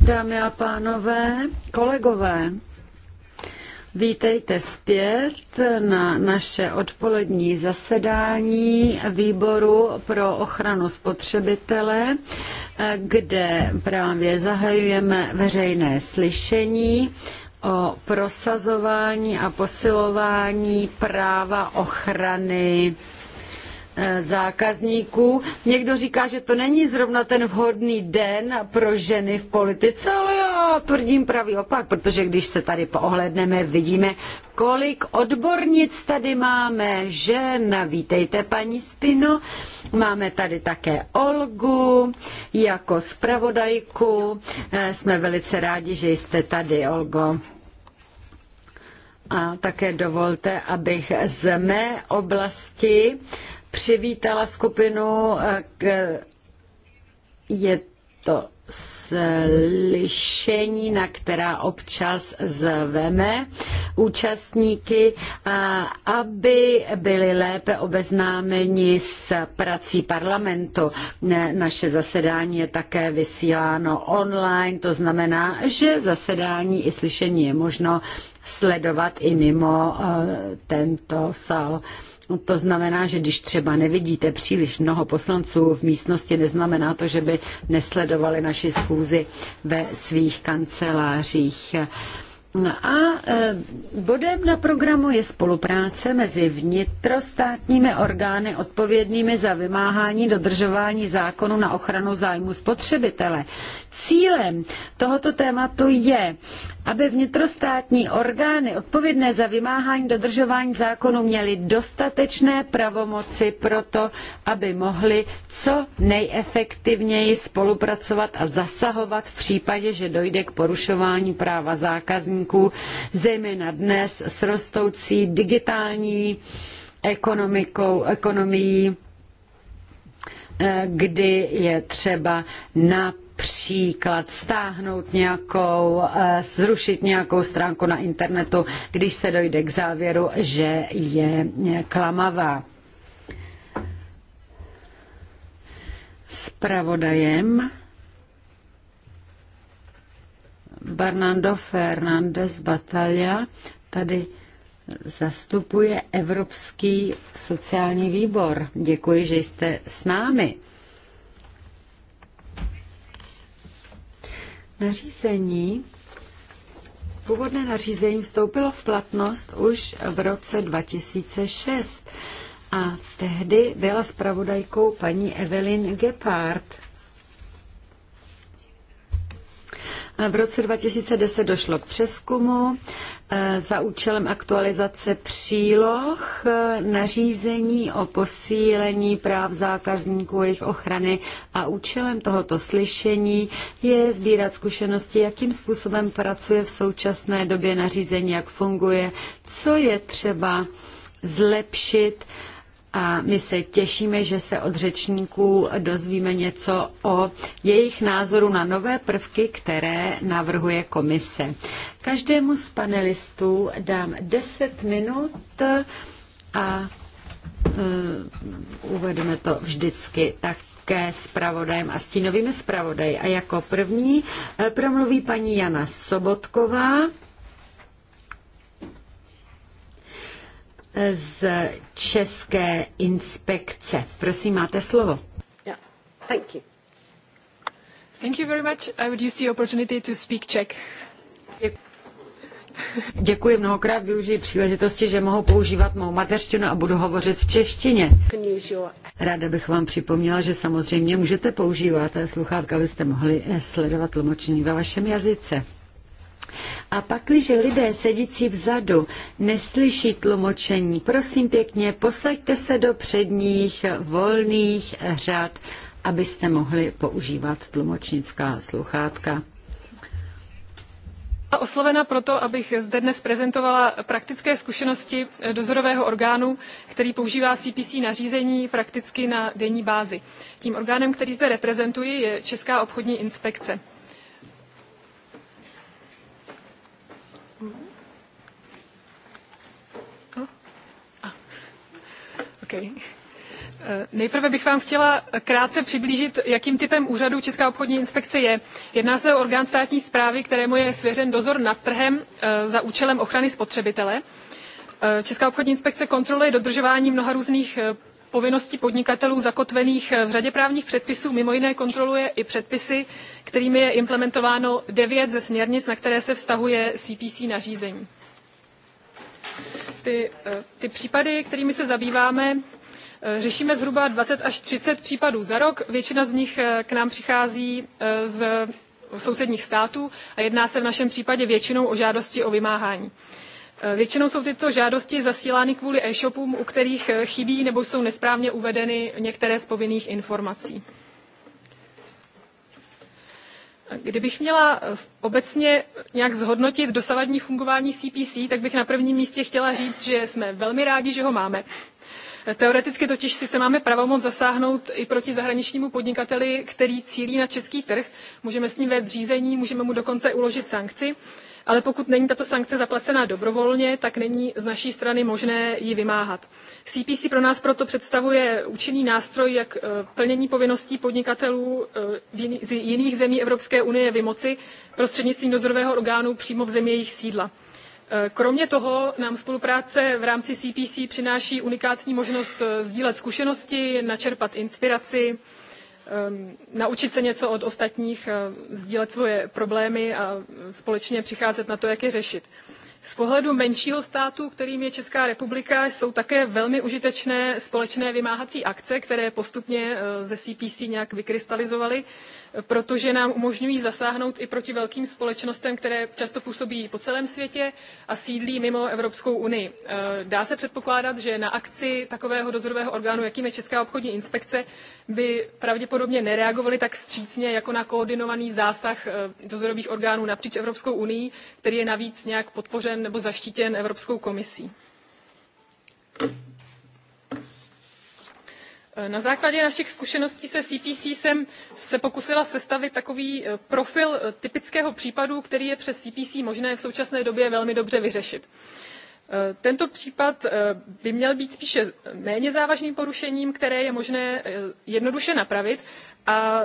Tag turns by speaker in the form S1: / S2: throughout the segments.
S1: Dámy a pánové, kolegové, vítejte zpět na naše odpolední zasedání výboru pro ochranu spotřebitele, kde právě zahajujeme veřejné slyšení o prosazování a posilování práva ochrany Eh, zákazníků. Někdo říká, že to není zrovna ten vhodný den pro ženy v politice, ale já tvrdím pravý opak, protože když se tady poohledneme, vidíme, kolik odbornic tady máme žen. Vítejte, paní Spino. Máme tady také Olgu jako zpravodajku. Eh, jsme velice rádi, že jste tady, Olgo. A také dovolte, abych z mé oblasti přivítala skupinu eh, k je to slyšení, na která občas zveme účastníky, eh, aby byli lépe obeznámeni s prací parlamentu. Naše zasedání je také vysíláno online, to znamená, že zasedání i slyšení je možno sledovat i mimo eh, tento sál. No, to znamená, že když třeba nevidíte příliš mnoho poslanců v místnosti, neznamená to, že by nesledovali naši schůzi ve svých kancelářích. No a e, bodem na programu je spolupráce mezi vnitrostátními orgány odpovědnými za vymáhání dodržování zákonu na ochranu zájmu spotřebitele. Cílem tohoto tématu je, aby vnitrostátní orgány odpovědné za vymáhání dodržování zákonu měly dostatečné pravomoci pro to, aby mohly co nejefektivněji spolupracovat a zasahovat v případě, že dojde k porušování práva zákazníka podniků, zejména dnes s rostoucí digitální ekonomikou, ekonomií, eh, kdy je třeba na příklad stáhnout nějakou, eh, zrušit nějakou stránku na internetu, když se dojde k závěru, že je klamavá. Spravodajem Bernardo Fernández Batalla tady zastupuje Evropský sociální výbor. Děkuji, že jste s námi. Nařízení, původné nařízení vstoupilo v platnost už v roce 2006 a tehdy byla spravodajkou paní Evelyn Gepard. V roce 2010 došlo k přeskumu e, za účelem aktualizace příloh e, nařízení o posílení práv zákazníků, jejich ochrany a účelem tohoto slyšení je sbírat zkušenosti, jakým způsobem pracuje v současné době nařízení, jak funguje, co je třeba zlepšit a my se těšíme, že se od řečníků dozvíme něco o jejich názoru na nové prvky, které navrhuje komise. Každému z panelistů dám 10 minut a uh, uvedeme to vždycky tak ke zpravodajem a stínovými zpravodaji. A jako první eh, promluví paní Jana Sobotková z České inspekce. Prosím, máte slovo.
S2: Yeah. Thank you. Thank you very much. I would use the opportunity to speak Czech. Děkuji
S1: mnohokrát, využiji příležitosti, že mohu používat mou mateřštinu a budu hovořit v češtině. Ráda bych vám připomněla, že samozřejmě můžete používat eh, sluchátka, abyste mohli eh, sledovat tlumočení ve vašem jazyce. A pak, když lidé sedící vzadu neslyší tlumočení, prosím pěkně, posaďte se do předních volných řad, abyste mohli používat tlumočnická sluchátka
S2: byla oslovena proto, abych zde dnes prezentovala praktické zkušenosti eh, dozorového orgánu, který používá CPC nařízení prakticky na denní bázi. Tím orgánem, který zde reprezentuji, je Česká obchodní inspekce. Mhm. Oh. Ah. Okay. Eh, nejprve bych vám chtěla krátce přiblížit, jakým typem úřadu Česká obchodní inspekce je. Jedná se o orgán státní správy, kterému je svěřen dozor nad trhem eh, za účelem ochrany spotřebitele. Eh, Česká obchodní inspekce kontroluje dodržování mnoha různých povinností podnikatelů zakotvených eh, v řadě právních předpisů mimo jiné kontroluje i předpisy, kterými je implementováno devět ze směrnic, na které se vztahuje CPC nařízení. Ty, eh, ty případy, kterými se zabýváme, eh, řešíme zhruba 20 až 30 případů za rok. Většina z nich k nám přichází z sousedních států a jedná se v našem případě většinou o žádosti o vymáhání. Eh, většinou jsou tyto žádosti zasílány kvůli e-shopům, u kterých eh, chybí nebo jsou nesprávně uvedeny některé z povinných informací. Kdybych měla eh, obecně nějak zhodnotit dosavadní fungování CPC, tak bych na prvním místě chtěla říct, že jsme velmi rádi, že ho máme. Teoreticky totiž sice máme pravomoc zasáhnout i proti zahraničnímu podnikateli, který cílí na český trh. Můžeme s ním vést řízení, můžeme mu dokonce uložit sankci, ale pokud není tato sankce zaplacená dobrovolně, tak není z naší strany možné ji vymáhat. CPC pro nás proto představuje účinný nástroj, jak eh, plnění povinností podnikatelů eh, z jiných zemí Evropské unie vymoci prostřednictvím dozorového orgánu přímo v zemi jejich sídla. Eh, kromě toho nám spolupráce v rámci CPC přináší unikátní možnost sdílet zkušenosti, načerpat inspiraci, Ehm, naučit se něco od ostatních, ehm, sdílet svoje problémy a společně přicházet na to, jak je řešit. Z pohledu menšího státu, kterým je Česká republika, jsou také velmi užitečné společné vymáhací akce, které postupně ehm, ze CPC nějak vykrystalizovaly protože nám umožňují zasáhnout i proti velkým společnostem, které často působí po celém světě a sídlí mimo Evropskou unii. E, dá se předpokládat, že na akci takového dozorového orgánu, jakým je Česká obchodní inspekce, by pravděpodobně nereagovali tak vstřícně jako na koordinovaný zásah e, dozorových orgánů napříč Evropskou unii, který je navíc nějak podpořen nebo zaštítěn Evropskou komisí. Eh, na základě našich zkušeností se CPC jsem se pokusila sestavit takový eh, profil eh, typického případu, který je přes CPC možné v současné době velmi dobře vyřešit. Tento případ by měl být spíše méně závažným porušením, které je možné jednoduše napravit a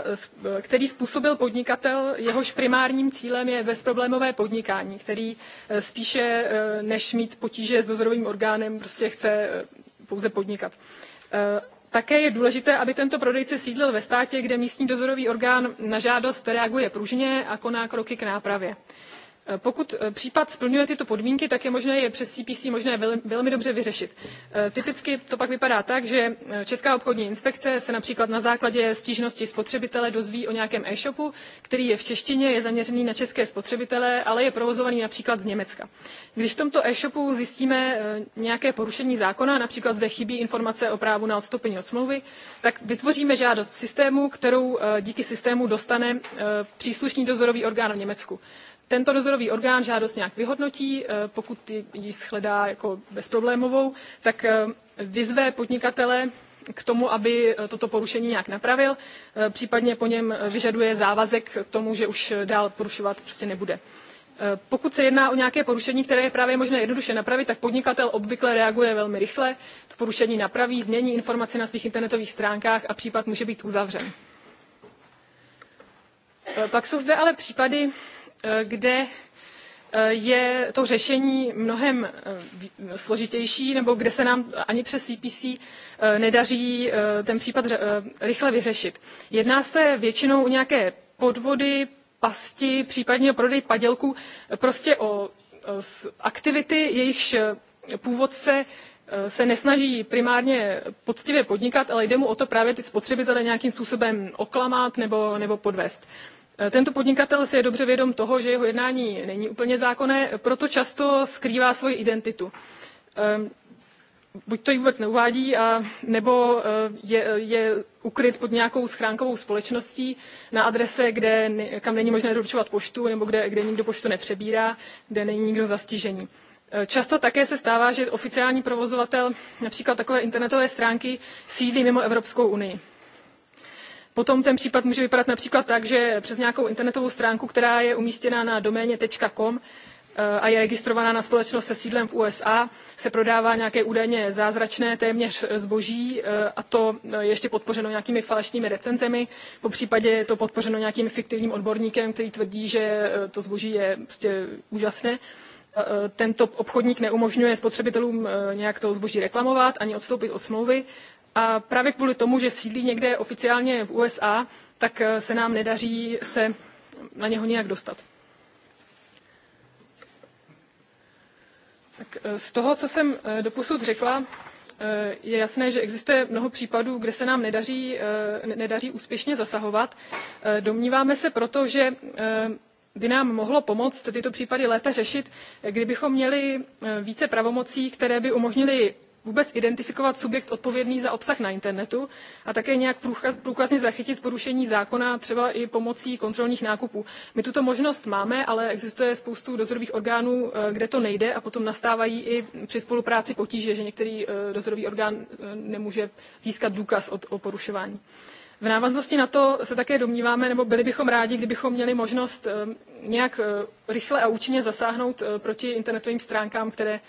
S2: který způsobil podnikatel, jehož primárním cílem je bezproblémové podnikání, který spíše než mít potíže s dozorovým orgánem prostě chce pouze podnikat. Také je důležité, aby tento prodejce sídlil ve státě, kde místní dozorový orgán na žádost reaguje pružně a koná kroky k nápravě. Eh, pokud eh, případ splňuje tyto podmínky tak je možné je přes cpc možné velmi dobře vyřešit. Eh, typicky to pak vypadá tak že česká obchodní inspekce se například na základě stížnosti spotřebitele dozví o nějakém e shopu který je v češtině je zaměřený na české spotřebitele ale je provozovaný například z německa. když v tomto e shopu zjistíme nějaké porušení zákona například zde chybí informace o právu na odstoupení od smlouvy tak vytvoříme žádost v systému kterou díky systému dostane příslušný dozorový orgán v německu. Tento dozorový orgán žádost nějak vyhodnotí, eh, pokud ji shledá jako bezproblémovou, tak eh, vyzve podnikatele k tomu, aby eh, toto porušení nějak napravil, případně po něm vyžaduje závazek k tomu, že už dál porušovat prostě nebude. Pokud se jedná o nějaké porušení, které je právě možné jednoduše napravit, tak podnikatel obvykle reaguje velmi rychle, to porušení napraví, změní informace na svých internetových stránkách a případ může být uzavřen. Pak jsou zde ale případy, Eh, kde eh, je to řešení mnohem eh, složitější, nebo kde se nám ani přes CPC nedaří ten případ rychle vyřešit. Jedná se většinou o nějaké podvody, pasti, případně o prodej padělků, prostě o aktivity, jejichž původce se nesnaží primárně poctivě podnikat, ale jde mu o to právě ty spotřebitele nějakým způsobem oklamat nebo, nebo podvést. Eh, tento podnikatel si je dobře vědom toho, že jeho jednání není úplně zákonné, proto často skrývá svoji identitu. Ehm, buď to ji vůbec neuvádí, a, nebo eh, je, je ukryt pod nějakou schránkovou společností na adrese, kde, kam není možné doručovat poštu, nebo kde, kde nikdo poštu nepřebírá, kde není nikdo zastižení. Eh, často také se stává, že oficiální provozovatel například takové internetové stránky sídlí mimo Evropskou unii. Potom ten případ může vypadat například tak, že přes nějakou internetovou stránku, která je umístěna na doméně .com eh, a je registrovaná na společnost se sídlem v USA, se prodává nějaké údajně zázračné téměř zboží eh, a to eh, ještě podpořeno nějakými falešnými recenzemi, po případě je to podpořeno nějakým fiktivním odborníkem, který tvrdí, že to zboží je prostě úžasné tento obchodník neumožňuje spotřebitelům nějak to zboží reklamovat ani odstoupit od smlouvy a právě kvůli tomu, že sídlí někde oficiálně v USA, tak eh, se nám nedaří se na něho nějak dostat. Tak eh, z toho, co jsem eh, doposud řekla, je jasné, že existuje mnoho případů, kde se nám nedaří, nedaří úspěšně zasahovat. Domníváme se proto, že by nám mohlo pomoct tyto případy lépe řešit, kdybychom měli více pravomocí, které by umožnily vůbec identifikovat subjekt odpovědný za obsah na internetu a také nějak průkazně zachytit porušení zákona třeba i pomocí kontrolních nákupů. My tuto možnost máme, ale existuje spoustu dozorových orgánů, eh, kde to nejde a potom nastávají i při spolupráci potíže, že některý eh, dozorový orgán eh, nemůže získat důkaz o porušování. V návaznosti na to se také domníváme, nebo byli bychom rádi, kdybychom měli možnost nějak rychle a účinně zasáhnout proti internetovým stránkám, které,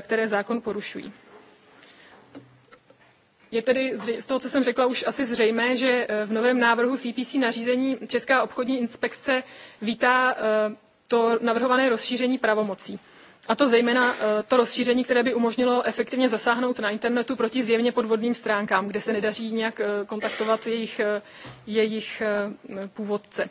S2: které zákon porušují. Je tedy z toho, co jsem řekla, už asi zřejmé, že eh, v novém návrhu CPC nařízení Česká obchodní inspekce vítá eh, to navrhované rozšíření pravomocí. A to zejména eh, to rozšíření, které by umožnilo efektivně zasáhnout na internetu proti zjevně podvodným stránkám, kde se nedaří nějak kontaktovat jejich, jejich původce.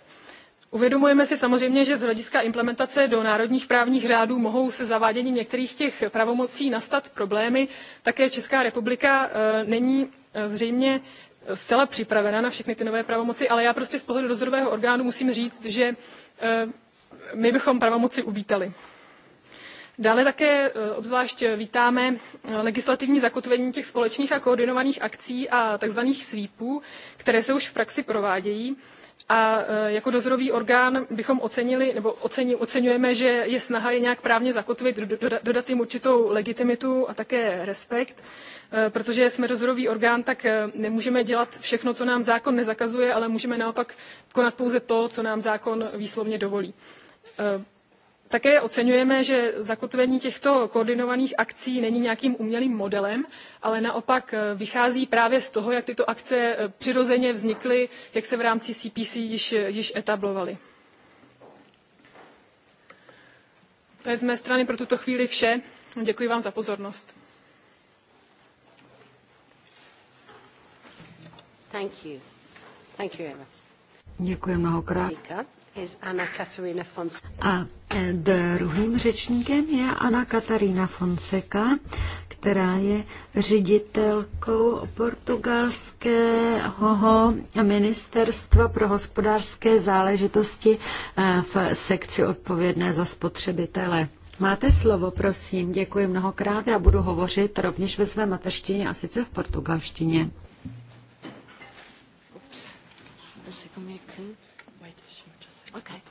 S2: Uvědomujeme si samozřejmě, že z hlediska implementace do národních právních řádů mohou se zaváděním některých těch pravomocí nastat problémy. Také Česká republika eh, není eh, zřejmě eh, zcela připravena na všechny ty nové pravomoci, ale já prostě z pohledu dozorového orgánu musím říct, že my bychom pravomoci uvítali. Dále také obzvlášť vítáme legislativní zakotvení těch společných a koordinovaných akcí a tzv. svípů, které se už v praxi provádějí a e, jako dozorový orgán bychom ocenili, nebo oceni, oceňujeme, že je snaha je nějak právně zakotvit, dodat jim určitou legitimitu a také respekt. E, protože jsme dozorový orgán, tak e, nemůžeme dělat všechno, co nám zákon nezakazuje, ale můžeme naopak konat pouze to, co nám zákon výslovně dovolí. Také oceňujeme, že zakotvení těchto koordinovaných akcí není nějakým umělým modelem, ale naopak eh, vychází právě z toho, jak tyto akce eh, přirozeně vznikly, jak se v rámci CPC již, eh, již etablovaly. To je z mé strany pro tuto chvíli vše. Děkuji vám za pozornost. Thank you. Thank you, Eva.
S1: Děkuji mnohokrát. A eh, druhým řečníkem je Anna Katarína Fonseca, která je ředitelkou portugalského ministerstva pro hospodářské záležitosti eh, v sekci odpovědné za spotřebitele. Máte slovo, prosím. Děkuji mnohokrát. Já budu hovořit rovněž ve své mateřštině a sice v portugalštině. Okay.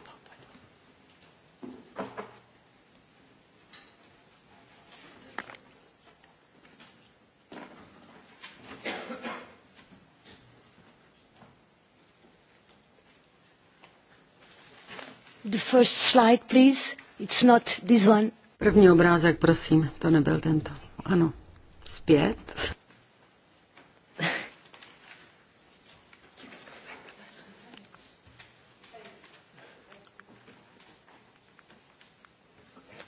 S1: The first slide, please. It's not this one. První obrázek, prosím, to nebyl tento. Ano, zpět.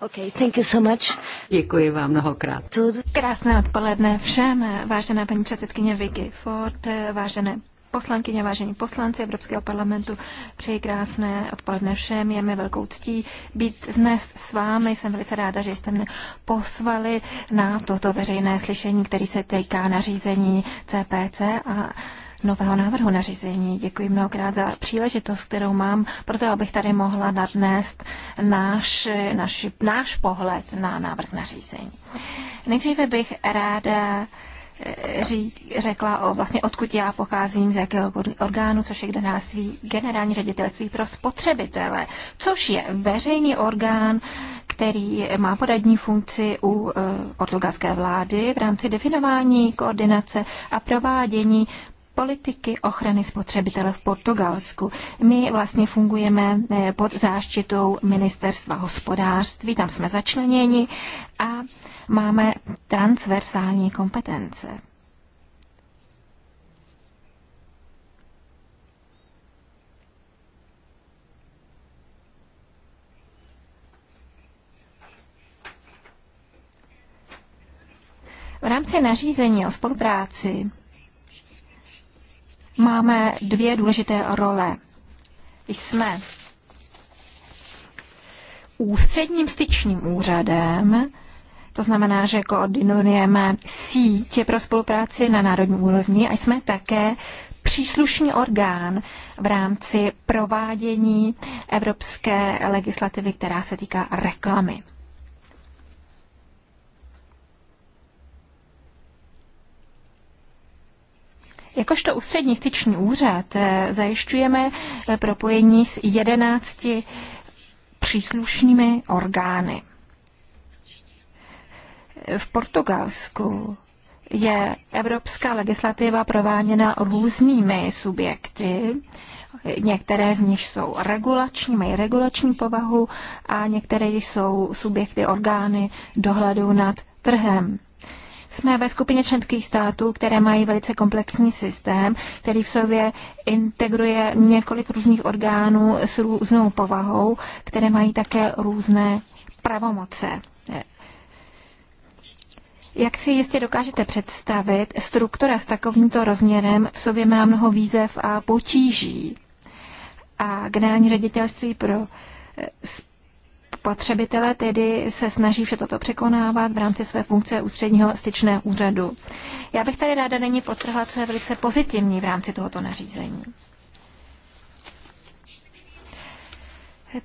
S3: Okay, thank you so much.
S1: Děkuji vám mnohokrát.
S4: Krásné odpoledne všem, vážená paní předsedkyně Vicky Ford, vážené poslankyně, vážení poslanci Evropského parlamentu, přeji krásné odpoledne všem. Je mi velkou ctí být dnes s vámi. Jsem velice ráda, že jste mě posvali na toto veřejné slyšení, které se týká nařízení CPC a nového návrhu nařízení. Děkuji mnohokrát za příležitost, kterou mám, proto abych tady mohla nadnést náš, náš náš pohled na návrh nařízení. Nejdříve bych ráda eh, řekla o vlastně odkud já pocházím, z jakého orgánu, což je generální, generální ředitelství pro spotřebitele, což je veřejný orgán, který má poradní funkci u eh, portugalské vlády v rámci definování, koordinace a provádění politiky ochrany spotřebitele v Portugalsku. My vlastně fungujeme eh, pod záštitou ministerstva hospodářství, tam jsme začleněni a máme transversální kompetence. V rámci nařízení o spolupráci máme dvě důležité role. Jsme ústředním styčním úřadem, to znamená, že koordinujeme sítě pro spolupráci na národní úrovni a jsme také příslušný orgán v rámci provádění evropské legislativy, která se týká reklamy. Jakožto ústřední styční úřad eh, zajišťujeme eh, propojení s 11 příslušnými orgány. V Portugalsku je evropská legislativa prováděna různými subjekty. Některé z nich jsou regulační, mají regulační povahu a některé jsou subjekty orgány dohledu nad trhem. Jsme ve skupině členských států, které mají velice komplexní systém, který v sobě integruje několik různých orgánů s různou povahou, které mají také různé pravomoce. Jak si jistě dokážete představit, struktura s takovýmto rozměrem v sobě má mnoho výzev a potíží. A generální ředitelství pro Spotřebitelé tedy se snaží vše toto překonávat v rámci své funkce ústředního styčného úřadu. Já bych tady ráda není potrhla, co je velice pozitivní v rámci tohoto nařízení.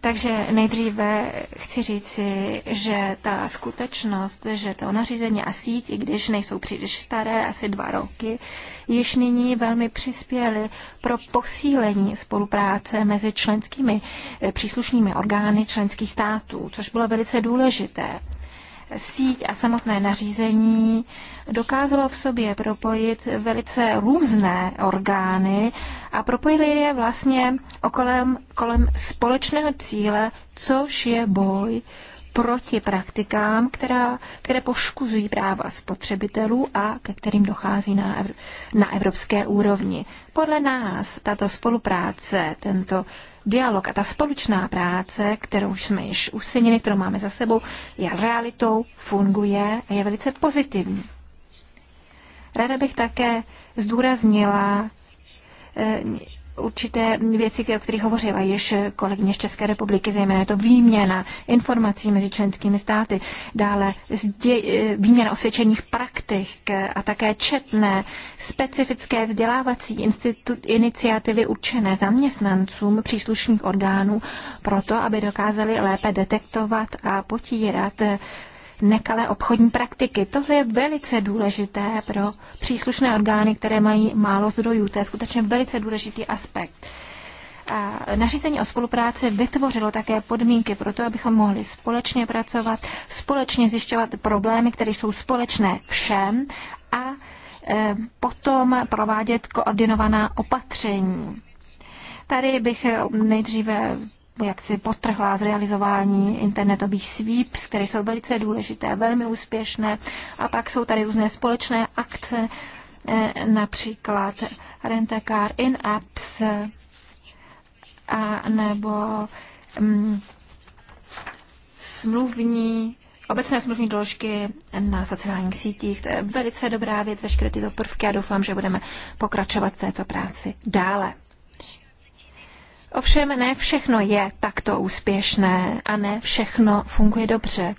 S4: Takže nejdříve chci říci, že ta skutečnost, že to nařízení a síť, i když nejsou příliš staré, asi dva roky, již nyní velmi přispěly pro posílení spolupráce mezi členskými eh, příslušnými orgány členských států, což bylo velice důležité. Síť a samotné nařízení dokázalo v sobě propojit velice různé orgány a propojili je vlastně okolem, kolem společného cíle, což je boj proti praktikám, která, které poškuzují práva spotřebitelů a ke kterým dochází na, ev, na evropské úrovni. Podle nás tato spolupráce, tento dialog a ta společná práce, kterou jsme již usenili, kterou máme za sebou, je realitou, funguje a je velice pozitivní. Ráda bych také zdůraznila eh, určité věci, o kterých hovořila již kolegyně z České republiky, zejména je to výměna informací mezi členskými státy, dále eh, výměna osvědčených praktik a také četné specifické vzdělávací iniciativy určené zaměstnancům příslušných orgánů proto, aby dokázali lépe detektovat a potírat eh, nekalé obchodní praktiky. To je velice důležité pro příslušné orgány, které mají málo zdrojů. To je skutečně velice důležitý aspekt. A nařízení o spolupráci vytvořilo také podmínky pro to, abychom mohli společně pracovat, společně zjišťovat problémy, které jsou společné všem a e, potom provádět koordinovaná opatření. Tady bych e, nejdříve jak si potrhla zrealizování internetových sweeps, které jsou velice důležité, velmi úspěšné. A pak jsou tady různé společné akce, eh, například rent car in apps, a nebo mm, smluvní obecné smluvní doložky na sociálních sítích. To je velice dobrá věc, veškeré tyto prvky a doufám, že budeme pokračovat v této práci dále. Ovšem ne všechno je takto úspěšné a ne všechno funguje dobře.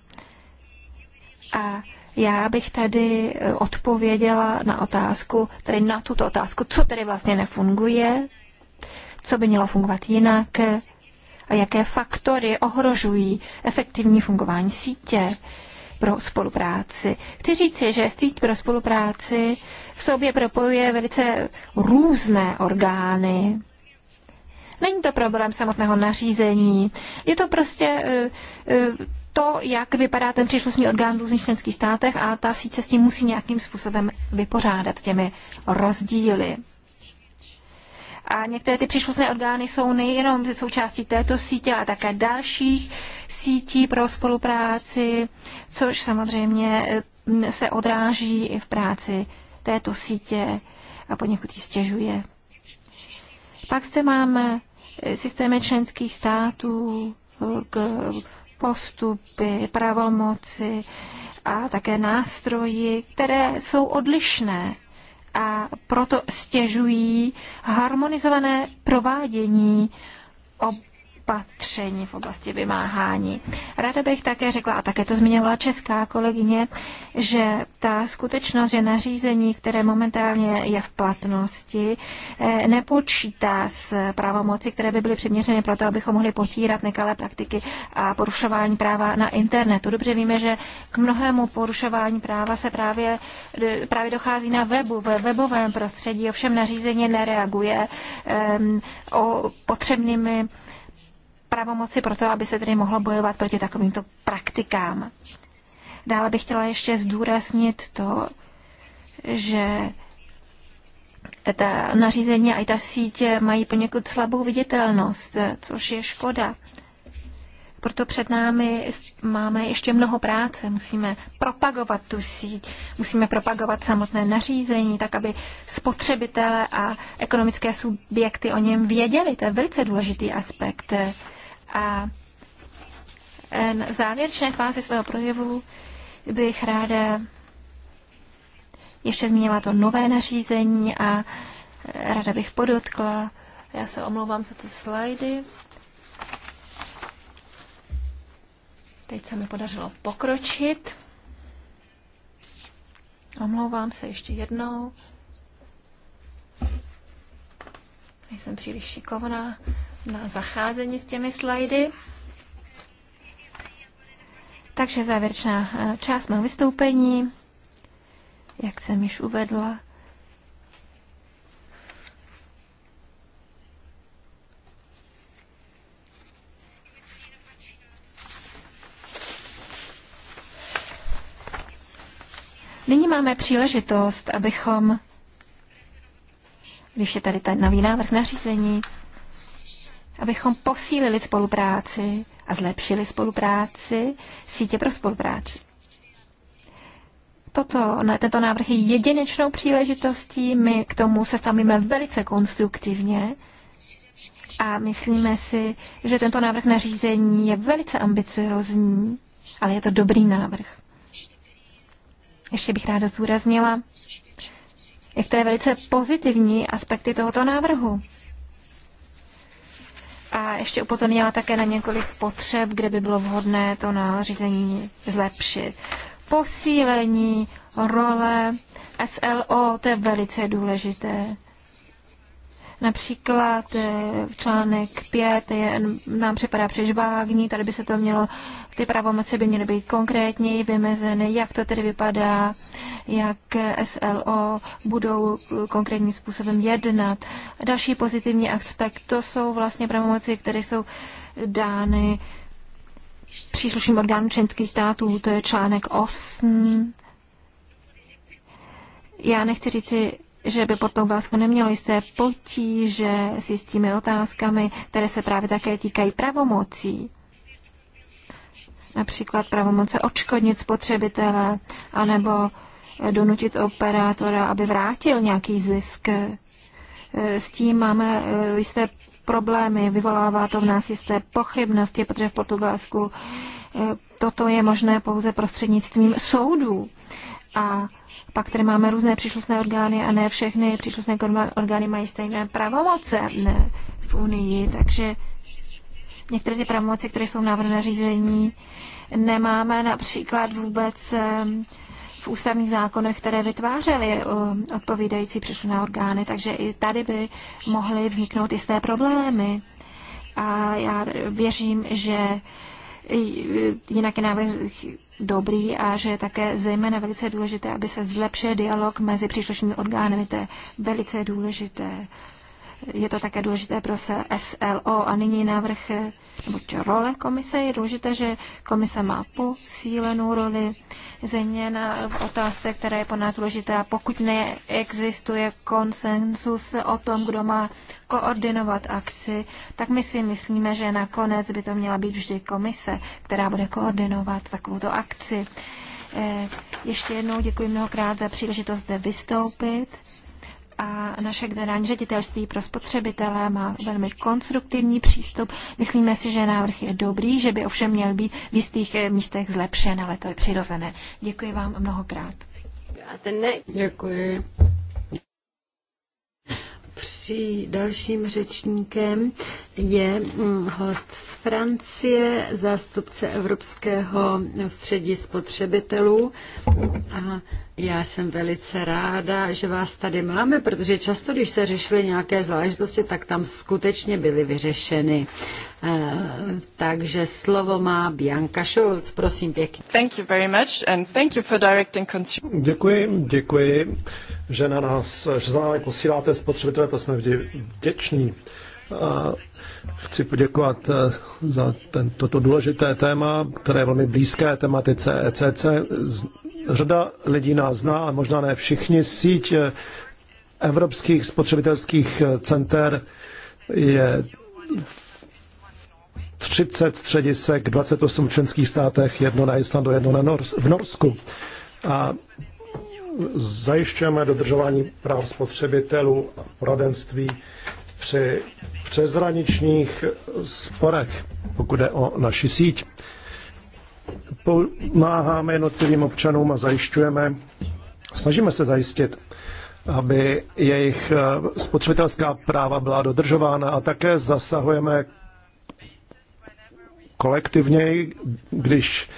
S4: A já bych tady eh, odpověděla na otázku, tedy na tuto otázku, co tedy vlastně nefunguje, co by mělo fungovat jinak a jaké faktory ohrožují efektivní fungování sítě pro spolupráci. Chci říci, že síť pro spolupráci v sobě propojuje velice různé orgány, Není to problém samotného nařízení. Je to prostě eh, eh, to, jak vypadá ten příslušný orgán v různých členských státech a ta síť se s tím musí nějakým způsobem vypořádat, s těmi rozdíly. A některé ty příslušné orgány jsou nejenom ze součástí této sítě, ale také dalších sítí pro spolupráci, což samozřejmě eh, se odráží i v práci této sítě a poněkud ji stěžuje. Pak zde máme systémy členských států, eh, k postupy, pravomoci a také nástroji, které jsou odlišné a proto stěžují harmonizované provádění opatření v oblasti vymáhání. Ráda bych také řekla, a také to zmiňovala česká kolegyně, že ta skutečnost, že nařízení, které momentálně je v platnosti, eh, nepočítá s pravomoci, které by byly přiměřeny pro to, abychom mohli potírat nekalé praktiky a porušování práva na internetu. Dobře víme, že k mnohému porušování práva se právě, eh, právě dochází na webu, ve webovém prostředí, ovšem nařízení nereaguje um, o potřebnými pravomoci pro to, aby se tedy mohlo bojovat proti takovýmto praktikám. Dále bych chtěla ještě zdůraznit to, že ta nařízení a i ta sítě mají poněkud slabou viditelnost, což je škoda. Proto před námi máme ještě mnoho práce. Musíme propagovat tu síť, musíme propagovat samotné nařízení, tak aby spotřebitelé a ekonomické subjekty o něm věděli. To je velice důležitý aspekt. A v e, závěrečné fázi svého projevu bych ráda ještě zmínila to nové nařízení a e, ráda bych podotkla, já se omlouvám za ty slajdy. Teď se mi podařilo pokročit. Omlouvám se ještě jednou. Nejsem příliš šikovná na zacházení s těmi slajdy. Takže závěrečná eh, část mého vystoupení, jak jsem již uvedla. Nyní máme příležitost, abychom když je tady ten nový návrh nařízení, abychom posílili spolupráci a zlepšili spolupráci sítě pro spolupráci. Toto, tento návrh je jedinečnou příležitostí, my k tomu se stavíme velice konstruktivně a myslíme si, že tento návrh nařízení je velice ambiciozní, ale je to dobrý návrh. Ještě bych ráda zdůraznila, některé velice pozitivní aspekty tohoto návrhu. A ještě upozornila také na několik potřeb, kde by bylo vhodné to nařízení zlepšit. Posílení role SLO, to je velice důležité. Například eh, článek 5 je, nám připadá příliš vágní, tady by se to mělo, ty pravomoci by měly být konkrétněji vymezeny, jak to tedy vypadá, jak SLO budou konkrétním způsobem jednat. Další pozitivní aspekt, to jsou vlastně pravomoci, které jsou dány příslušným orgánům členských států, to je článek 8. Já nechci říci, že by Portugalsko nemělo jisté potíže s jistými otázkami, které se právě také týkají pravomocí. Například pravomoce odškodnit spotřebitele, anebo donutit operátora, aby vrátil nějaký zisk. S tím máme eh, jisté problémy, vyvolává to v nás jisté pochybnosti, protože v Portugalsku eh, toto je možné pouze prostřednictvím soudů. A pak tady máme různé příslušné orgány a ne všechny příslušné orgány mají stejné pravomoce v Unii, takže některé ty pravomoci, které jsou návrh na řízení, nemáme například vůbec v ústavních zákonech, které vytvářely odpovídající příslušné orgány, takže i tady by mohly vzniknout jisté problémy. A já věřím, že jinak je návrh dobrý a že je také zejména velice důležité, aby se zlepšil dialog mezi příslušnými orgány. To je velice důležité je to také důležité pro SLO a nyní návrh eh, nebo role komise. Je důležité, že komise má posílenou roli, zejména v otázce, která je po nás důležitá. Pokud neexistuje konsenzus o tom, kdo má koordinovat akci, tak my si myslíme, že nakonec by to měla být vždy komise, která bude koordinovat takovouto akci. Eh, ještě jednou děkuji mnohokrát za příležitost zde vystoupit a naše generální ředitelství pro spotřebitele má velmi konstruktivní přístup. Myslíme si, že návrh je dobrý, že by ovšem měl být v jistých eh, místech zlepšen, ale to je přirozené. Děkuji vám mnohokrát.
S1: Děkuji. Při dalším řečníkem je mm, host z Francie, zástupce Evropského středí spotřebitelů. A já jsem velice ráda, že vás tady máme, protože často, když se řešily nějaké záležitosti, tak tam skutečně byly vyřešeny. Eh, takže slovo má Bianka Schulz, prosím pěkně.
S2: Thank you very much and thank you for
S5: directing consumers. Děkuji, děkuji, že na nás, že za námi posíláte spotřebitele, to jsme vděční. A chci poděkovat eh, za tento toto důležité téma, které je velmi blízké tematice ECC. Řada lidí nás zná, ale možná ne všichni. Síť eh, evropských spotřebitelských center je v 30 středisek, 28 členských státech, jedno na Islandu, jedno na Nors- v Norsku. A zajišťujeme dodržování práv spotřebitelů a poradenství při přezraničních sporech, pokud je o naši síť. Pomáháme jednotlivým občanům a zajišťujeme, snažíme se zajistit, aby jejich eh, spotřebitelská práva byla dodržována a také zasahujeme kolektivně, když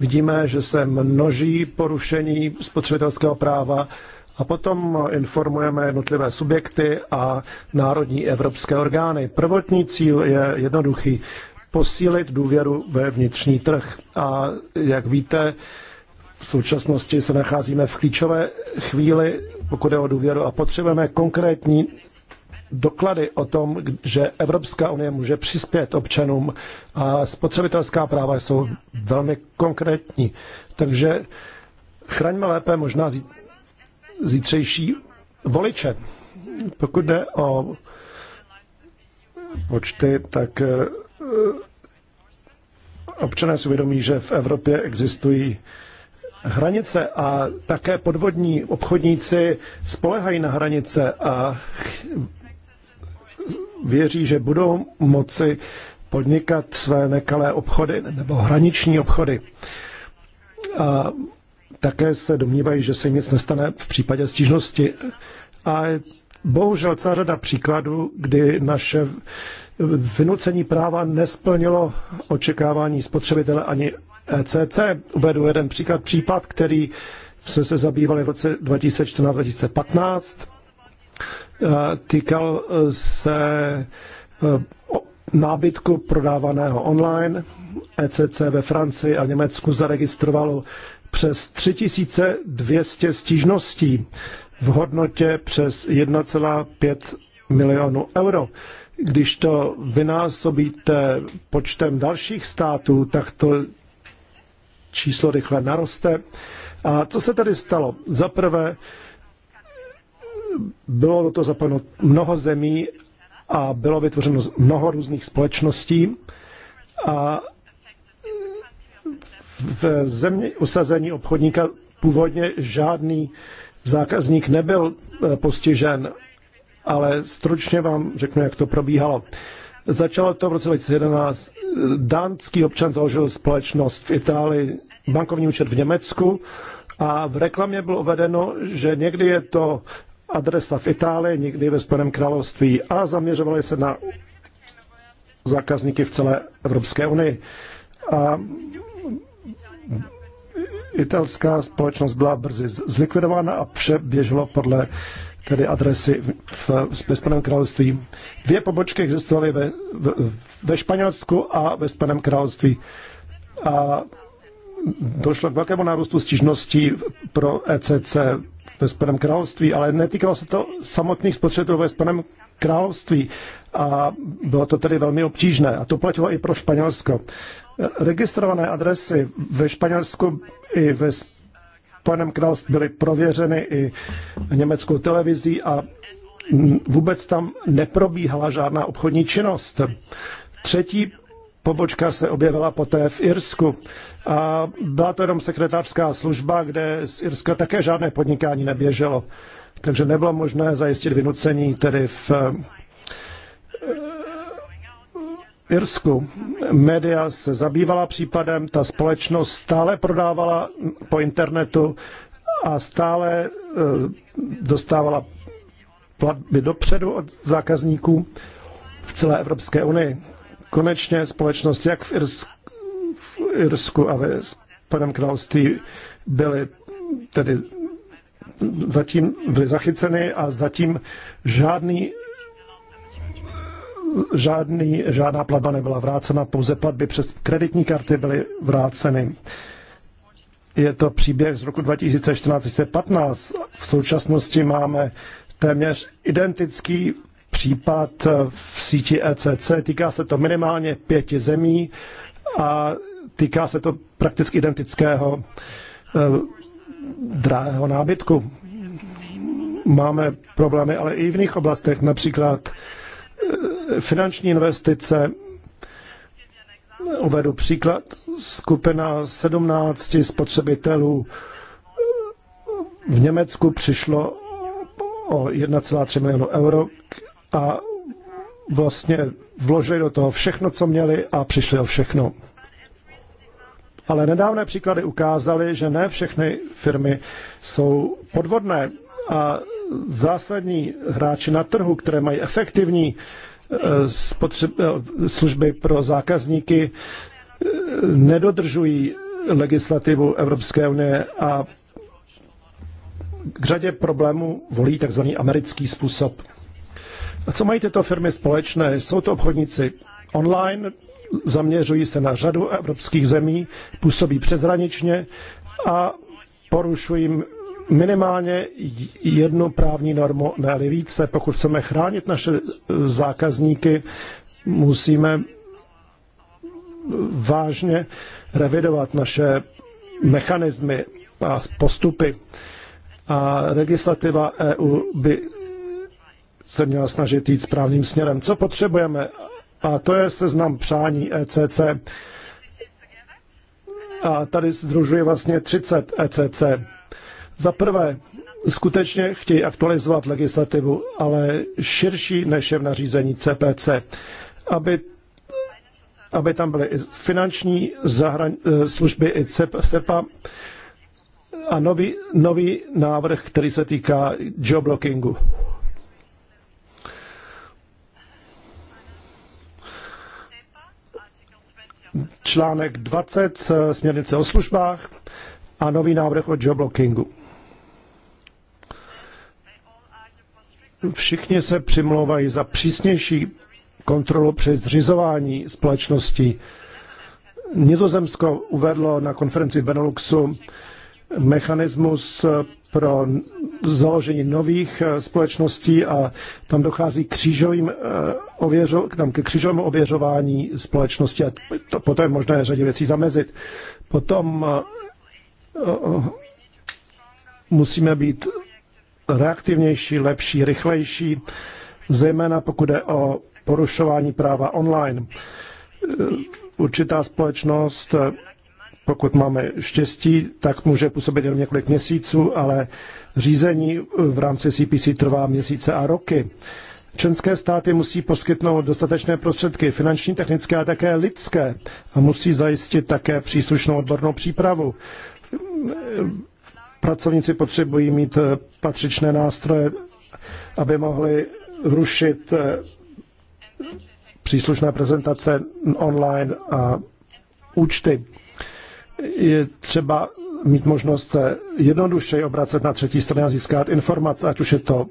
S5: vidíme, že se množí porušení spotřebitelského práva a potom informujeme jednotlivé subjekty a národní evropské orgány. Prvotní cíl je jednoduchý posílit důvěru ve vnitřní trh. A jak víte, v současnosti se nacházíme v klíčové chvíli, pokud je o důvěru a potřebujeme konkrétní doklady o tom, že Evropská unie může přispět občanům a spotřebitelská práva jsou velmi konkrétní. Takže chraňme lépe možná zítřejší voliče. Pokud jde o počty, tak eh, občané si uvědomí, že v Evropě existují hranice a také podvodní obchodníci spolehají na hranice a věří, že budou moci podnikat své nekalé obchody nebo hraniční obchody. A také se domnívají, že se nic nestane v případě stížnosti. A bohužel celá řada příkladů, kdy naše vynucení práva nesplnilo očekávání spotřebitele ani ECC. Uvedu jeden příklad. Případ, který jsme se zabývali v roce 2014-2015 Eh, týkal eh, se eh, nábytku prodávaného online. ECC ve Francii a Německu zaregistrovalo přes 3200 stížností v hodnotě přes 1,5 milionu euro. Když to vynásobíte počtem dalších států, tak to číslo rychle naroste. A co se tady stalo? Za prvé, bylo do toho zapadno mnoho zemí a bylo vytvořeno mnoho různých společností a v země usazení obchodníka původně žádný zákazník nebyl eh, postižen, ale stručně vám řeknu, jak to probíhalo. Začalo to v roce 2011. Dánský občan založil společnost v Itálii, bankovní účet v Německu a v reklamě bylo uvedeno, že někdy je to adresa v Itálii, nikdy ve Spojeném království a zaměřovali se na zákazníky v celé Evropské unii. A italská společnost byla brzy zlikvidována a přeběželo podle tedy adresy v, v, ve Spojeném království. Dvě pobočky existovaly ve, ve, ve Španělsku a ve Spojeném království. A došlo k velkému nárůstu stížností pro ECC ve Spojeném království, ale netýkalo se to samotných spotřebitelů ve Spojeném království a bylo to tedy velmi obtížné. A to platilo i pro Španělsko. Registrované adresy ve Španělsku i ve Spojeném království byly prověřeny i německou televizí a vůbec tam neprobíhala žádná obchodní činnost. Třetí pobočka se objevila poté v Irsku. A byla to jenom sekretářská služba, kde z Irska také žádné podnikání neběželo. Takže nebylo možné zajistit vynucení tedy v eh, Irsku. Média se zabývala případem, ta společnost stále prodávala po internetu a stále eh, dostávala platby dopředu od zákazníků v celé Evropské unii. Konečně společnost jak v Irsk, v Irsku a ve Spojeném království byly tedy zatím byly zachyceny a zatím žádný žádný, žádná platba nebyla vrácena, pouze platby přes kreditní karty byly vráceny. Je to příběh z roku 2014-2015. V současnosti máme téměř identický případ v síti ECC. Týká se to minimálně pěti zemí a týká se to prakticky identického eh, drahého nábytku. Máme problémy ale i v jiných oblastech, například eh, finanční investice. Uvedu příklad. Skupina 17 spotřebitelů eh, v Německu přišlo o 1,3 milionu euro, a vlastně vložili do toho všechno, co měli a přišli o všechno. Ale nedávné příklady ukázaly, že ne všechny firmy jsou podvodné a zásadní hráči na trhu, které mají efektivní eh, eh, služby pro zákazníky, eh, nedodržují legislativu Evropské unie a k řadě problémů volí tzv. americký způsob. Co mají tyto firmy společné? Jsou to obchodníci online, zaměřují se na řadu evropských zemí, působí přezraničně a porušují minimálně jednu právní normu, ne více. Pokud chceme chránit naše zákazníky, musíme vážně revidovat naše mechanismy a postupy. A legislativa EU by se měla snažit jít správným směrem. Co potřebujeme? A to je seznam přání ECC. A tady združuje vlastně 30 ECC. Za prvé, skutečně chtějí aktualizovat legislativu, ale širší než je v nařízení CPC, aby, aby tam byly i finanční zahraň, eh, služby i CEPA a nový, nový návrh, který se týká geoblockingu. článek 20 eh, směrnice o službách a nový návrh o geoblockingu. Všichni se přimlouvají za přísnější kontrolu při zřizování společností. Nizozemsko uvedlo na konferenci Beneluxu mechanismus eh, pro založení nových eh, společností a tam dochází křížovým eh, ověřo, tam k křížovému ověřování společnosti a to, poté je možné řadě věcí zamezit. Potom eh, musíme být reaktivnější, lepší, rychlejší, zejména pokud je o porušování práva online. Určitá společnost pokud máme štěstí, tak může působit jenom několik měsíců, ale řízení v rámci CPC trvá měsíce a roky. Členské státy musí poskytnout dostatečné prostředky finanční, technické a také lidské a musí zajistit také příslušnou odbornou přípravu. Pracovníci potřebují mít patřičné nástroje, aby mohli rušit příslušné prezentace online a účty je třeba mít možnost se jednodušeji obracet na třetí strany a získat informace, ať už je to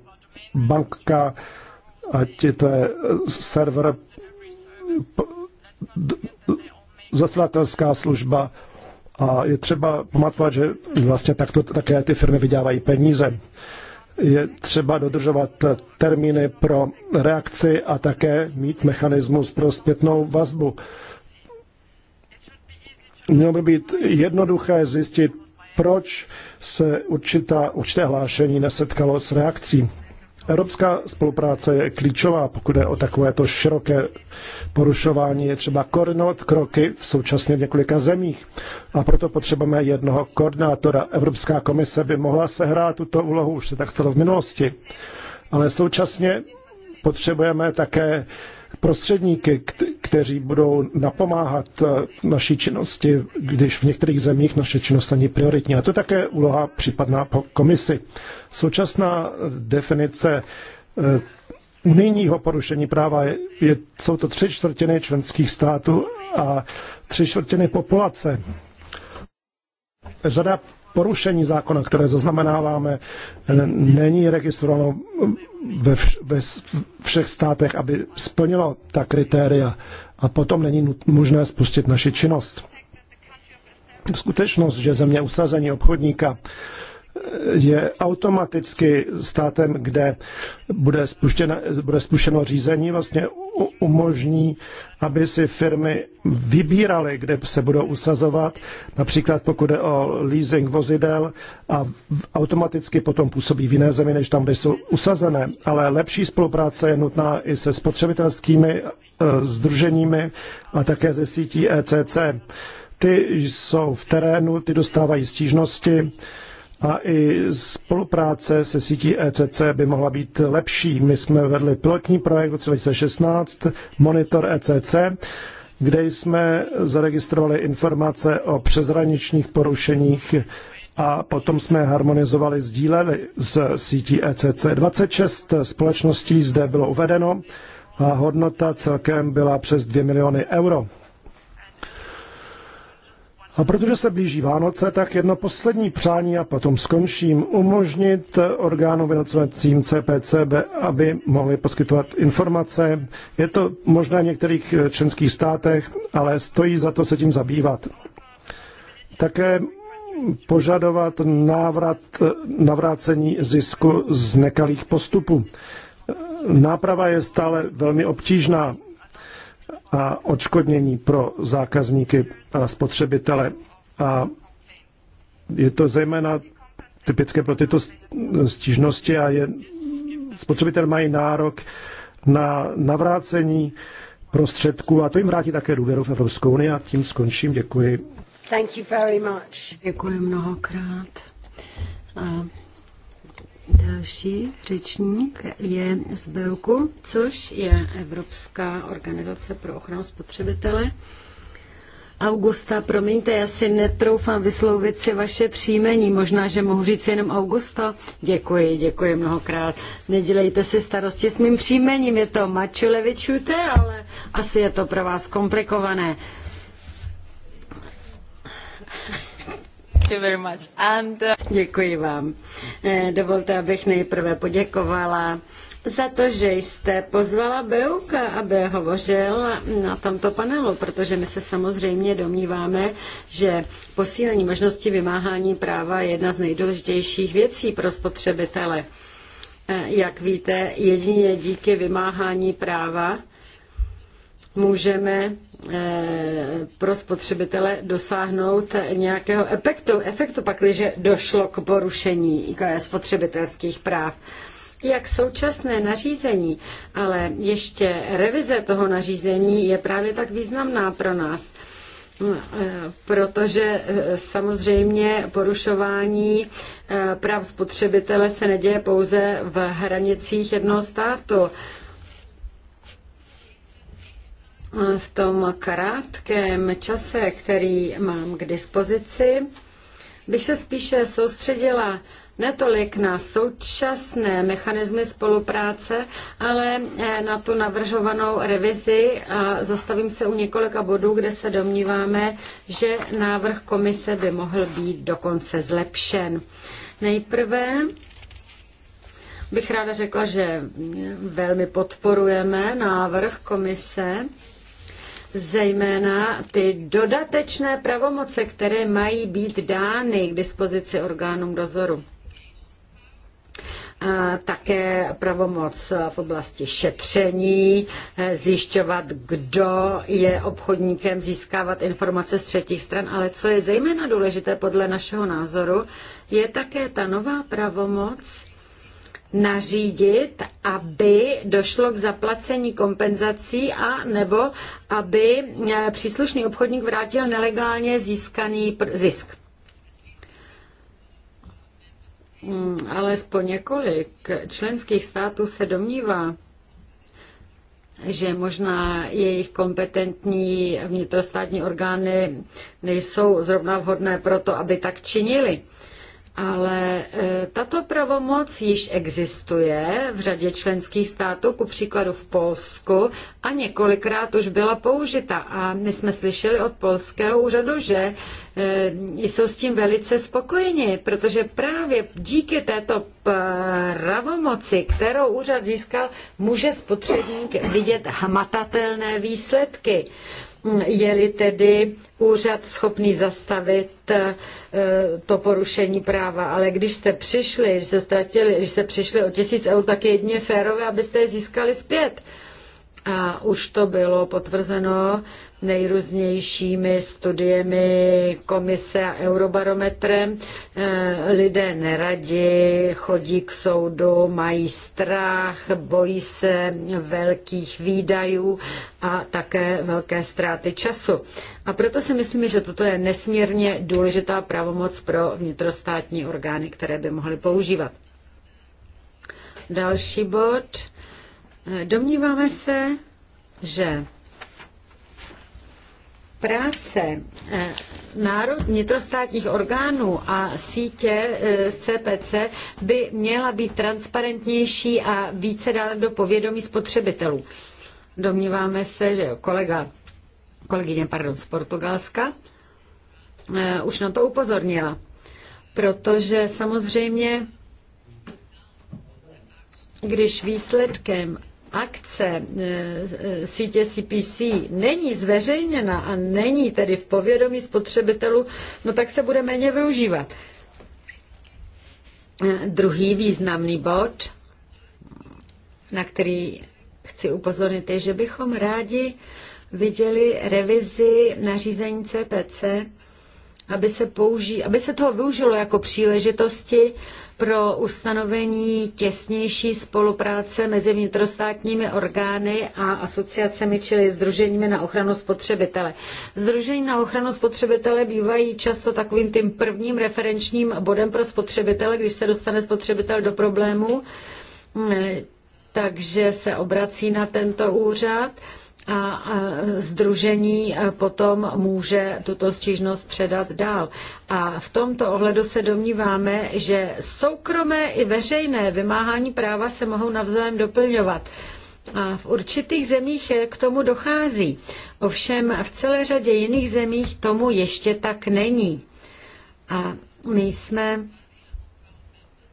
S5: banka, ať je to server, zasladatelská služba a je třeba pamatovat, že vlastně takto také ty firmy vydávají peníze. Je třeba dodržovat termíny pro reakci a také mít mechanismus pro zpětnou vazbu mělo by být jednoduché zjistit, proč se určitá, určité hlášení nesetkalo s reakcí. Evropská spolupráce je klíčová, pokud je o takovéto široké porušování. Je třeba koordinovat kroky v současně v několika zemích. A proto potřebujeme jednoho koordinátora. Evropská komise by mohla sehrát tuto úlohu, už se tak stalo v minulosti. Ale současně potřebujeme také prostředníky, kteří budou napomáhat eh, naší činnosti, když v některých zemích naše činnost není prioritní. A to je také úloha případná po komisi. Současná eh, definice eh, unijního porušení práva je, jsou to tři čtvrtiny členských států a tři čtvrtiny populace. Řada porušení zákona, které zaznamenáváme, eh, není registrováno ve, ve všech státech, aby splnilo ta kritéria a potom není možné spustit naši činnost. Skutečnost, že země usazení obchodníka je automaticky státem, kde bude, spuštěno, bude spuštěno řízení, vlastně umožní, aby si firmy vybíraly, kde se budou usazovat, například pokud je o leasing vozidel a automaticky potom působí v jiné zemi, než tam, kde jsou usazené. Ale lepší spolupráce je nutná i se spotřebitelskými e, združeními a také ze sítí ECC. Ty jsou v terénu, ty dostávají stížnosti, a i spolupráce se sítí ECC by mohla být lepší. My jsme vedli pilotní projekt v roce 2016, Monitor ECC, kde jsme zaregistrovali informace o přezraničních porušeních a potom jsme harmonizovali, sdíleli z sítí ECC. 26 společností zde bylo uvedeno a hodnota celkem byla přes 2 miliony euro. A protože se blíží Vánoce, tak jedno poslední přání a potom skončím. Umožnit orgánům vynocovacím CPCB, aby mohli poskytovat informace. Je to možné v některých eh, členských státech, ale stojí za to se tím zabývat. Také požadovat návrat, eh, navrácení zisku z nekalých postupů. Náprava je stále velmi obtížná a odškodnění pro zákazníky a spotřebitele. A je to zejména typické pro tyto stížnosti a je, spotřebitel mají nárok na navrácení prostředků a to jim vrátí také důvěru v Evropskou unii a tím skončím. Děkuji.
S1: Thank you very much. Děkuji mnohokrát. Uh... Další řečník je z Belku, což je Evropská organizace pro ochranu spotřebitele. Augusta, promiňte, já si netroufám vyslovit si vaše příjmení. Možná, že mohu říct jenom Augusta. Děkuji, děkuji mnohokrát. Nedělejte si starosti s mým příjmením. Je to Mačulevičute, ale asi je to pro vás komplikované. Uh, Děkuji vám. Eh, dovolte, abych nejprve poděkovala za to, že jste pozvala Beuka, aby hovořil na tomto panelu, protože my se samozřejmě domníváme, že posílení možnosti vymáhání práva je jedna z nejdůležitějších věcí pro spotřebitele. Eh, jak víte, jedině díky vymáhání práva můžeme eh, pro spotřebitele dosáhnout nějakého efektu, efektu pakliže došlo k porušení spotřebitelských práv jak současné nařízení, ale ještě revize toho nařízení je právě tak významná pro nás. Eh, protože eh, samozřejmě porušování práv spotřebitele se neděje pouze v hranicích jednoho státu v tom krátkém čase, který mám k dispozici, bych se spíše soustředila netolik na současné mechanismy spolupráce, ale eh, na tu navržovanou revizi a zastavím se u několika bodů, kde se domníváme, že návrh komise by mohl být dokonce zlepšen. Nejprve bych ráda řekla, že velmi podporujeme návrh komise zejména ty dodatečné pravomoce, které mají být dány k dispozici orgánům dozoru. A také pravomoc v oblasti šetření, eh, zjišťovat, kdo je obchodníkem, získávat informace z třetích stran, ale co je zejména důležité podle našeho názoru, je také ta nová pravomoc nařídit, aby došlo k zaplacení kompenzací a nebo aby eh, příslušný obchodník vrátil nelegálně získaný zisk. Hmm, alespoň několik členských států se domnívá, že možná jejich kompetentní vnitrostátní orgány nejsou zrovna vhodné pro to, aby tak činili. Ale e, tato pravomoc již existuje v řadě členských států, ku příkladu v Polsku, a několikrát už byla použita. A my jsme slyšeli od polského úřadu, že e, jsou s tím velice spokojeni, protože právě díky této pravomoci, kterou úřad získal, může spotřebník vidět hmatatelné výsledky. Mm, je-li tedy úřad schopný zastavit eh, to porušení práva. Ale když jste přišli, když jste, ztratili, když jste přišli o tisíc eur, tak je jedině férové, abyste je získali zpět. A už to bylo potvrzeno nejrůznějšími studiemi komise a eurobarometrem. Eh, lidé neradi chodí k soudu, mají strach, bojí se velkých výdajů a také velké ztráty času. A proto si myslím, že toto je nesmírně důležitá pravomoc pro vnitrostátní orgány, které by mohly používat. Další bod Domníváme se, že práce eh, národních vnitrostátních orgánů a sítě z eh, CPC by měla být transparentnější a více dále do povědomí spotřebitelů. Domníváme se, že kolega, kolegyně pardon, z Portugalska eh, už na to upozornila, protože samozřejmě když výsledkem akce eh, eh, sítě CPC není zveřejněna a není tedy v povědomí spotřebitelů, no tak se bude méně využívat. Eh, druhý významný bod, na který chci upozornit, je, že bychom rádi viděli revizi nařízení CPC aby se, použí, aby se toho využilo jako příležitosti pro ustanovení těsnější spolupráce mezi vnitrostátními orgány a asociacemi, čili združeními na ochranu spotřebitele. Združení na ochranu spotřebitele bývají často takovým tím prvním referenčním bodem pro spotřebitele, když se dostane spotřebitel do problému, takže se obrací na tento úřad a združení e, potom může tuto stížnost předat dál. A v tomto ohledu se domníváme, že soukromé i veřejné vymáhání práva se mohou navzájem doplňovat. A v určitých zemích e, k tomu dochází. Ovšem v celé řadě jiných zemích tomu ještě tak není. A my jsme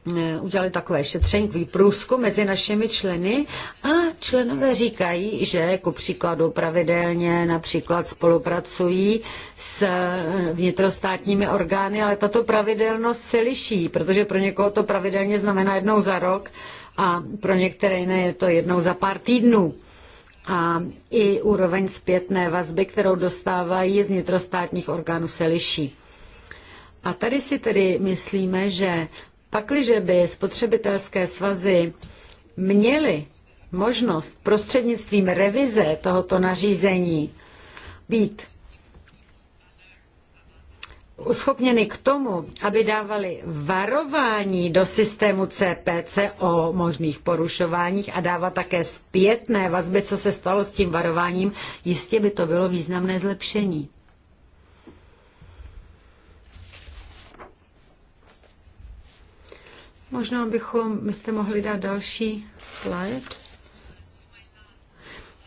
S1: Eh, udělali takové šetření, takový průzkum mezi našimi členy a členové říkají, že ku příkladu pravidelně například spolupracují s eh, vnitrostátními orgány, ale tato pravidelnost se liší, protože pro někoho to pravidelně znamená jednou za rok a pro některé jiné je to jednou za pár týdnů. A i úroveň zpětné vazby, kterou dostávají z vnitrostátních orgánů, se liší. A tady si tedy myslíme, že Pakliže by spotřebitelské svazy měly možnost prostřednictvím revize tohoto nařízení být uschopněny k tomu, aby dávali varování do systému CPC o možných porušováních a dávat také zpětné vazby, co se stalo s tím varováním, jistě by to bylo významné zlepšení. Možná bychom, byste mohli dát další slide.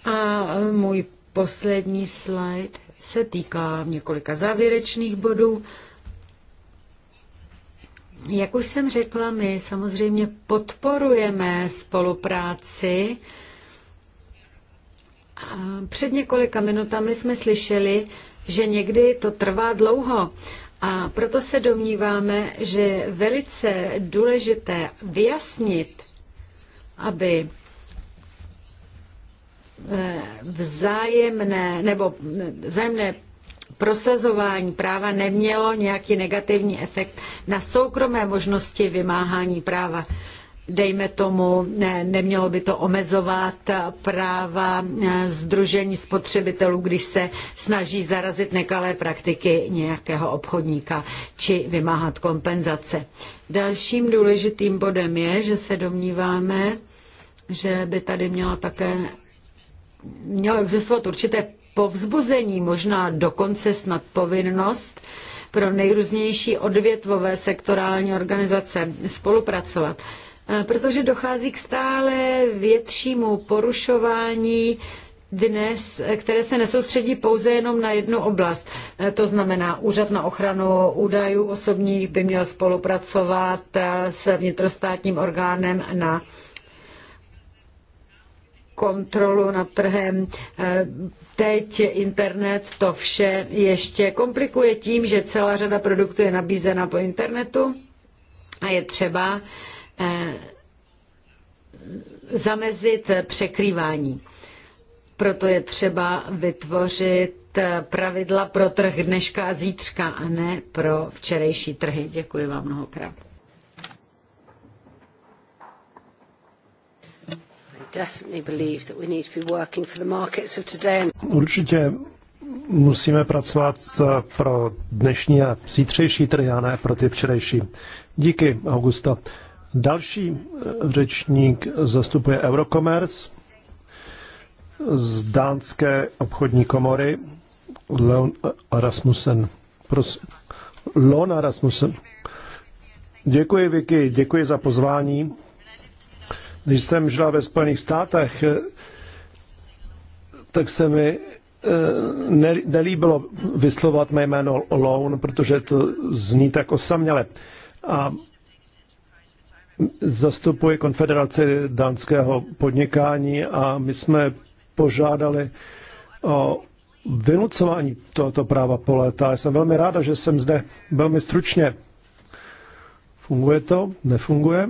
S1: A e, můj poslední slide se týká několika závěrečných bodů. Jak už jsem řekla, my samozřejmě podporujeme spolupráci. Před několika minutami jsme slyšeli, že někdy to trvá dlouho. A proto se domníváme, že je velice důležité vyjasnit, aby eh, vzájemné nebo eh, vzájemné prosazování práva nemělo nějaký negativní efekt na soukromé možnosti vymáhání práva dejme tomu, ne, nemělo by to omezovat práva eh, združení spotřebitelů, když se snaží zarazit nekalé praktiky nějakého obchodníka či vymáhat kompenzace. Dalším důležitým bodem je, že se domníváme, že by tady měla také mělo existovat určité povzbuzení, možná dokonce snad povinnost pro nejrůznější odvětvové sektorální organizace spolupracovat Eh, protože dochází k stále většímu porušování dnes, eh, které se nesoustředí pouze jenom na jednu oblast. Eh, to znamená, úřad na ochranu údajů osobních by měl spolupracovat s vnitrostátním orgánem na kontrolu nad trhem. Teď internet to vše ještě komplikuje tím, že celá řada produktů je nabízena po internetu a je třeba Eh, zamezit překrývání. Proto je třeba vytvořit eh, pravidla pro trh dneška a zítřka a ne pro včerejší trhy. Děkuji vám mnohokrát.
S5: Určitě musíme pracovat eh, pro dnešní a zítřejší trhy a ne pro ty včerejší. Díky, Augusta. Další eh, řečník zastupuje Eurocommerce z dánské obchodní komory Leon Rasmussen. Prosím. Leon Rasmussen. Děkuji, Vicky, děkuji za pozvání. Když jsem žila ve Spojených státech, eh, tak se mi eh, nelíbilo vyslovat mé jméno Lone, protože to zní tak osaměle. A Zastupuji Konfederaci dánského podnikání a my jsme požádali o vynucování tohoto práva po léta. Já jsem velmi ráda, že jsem zde velmi stručně. Funguje to? Nefunguje?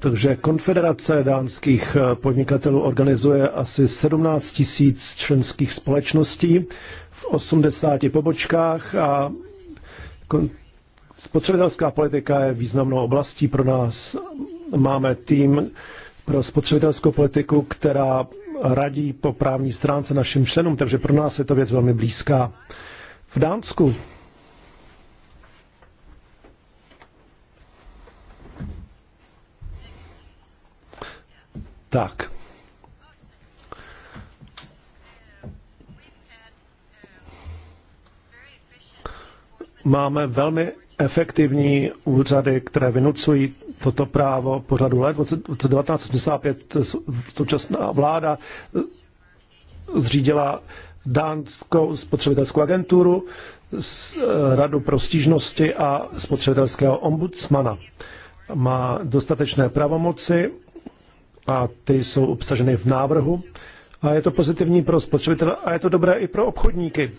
S5: Takže Konfederace dánských podnikatelů organizuje asi 17 tisíc členských společností v 80 pobočkách a Spotřebitelská politika je významnou oblastí pro nás. Máme tým pro spotřebitelskou politiku, která radí po právní stránce našim členům, takže pro nás je to věc velmi blízká. V Dánsku Tak. Máme velmi efektivní úřady, které vynucují toto právo po řadu let. Od 1975 současná vláda eh, zřídila dánskou spotřebitelskou agenturu, eh, radu pro stížnosti a spotřebitelského ombudsmana. Má dostatečné pravomoci a ty jsou obsaženy v návrhu. A je to pozitivní pro spotřebitele a je to dobré i pro obchodníky,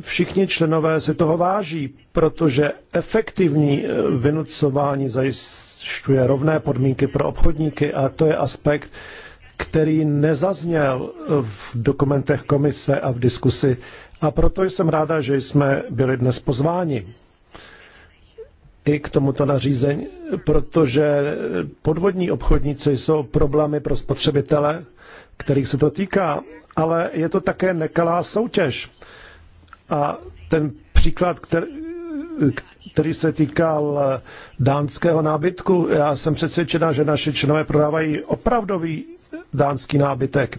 S5: všichni členové si toho váží, protože efektivní eh, vynucování zajišťuje rovné podmínky pro obchodníky a to je aspekt, který nezazněl v dokumentech komise a v diskusi. A proto jsem ráda, že jsme byli dnes pozváni i k tomuto nařízení, protože podvodní obchodníci jsou problémy pro spotřebitele, kterých se to týká, ale je to také nekalá soutěž a ten příklad, který, který se týkal dánského nábytku, já jsem přesvědčena, že naše členové prodávají opravdový dánský nábytek.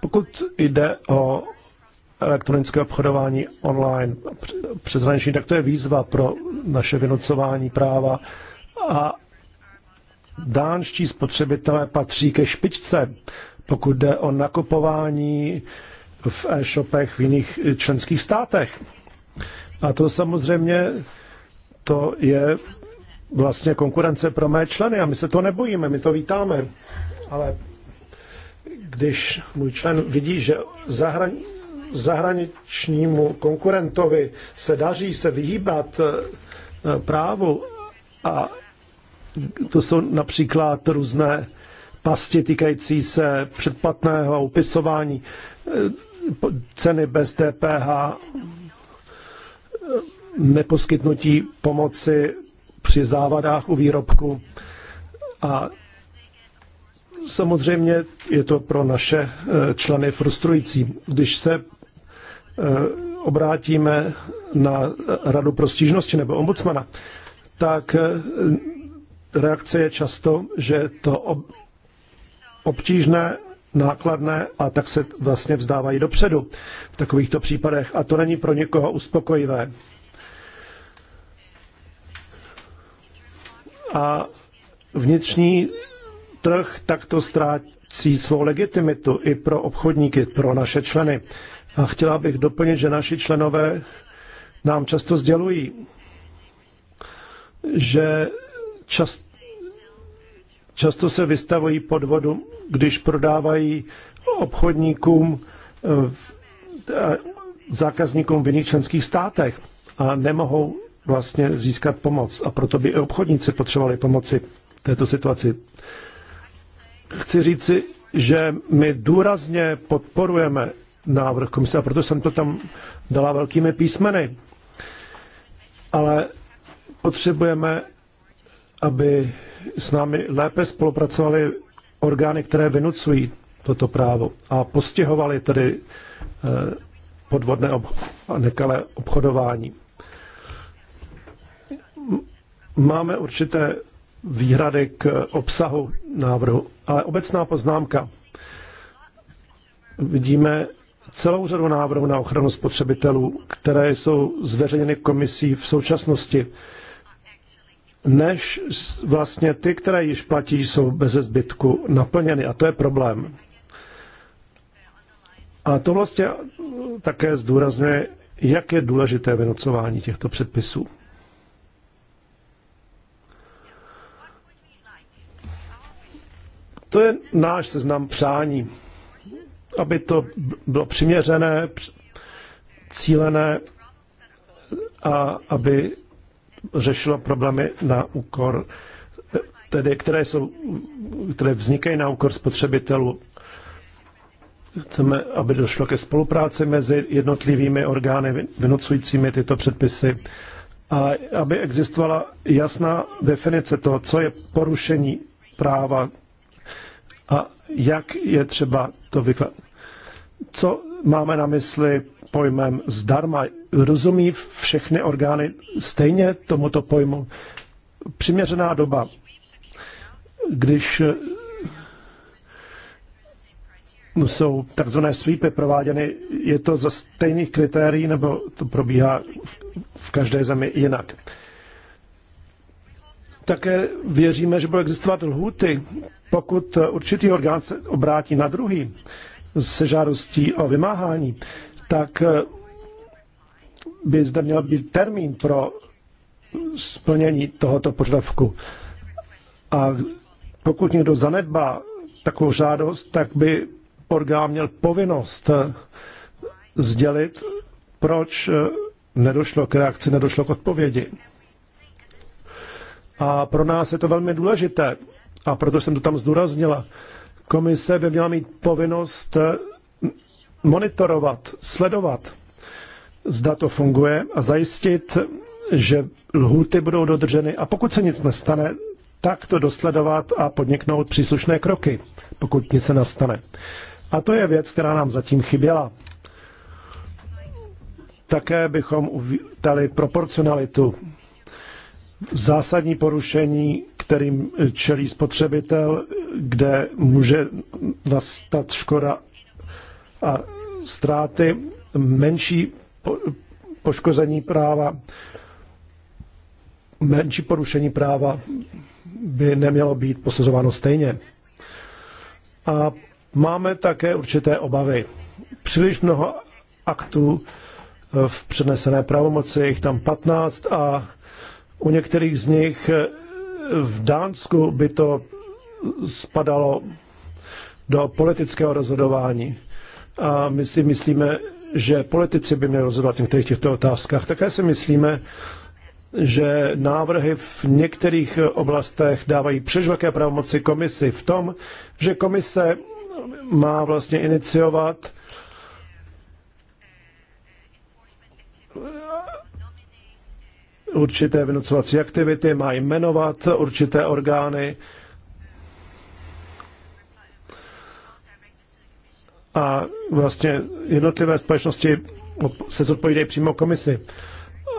S5: Pokud jde o elektronické obchodování online přeshraniční, tak to je výzva pro naše vynucování práva a dánští spotřebitelé patří ke špičce, pokud jde o nakupování v e-shopech v jiných členských státech. A to samozřejmě to je vlastně konkurence pro mé členy a my se to nebojíme, my to vítáme. Ale když můj člen vidí, že zahrani- zahraničnímu konkurentovi se daří se vyhýbat eh, právu a to jsou například různé pasti týkající se předplatného upisování eh, ceny bez DPH, eh, neposkytnutí pomoci při závadách u výrobku. A samozřejmě je to pro naše eh, členy frustrující. Když se obrátíme na Radu pro stížnosti nebo ombudsmana, tak reakce je často, že to to obtížné, nákladné a tak se vlastně vzdávají dopředu v takovýchto případech. A to není pro někoho uspokojivé. A vnitřní trh takto ztrácí svou legitimitu i pro obchodníky, pro naše členy. A chtěla bych doplnit, že naši členové nám často sdělují, že čas, často se vystavují podvodům, když prodávají obchodníkům eh, zákazníkům v jiných členských státech a nemohou vlastně získat pomoc. A proto by i obchodníci potřebovali pomoci v této situaci. Chci říci, že my důrazně podporujeme návrh komise a proto jsem to tam dala velkými písmeny. Ale potřebujeme aby s námi lépe spolupracovaly orgány, které vynucují toto právo a postihovaly tedy eh, podvodné ob- a nekalé obchodování. Máme určité výhrady k obsahu návrhu, ale obecná poznámka. Vidíme celou řadu návrhů na ochranu spotřebitelů, které jsou zveřejněny komisí v současnosti než vlastně ty, které již platí, jsou bez zbytku naplněny. A to je problém. A to vlastně také zdůrazňuje, jak je důležité vynocování těchto předpisů. To je náš seznam přání, aby to bylo přiměřené, cílené a aby řešilo problémy na úkor, tedy které, jsou, které vznikají na úkor spotřebitelů. Chceme, aby došlo ke spolupráci mezi jednotlivými orgány vynucujícími tyto předpisy a aby existovala jasná definice toho, co je porušení práva a jak je třeba to vykládat. Co máme na mysli pojmem zdarma, rozumí všechny orgány stejně tomuto pojmu. Přiměřená doba, když eh, jsou takzvané sweepy prováděny, je to za stejných kritérií nebo to probíhá v každé zemi jinak? Také věříme, že budou existovat lhuty, pokud určitý orgán se obrátí na druhý se žádostí o vymáhání, tak eh, by zde měl být termín pro splnění tohoto požadavku. A pokud někdo zanedbá takovou žádost, tak by orgán měl povinnost sdělit, proč nedošlo k reakci, nedošlo k odpovědi. A pro nás je to velmi důležité, a proto jsem to tam zdůraznila. Komise by měla mít povinnost monitorovat, sledovat zda to funguje a zajistit, že lhuty budou dodrženy a pokud se nic nestane, tak to dosledovat a podniknout příslušné kroky, pokud nic se nastane. A to je věc, která nám zatím chyběla. Také bychom uvítali proporcionalitu. Zásadní porušení, kterým čelí spotřebitel, kde může nastat škoda a ztráty, menší poškození práva, menší porušení práva by nemělo být posuzováno stejně. A máme také určité obavy. Příliš mnoho aktů eh, v přenesené pravomoci, jich tam 15 a u některých z nich eh, v Dánsku by to spadalo do politického rozhodování. A my si myslíme, že politici by měli rozhodovat v některých těchto otázkách. Také si myslíme, že návrhy v některých oblastech dávají příliš velké pravomoci komisi v tom, že komise má vlastně iniciovat určité vynucovací aktivity, má jmenovat určité orgány a vlastně jednotlivé společnosti se zodpovídají přímo komisi.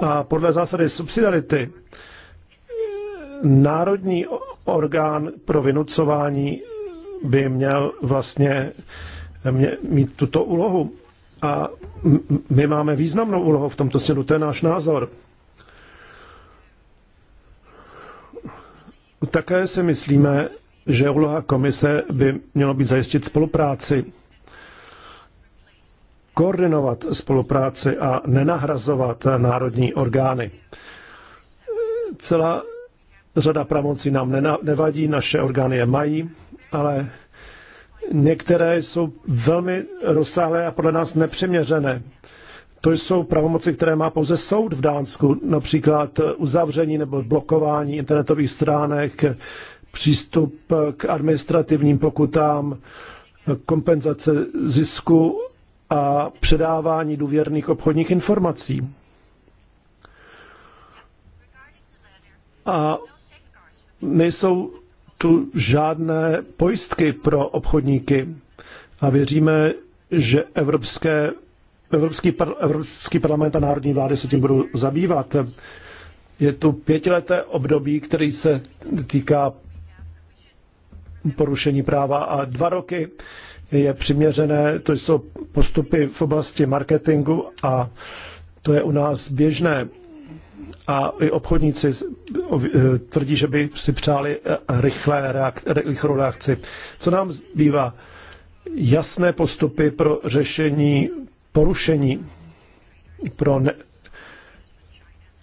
S5: A podle zásady subsidiarity národní orgán pro vynucování by měl vlastně mě, mít tuto úlohu. A my máme významnou úlohu v tomto směru, to je náš názor. Také si myslíme, že úloha komise by mělo být zajistit spolupráci koordinovat spolupráci a nenahrazovat národní orgány. Celá řada pravomocí nám nevadí, naše orgány je mají, ale některé jsou velmi rozsáhlé a podle nás nepřiměřené. To jsou pravomoci, které má pouze soud v Dánsku, například uzavření nebo blokování internetových stránek, přístup k administrativním pokutám, kompenzace zisku a předávání důvěrných obchodních informací. A nejsou tu žádné pojistky pro obchodníky. A věříme, že evropské, evropský, par, evropský parlament a národní vlády se tím budou zabývat. Je tu pětileté období, který se týká porušení práva a dva roky je přiměřené. To jsou postupy v oblasti marketingu a to je u nás běžné. A i obchodníci eh, tvrdí, že by si přáli eh, rychlé reakci, rychlou reakci. Co nám zbývá? Jasné postupy pro řešení porušení pro ne-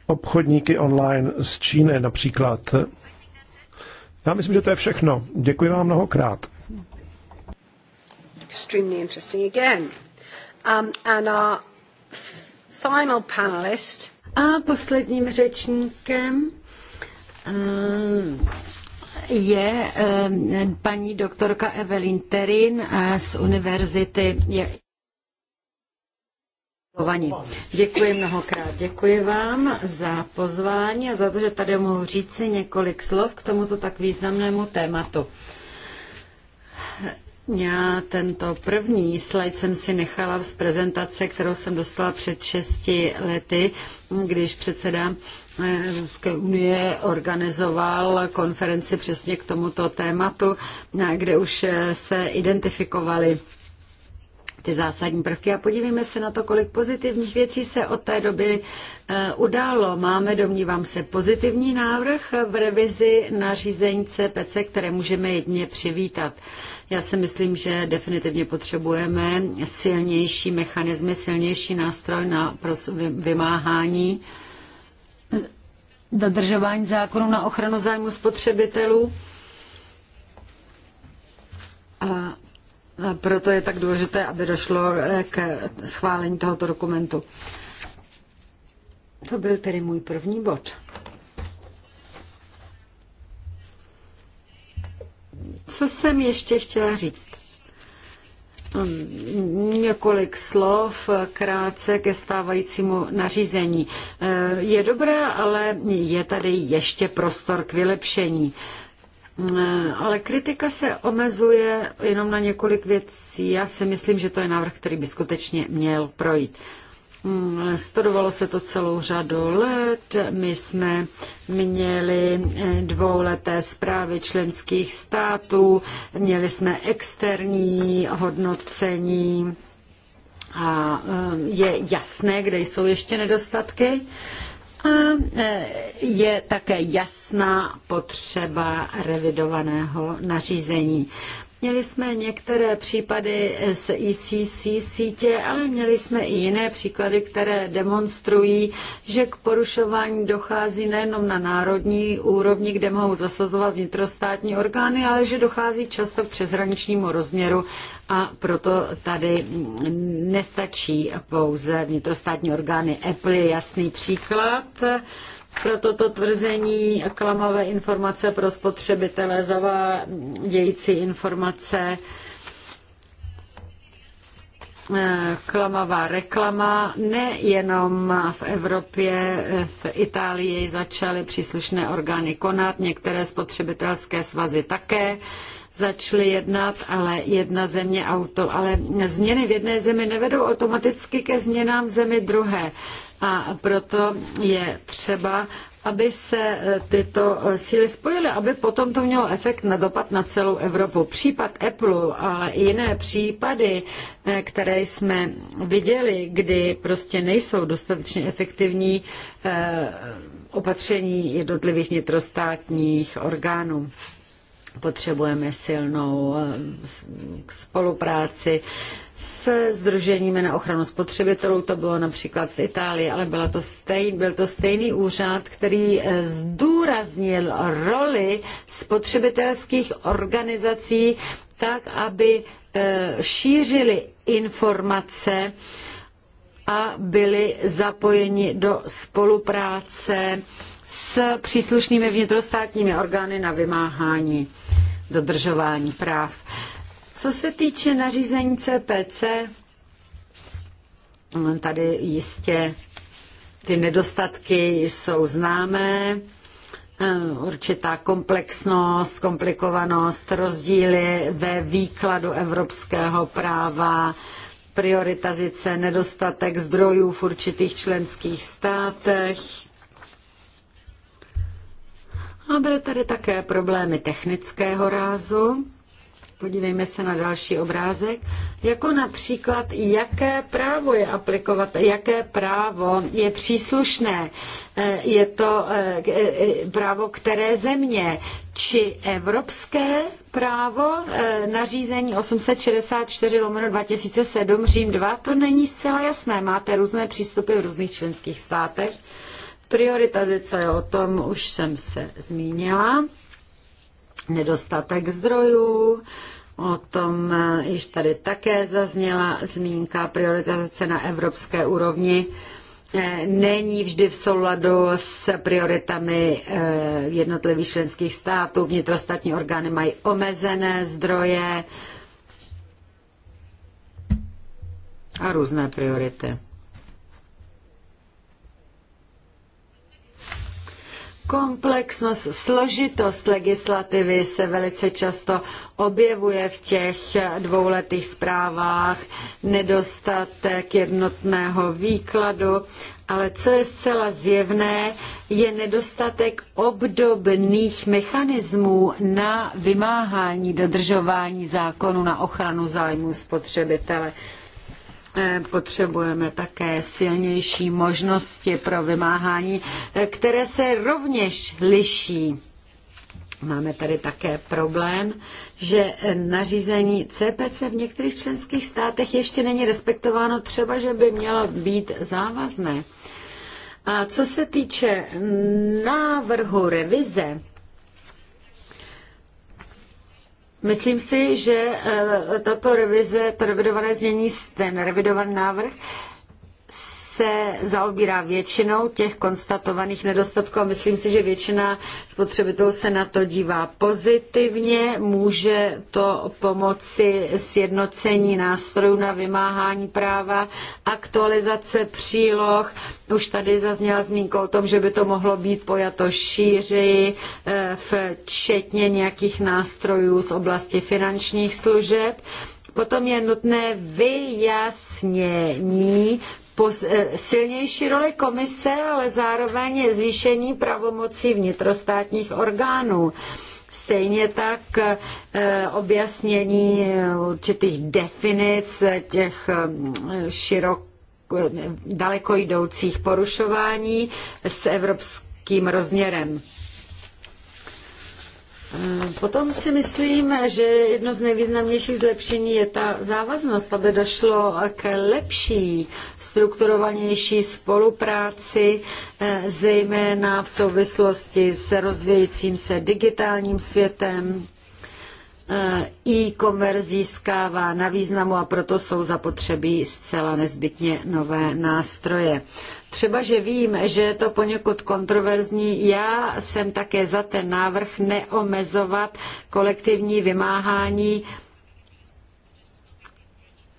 S5: obchodníky online z Číny například. Já myslím, že to je všechno. Děkuji vám mnohokrát
S2: extremely interesting
S1: again. Um, and our final panelist. A posledním řečníkem eh, je eh, paní doktorka Evelyn Terin eh, z univerzity. Děkuji mnohokrát. Děkuji vám za pozvání a za to, že tady mohu si několik slov k tomuto tak významnému tématu. Já tento první slide jsem si nechala z prezentace, kterou jsem dostala před šesti lety, když předseda eh, Evropské unie organizoval konferenci přesně k tomuto tématu, eh, kde už eh, se identifikovali ty zásadní prvky a podívejme se na to, kolik pozitivních věcí se od té doby eh, událo. Máme, domnívám se, pozitivní návrh v revizi nařízení CPC, které můžeme jedně přivítat. Já si myslím, že definitivně potřebujeme silnější mechanizmy, silnější nástroj na vymáhání dodržování zákonu na ochranu zájmu spotřebitelů. A proto je tak důležité, aby došlo eh, k schválení tohoto dokumentu. To byl tedy můj první bod. Co jsem ještě chtěla říct? Několik slov krátce ke stávajícímu nařízení. Eh, je dobré, ale je tady ještě prostor k vylepšení. Eh, ale kritika se omezuje jenom na několik věcí. Já si myslím, že to je návrh, který by skutečně měl projít. Hmm, studovalo se to celou řadu let. My jsme měli eh, dvouleté zprávy členských států, měli jsme externí hodnocení a eh, je jasné, kde jsou ještě nedostatky. A e, je také jasná potřeba revidovaného nařízení. Měli jsme některé případy z ECC sítě, ale měli jsme i jiné příklady, které demonstrují, že k porušování dochází nejenom na národní úrovni, kde mohou zasazovat vnitrostátní orgány, ale že dochází často k přeshraničnímu rozměru a proto tady nestačí pouze vnitrostátní orgány. Apple je jasný příklad. Pro toto tvrzení klamavé informace pro spotřebitele, zavádějící informace, eh, klamavá reklama. Nejenom v Evropě, eh, v Itálii začaly příslušné orgány konat, některé spotřebitelské svazy také začaly jednat, ale jedna země auto, ale změny v jedné zemi nevedou automaticky ke změnám v zemi druhé. A proto je třeba, aby se e, tyto e, síly spojily, aby potom to mělo efekt na dopad na celou Evropu. Případ Apple, ale i jiné případy, e, které jsme viděli, kdy prostě nejsou dostatečně efektivní opatření jednotlivých vnitrostátních orgánů potřebujeme silnou spolupráci se združeními na ochranu spotřebitelů, to bylo například v Itálii, ale byla to stejn, byl to stejný úřad, který eh, zdůraznil roli spotřebitelských organizací tak, aby eh, šířili informace a byli zapojeni do spolupráce s příslušnými vnitrostátními orgány na vymáhání dodržování práv. Co se týče nařízení CPC, tady jistě ty nedostatky jsou známé, eh, určitá komplexnost, komplikovanost, rozdíly ve výkladu evropského práva, prioritazice, nedostatek zdrojů v určitých členských státech. A byly tady také problémy technického rázu. Podívejme se na další obrázek, jako například, jaké právo je aplikovat, jaké právo je příslušné. Eh, je to eh, eh, právo které země, či evropské právo nařízení 864 lomeno 2007 Řím 2, to není zcela jasné. Máte různé přístupy v různých členských státech. Prioritizace, o tom už jsem se zmínila nedostatek zdrojů, O tom již tady také zazněla zmínka prioritace na evropské úrovni. Eh, není vždy v souladu s prioritami eh, jednotlivých členských států. Vnitrostatní orgány mají omezené zdroje a různé priority. Komplexnost, složitost legislativy se velice často objevuje v těch dvouletých zprávách, nedostatek jednotného výkladu, ale co je zcela zjevné, je nedostatek obdobných mechanismů na vymáhání dodržování zákonu na ochranu zájmů spotřebitele. Eh, potřebujeme také silnější možnosti pro vymáhání, eh, které se rovněž liší. Máme tady také problém, že eh, nařízení CPC v některých členských státech ještě není respektováno, třeba že by mělo být závazné. A co se týče návrhu revize Myslím si, že eh, tato revize, to revidované znění, ten revidovaný návrh se zaobírá většinou těch konstatovaných nedostatků a myslím si, že většina spotřebitelů se na to dívá pozitivně. Může to pomoci sjednocení nástrojů na vymáhání práva, aktualizace příloh. Už tady zazněla zmínka o tom, že by to mohlo být pojato šířeji, eh, včetně nějakých nástrojů z oblasti finančních služeb. Potom je nutné vyjasnění Eh, silnější roli komise, ale zároveň zvýšení pravomocí vnitrostátních orgánů. Stejně tak eh, objasnění určitých definic těch eh, širok daleko jdoucích porušování s evropským rozměrem. Mm, potom si myslím, že jedno z nejvýznamnějších zlepšení je ta závaznost, aby došlo k lepší, strukturovanější spolupráci, eh, zejména v souvislosti s rozvějícím se digitálním světem Eh, e-commerce získává na významu a proto jsou zapotřebí zcela nezbytně nové nástroje. Třeba, že vím, že je to poněkud kontroverzní, já jsem také za ten návrh neomezovat kolektivní vymáhání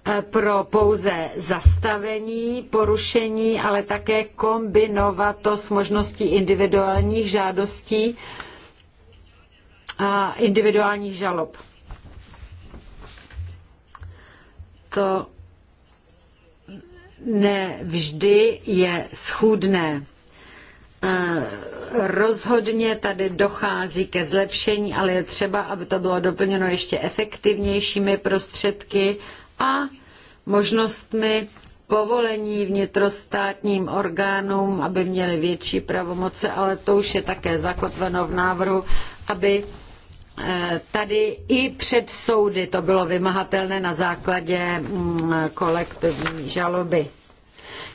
S1: eh, pro pouze zastavení porušení, ale také kombinovat to s možností individuálních žádostí, individuálních žalob. To nevždy je schůdné. Eh, rozhodně tady dochází ke zlepšení, ale je třeba, aby to bylo doplněno ještě efektivnějšími prostředky a možnostmi povolení vnitrostátním orgánům, aby měli větší pravomoce, ale to už je také zakotveno v návrhu, aby Eh, tady i před soudy to bylo vymahatelné na základě mm, kolektivní žaloby.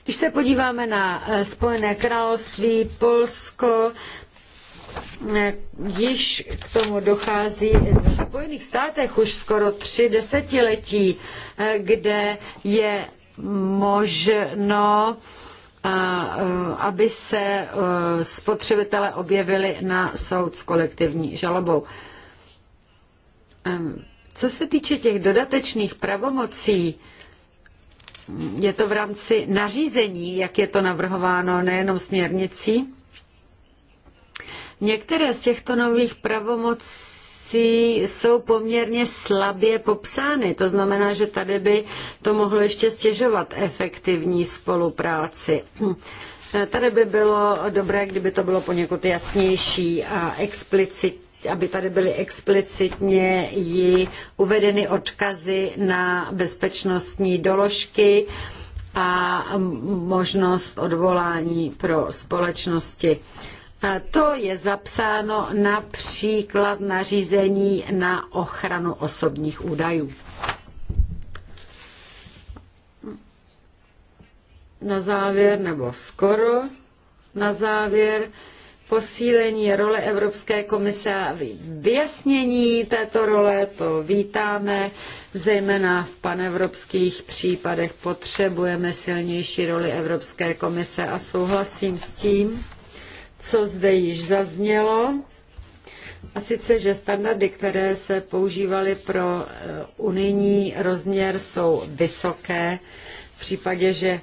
S1: Když se podíváme na eh, Spojené království, Polsko, eh, již k tomu dochází v Spojených státech už skoro tři desetiletí, kde je možno aby se spotřebitelé objevili na soud s kolektivní žalobou. Co se týče těch dodatečných pravomocí, je to v rámci nařízení, jak je to navrhováno, nejenom směrnicí. Některé z těchto nových pravomocí jsou poměrně slabě popsány. To znamená, že tady by to mohlo ještě stěžovat efektivní spolupráci. Tady by bylo dobré, kdyby to bylo poněkud jasnější a explicitnější aby tady byly explicitně ji uvedeny odkazy na bezpečnostní doložky a možnost odvolání pro společnosti. To je zapsáno například nařízení na ochranu osobních údajů. Na závěr, nebo skoro na závěr, posílení role Evropské komise a vyjasnění této role, to vítáme, zejména v panevropských případech potřebujeme silnější roli Evropské komise a souhlasím s tím, co zde již zaznělo, a sice, že standardy, které se používaly pro eh, unijní rozměr, jsou vysoké, v případě, že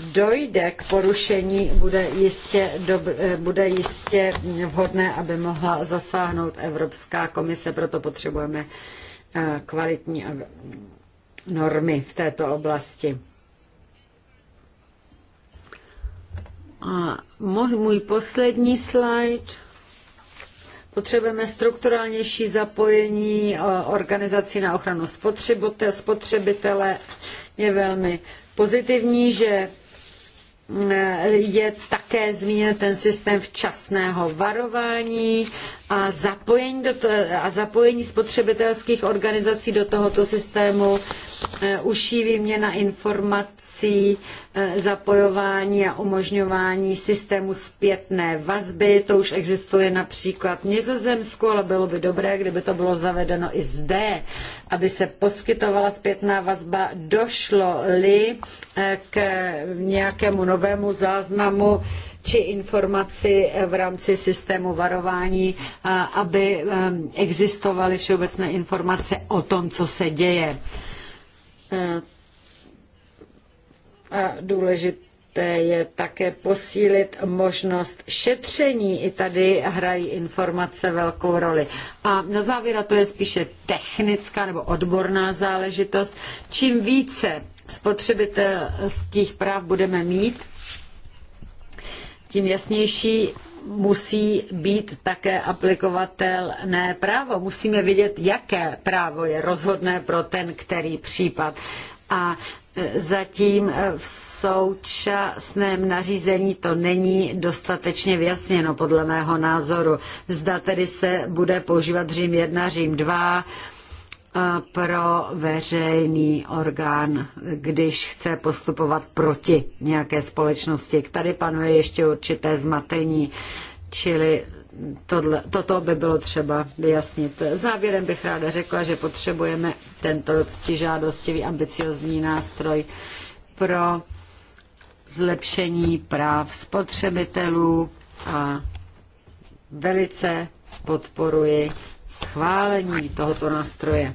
S1: dojde k porušení, bude jistě, dobr, eh, bude jistě vhodné, aby mohla zasáhnout Evropská komise, proto potřebujeme eh, kvalitní normy v této oblasti. A můj poslední slide. Potřebujeme strukturálnější zapojení eh, organizací na ochranu spotřebitele. Je velmi pozitivní, že je také zmíněn ten systém včasného varování a zapojení, do to, a zapojení spotřebitelských organizací do tohoto systému Eh, užší výměna informací, eh, zapojování a umožňování systému zpětné vazby. To už existuje například v Nizozemsku, ale bylo by dobré, kdyby to bylo zavedeno i zde, aby se poskytovala zpětná vazba, došlo-li eh, k nějakému novému záznamu či informaci v rámci systému varování, aby existovaly všeobecné informace o tom, co se děje. Eh, a důležité je také posílit možnost šetření. I tady hrají informace velkou roli. A na závěr, to je spíše technická nebo odborná záležitost, čím více spotřebitelských práv budeme mít, tím jasnější musí být také aplikovatelné právo. Musíme vědět, jaké právo je rozhodné pro ten, který případ. A e, zatím e, v současném nařízení to není dostatečně vyjasněno, podle mého názoru. Zda tedy se bude používat Řím 1, Řím 2, pro veřejný orgán, když chce postupovat proti nějaké společnosti. Tady panuje ještě určité zmatení, čili tohle, toto by bylo třeba vyjasnit. Závěrem bych ráda řekla, že potřebujeme tento ctižádostivý ambiciozní nástroj pro zlepšení práv spotřebitelů a velice podporuji schválení tohoto nástroje.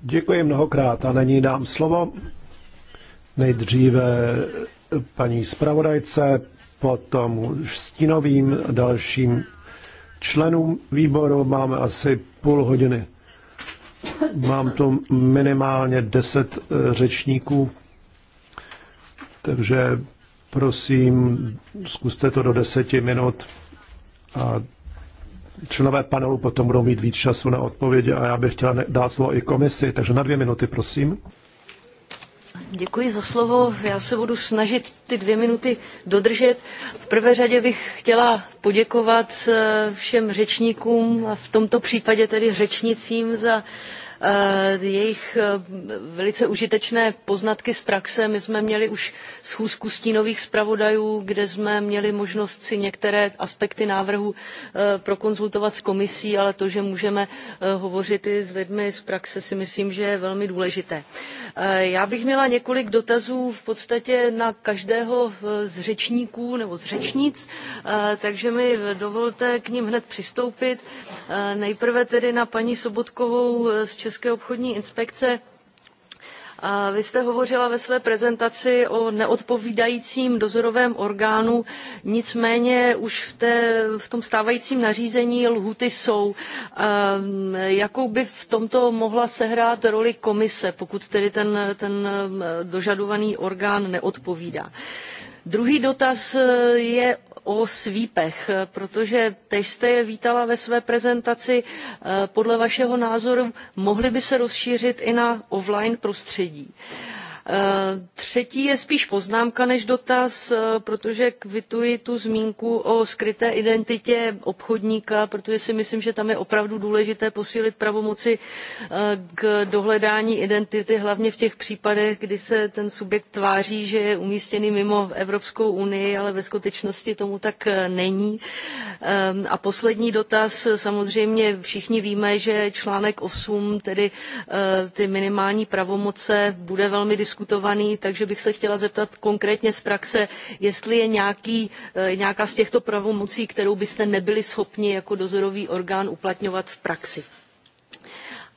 S5: Děkuji mnohokrát a nyní dám slovo nejdříve paní zpravodajce, potom stínovým dalším členům výboru. Máme asi půl hodiny. Mám tu minimálně deset eh, řečníků, takže prosím, zkuste to do deseti minut a členové panelu potom budou mít víc času na odpovědi a já bych chtěla dát slovo i komisi, takže na dvě minuty, prosím.
S3: Děkuji za slovo. Já se budu snažit ty dvě minuty dodržet. V prvé řadě bych chtěla poděkovat eh, všem řečníkům a v tomto případě tedy řečnicím za uh, Eh, jejich eh, velice užitečné poznatky z praxe. My jsme měli už schůzku stínových zpravodajů, kde jsme měli možnost si některé aspekty návrhu eh, prokonzultovat s komisí, ale to, že můžeme hovořit i s lidmi z praxe, si myslím, že je velmi důležité. Já bych měla několik dotazů v podstatě na každého z řečníků nebo z řečnic, takže mi dovolte k ním hned přistoupit. Nejprve tedy na paní Sobotkovou z České České obchodní inspekce. vy jste hovořila ve své prezentaci o neodpovídajícím dozorovém orgánu, nicméně už v, té, v tom stávajícím nařízení lhuty jsou. Ehm, jakou by v tomto mohla sehrát roli komise, pokud tedy ten, ten ehm, dožadovaný orgán neodpovídá? Druhý dotaz eh, je o svípech, protože teď jste je vítala ve své prezentaci. Eh, podle vašeho názoru mohly by se rozšířit i na offline prostředí. Uh, Eh, třetí je spíš poznámka než dotaz, eh, protože kvituji tu zmínku o skryté identitě obchodníka, protože si myslím, že tam je opravdu důležité posílit pravomoci eh, k dohledání identity, hlavně v těch případech, kdy se ten subjekt tváří, že je umístěný mimo Evropskou unii, ale ve skutečnosti tomu tak není. Ehm, a poslední dotaz, samozřejmě všichni víme, že článek 8, tedy ty minimální pravomoce, bude velmi diskutovaný diskutovaný, takže bych se chtěla zeptat konkrétně z praxe, jestli je nějaký, eh, nějaká z těchto pravomocí, kterou byste nebyli schopni jako dozorový orgán uplatňovat v praxi.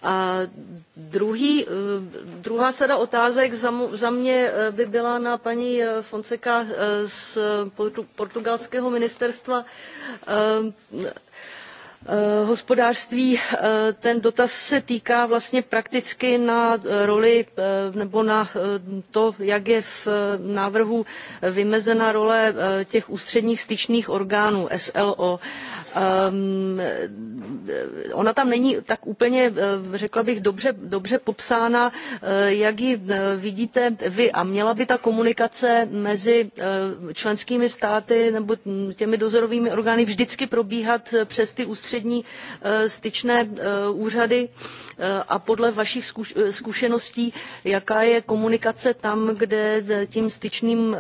S3: A druhý, eh, druhá sada otázek za, za mě eh, by byla na paní Fonseca z portugalského ministerstva Eh, hospodářství eh, ten dotaz se týká vlastně prakticky na eh, roli nebo na to jak je v návrhu vymezena role těch ústředních styčných orgánů slo um, ona tam není tak úplně, eh, řekla bych, dobře, dobře popsána, eh, jak ji eh, vidíte vy. A měla by ta komunikace mezi členskými státy nebo hm, těmi dozorovými orgány vždycky probíhat přes ty ústřední styčné úřady a podle vašich zkušeností, jaká je komunikace tam, kde tím styčným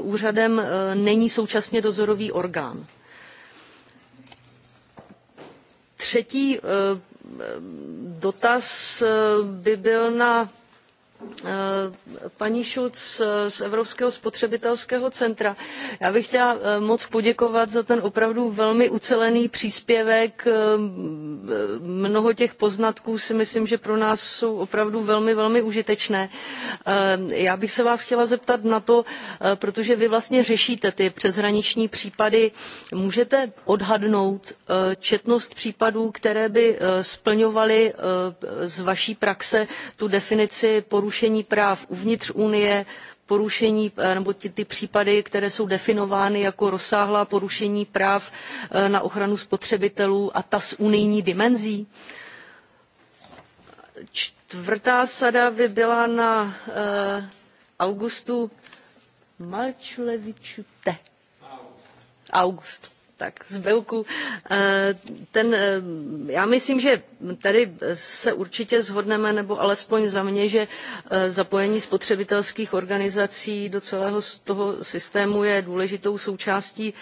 S3: úřadem není současně dozorový orgán? Třetí eh, dotaz eh, by byl na Eh, paní Schulz eh, z Evropského spotřebitelského centra. Já bych chtěla eh, moc poděkovat za ten opravdu velmi ucelený příspěvek. Mnoho těch poznatků si myslím, že pro nás jsou opravdu velmi, velmi užitečné. Já bych se vás chtěla zeptat na to, protože vy vlastně řešíte ty přeshraniční případy. Můžete odhadnout četnost případů, které by splňovaly z vaší praxe tu definici porušení porušení práv uvnitř Unie, porušení eh, nebo ty, ty případy, které jsou definovány jako rozsáhlá porušení práv eh, na ochranu spotřebitelů a ta s unijní dimenzí? Čtvrtá sada by byla na eh, Augustu Malčlevičute. August tak z Belku. Eh, ten, eh, já myslím, že tady se určitě zhodneme, nebo alespoň za mě, že eh, zapojení spotřebitelských organizací do celého toho systému je důležitou součástí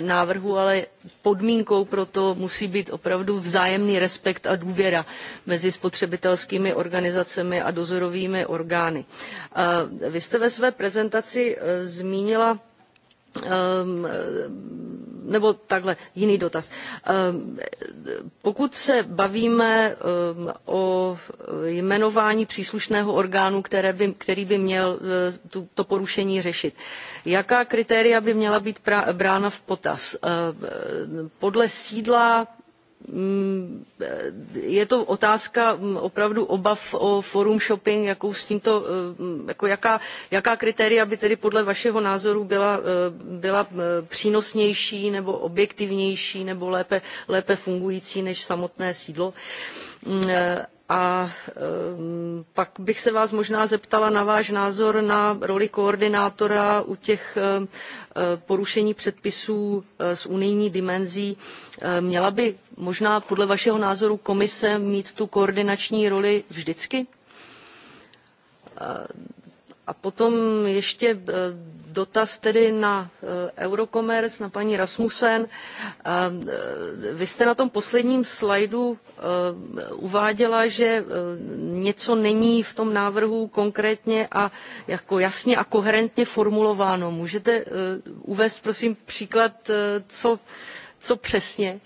S3: návrhu, ale podmínkou pro to musí být opravdu vzájemný respekt a důvěra mezi spotřebitelskými organizacemi a dozorovými orgány. Vy jste ve své prezentaci zmínila Ehm, nebo takhle jiný dotaz. Ehm, pokud se bavíme ehm, o jmenování příslušného orgánu, které by, který by měl eh, to porušení řešit, jaká kritéria by měla být brána v potaz? Podle sídla Mm, je to otázka mm, opravdu obav o forum shopping, jakou s tímto, eh, mm, jako jaká, jaká kritéria by tedy podle vašeho názoru byla, eh, byla eh, přínosnější nebo objektivnější nebo lépe, lépe fungující než samotné sídlo. A pak bych se vás možná zeptala na váš názor na roli koordinátora u těch eh, porušení předpisů eh, s unijní dimenzí. Eh, měla by možná podle vašeho názoru komise mít tu koordinační roli vždycky? A potom ještě eh, dotaz tedy na eh, Eurocommerce, na paní Rasmussen. Eh, vy jste na tom posledním slajdu uváděla, že něco není v tom návrhu konkrétně a jako jasně a koherentně formulováno. Můžete uvést prosím příklad, co, co přesně?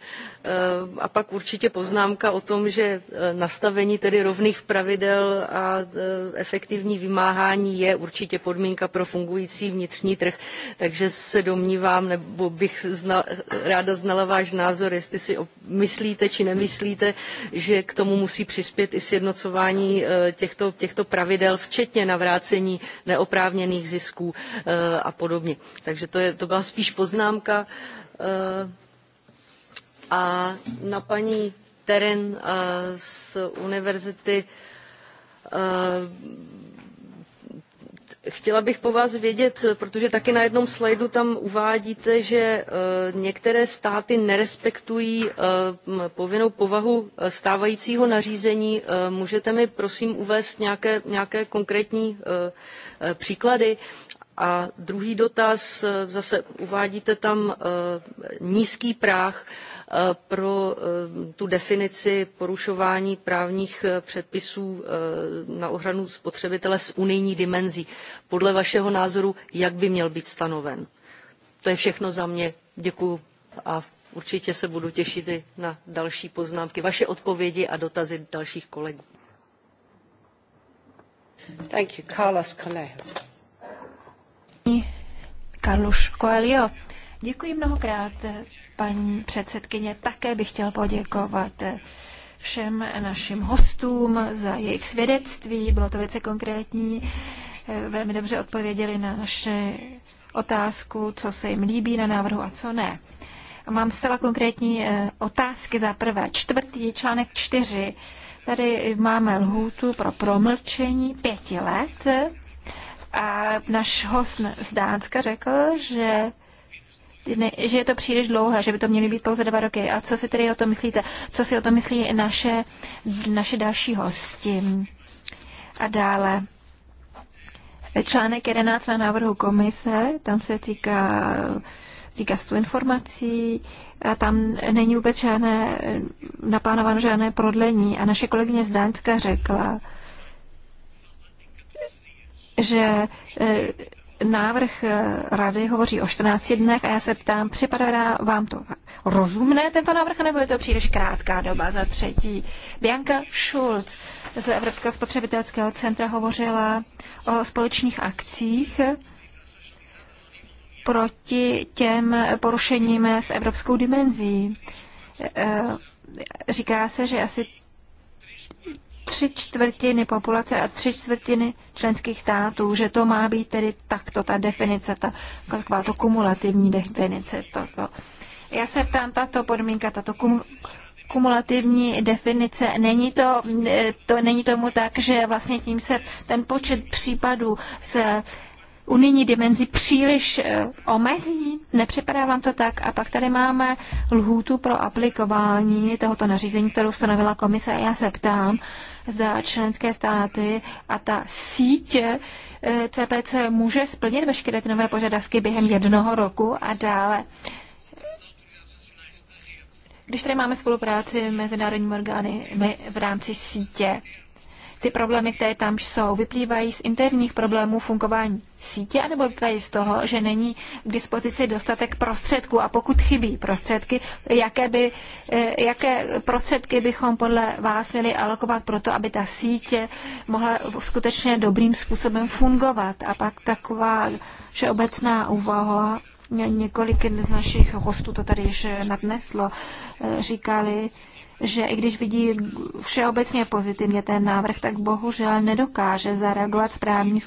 S3: Eh, a pak určitě poznámka o tom, že eh, nastavení tedy rovných pravidel a eh, efektivní vymáhání je určitě podmínka pro fungující vnitřní trh. Takže se domnívám, nebo bych ráda znala váš názor, jestli si myslíte či nemyslíte, že k tomu musí přispět i sjednocování těchto, těchto pravidel, včetně navrácení neoprávněných zisků a podobně. Takže to, je, to byla spíš poznámka. Uh a na paní Teren eh, z univerzity eh, Chtěla bych po vás vědět, protože taky na jednom slajdu tam uvádíte, že eh, některé státy nerespektují povinnou povahu stávajícího nařízení. Můžete mi prosím uvést nějaké, nějaké konkrétní příklady? A druhý dotaz, zase uvádíte tam nízký práh Eh, pro eh, tu definici porušování právních eh, předpisů na ochranu spotřebitele s unijní dimenzí. Podle vašeho názoru, jak by měl být stanoven? To je všechno za mě. Děkuji a určitě se budu těšit i na další poznámky, vaše odpovědi a dotazy dalších kolegů. Thank you, Carlos Coelho.
S4: Carlos Coelho. Děkuji mnohokrát paní předsedkyně, také bych chtěl poděkovat všem našim hostům za jejich svědectví. Bylo to velice konkrétní. Velmi dobře odpověděli na naše otázku, co se jim líbí na návrhu a co ne. Mám zcela konkrétní eh, otázky za prvé. Čtvrtý článek čtyři. Tady máme lhůtu pro promlčení pěti let. A náš host z Dánska řekl, že že je to příliš dlouhé, že by to měly být pouze dva roky. A co si tedy o to myslíte? Co si o to myslí naše, naše další hosti? A dále. Článek 11 na návrhu komise, tam se týká týká tu informací, a tam není vůbec žádné, naplánováno žádné prodlení. A naše kolegyně z Dánska řekla, že eh, návrh eh, rady hovoří o 14 dnech a já se ptám, připadá vám to rozumné tento návrh, nebo je to příliš krátká doba za třetí? Bianka Schulz z Evropského spotřebitelského centra hovořila o společných akcích proti těm porušením s evropskou dimenzí. Eh, říká se, že asi tři čtvrtiny populace a tři čtvrtiny členských států, že to má být tedy takto, ta definice, ta, taková to kumulativní definice. to to. Já se ptám, tato podmínka, tato kum, kumulativní definice. Není, to, e, to, není tomu tak, že vlastně tím se ten počet případů se unijní dimenzi příliš eh, omezí? Nepřipadá vám to tak? A pak tady máme lhůtu pro aplikování tohoto nařízení, kterou stanovila komise. A já se ptám, zda členské státy a ta síť eh, CPC může splnit veškeré ty nové požadavky během jednoho roku a dále. Když tady máme spolupráci mezinárodní orgány v rámci sítě, ty problémy, které tam jsou, vyplývají z interních problémů fungování sítě, anebo vyplývají z toho, že není k dispozici dostatek prostředků. A pokud chybí prostředky, jaké, by, eh, jaké prostředky bychom podle vás měli alokovat pro to, aby ta sítě mohla skutečně dobrým způsobem fungovat? A pak taková všeobecná úvaha, několik z našich hostů to tady již nadneslo, eh, říkali, že i když vidí všeobecně pozitivně ten návrh, tak bohužel nedokáže zareagovat správným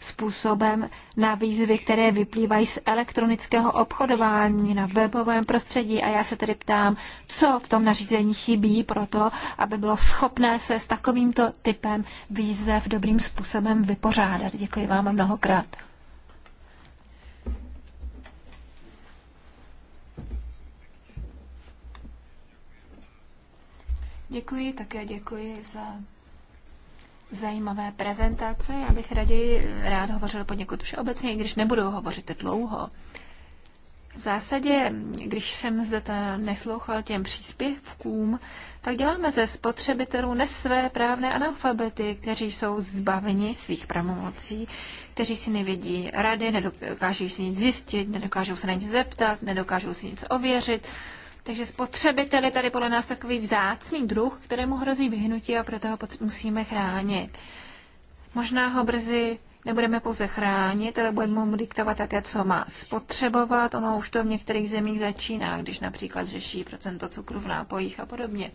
S4: způsobem na výzvy, které vyplývají z elektronického obchodování na webovém prostředí. A já se tedy ptám, co v tom nařízení chybí pro to, aby bylo schopné se s takovýmto typem výzev dobrým způsobem vypořádat. Děkuji vám mnohokrát. Děkuji, také děkuji za zajímavé prezentace. Já bych raději rád hovořil poněkud všeobecně, i když nebudu hovořit dlouho. V zásadě, když jsem zde neslouchal těm příspěvkům, tak děláme ze spotřebitelů nesvé právné analfabety, kteří jsou zbaveni svých pravomocí, kteří si nevědí rady, nedokážou si nic zjistit, nedokážou se na nic zeptat, nedokážou si nic ověřit, takže spotřebitel je tady podle nás takový vzácný druh, kterému hrozí vyhnutí a proto ho musíme chránit. Možná ho brzy nebudeme pouze chránit, ale budeme mu diktovat také, co má spotřebovat. Ono už to v některých zemích začíná, když například řeší procento cukru v nápojích a podobně.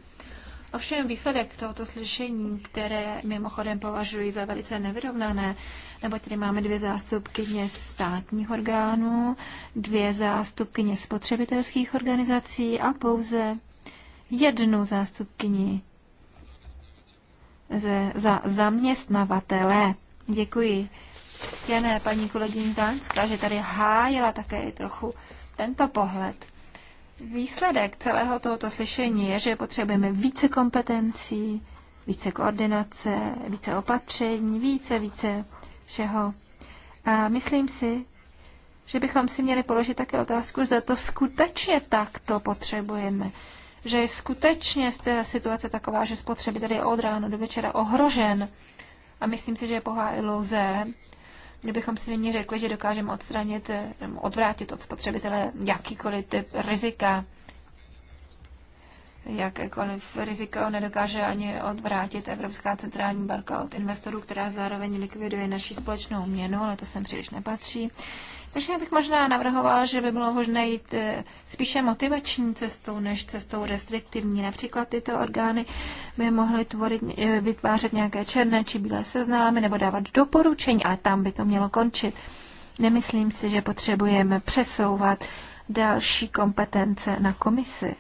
S4: Ovšem výsledek tohoto slyšení, které mimochodem považuji za velice nevyrovnané, nebo tady máme dvě zástupkyně státních orgánů, dvě zástupkyně spotřebitelských organizací a pouze jednu zástupkyni ze, za zaměstnavatele. Děkuji ctěné paní kolegyně Dánská, že tady hájila také trochu tento pohled výsledek celého tohoto slyšení je, že potřebujeme více kompetencí, více koordinace, více opatření, více, více všeho. A myslím si, že bychom si měli položit také otázku, zda to skutečně takto potřebujeme. Že je skutečně z situace taková, že spotřebitel je od rána do večera ohrožen. A myslím si, že je pohá iluze Kdybychom si nyní řekli, že dokážeme odstranit, eh, odvrátit od spotřebitele jakýkoliv typ rizika, jakékoliv riziko nedokáže ani odvrátit Evropská centrální banka od investorů, která zároveň likviduje naši společnou měnu, ale to sem příliš nepatří. Takže já bych možná navrhovala, že by bylo možné jít eh, spíše motivační cestou než cestou restriktivní. Například tyto orgány by mohly tvorit, eh, vytvářet nějaké černé či bílé seznámy nebo dávat doporučení, ale tam by to mělo končit. Nemyslím si, že potřebujeme přesouvat další kompetence na komisi.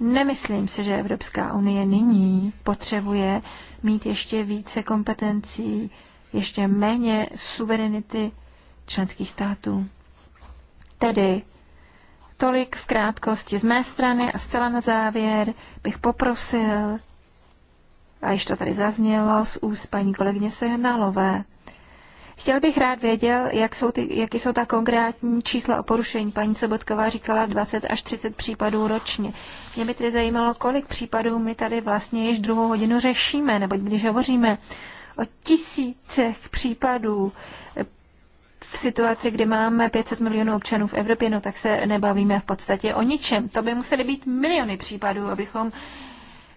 S4: Nemyslím si, že Evropská unie nyní potřebuje mít ještě více kompetencí, ještě méně suverenity členských států. Tedy tolik v krátkosti z mé strany a zcela na závěr bych poprosil, a již to tady zaznělo z úst paní kolegyně Sehnalové, Chtěl bych rád věděl, jak jsou ty, jaký jsou ta konkrétní čísla o porušení. Paní Sobotková říkala 20 až 30 případů ročně. Mě by tedy zajímalo, kolik případů my tady vlastně již druhou hodinu řešíme, nebo když hovoříme o tisícech případů v situaci, kdy máme 500 milionů občanů v Evropě, no tak se nebavíme v podstatě o ničem. To by musely být miliony případů, abychom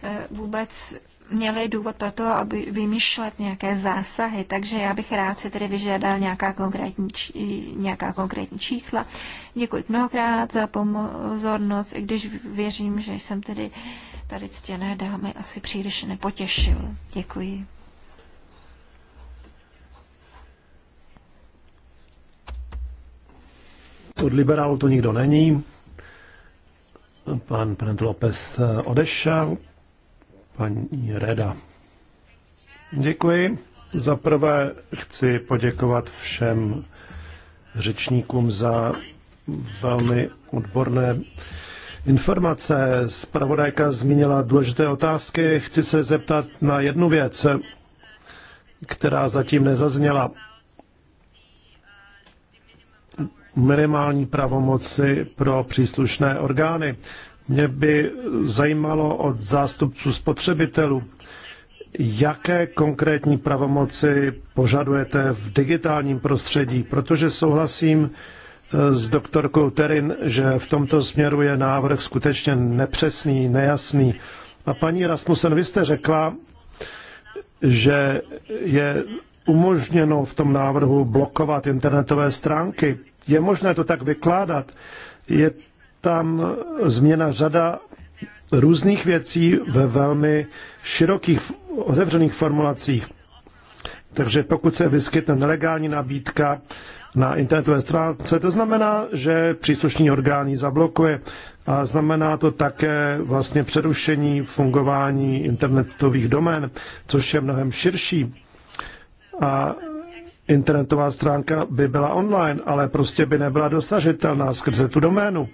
S4: eh, vůbec měli důvod pro to, aby vymýšlet nějaké zásahy, takže já bych rád si tedy vyžádal nějaká konkrétní, nějaká konkrétní čísla. Děkuji mnohokrát za pozornost, i když věřím, že jsem tedy tady ctěné dámy asi příliš nepotěšil. Děkuji.
S5: Od liberálu to nikdo není. Pan Prent López odešel. Paní Reda. Děkuji. Za prvé chci poděkovat všem řečníkům za velmi odborné informace. Spravodajka zmínila důležité otázky. Chci se zeptat na jednu věc, která zatím nezazněla minimální pravomoci pro příslušné orgány. Mě by zajímalo od zástupců spotřebitelů, jaké konkrétní pravomoci požadujete v digitálním prostředí, protože souhlasím eh, s doktorkou Terin, že v tomto směru je návrh skutečně nepřesný, nejasný. A paní Rasmussen, vy jste řekla, že je umožněno v tom návrhu blokovat internetové stránky. Je možné to tak vykládat. Je tam změna řada různých věcí ve velmi širokých otevřených formulacích. Takže pokud se vyskytne nelegální nabídka na internetové stránce, to znamená, že příslušný orgán ji zablokuje a znamená to také vlastně přerušení fungování internetových domén, což je mnohem širší a internetová stránka by byla online, ale prostě by nebyla dosažitelná skrze tu doménu.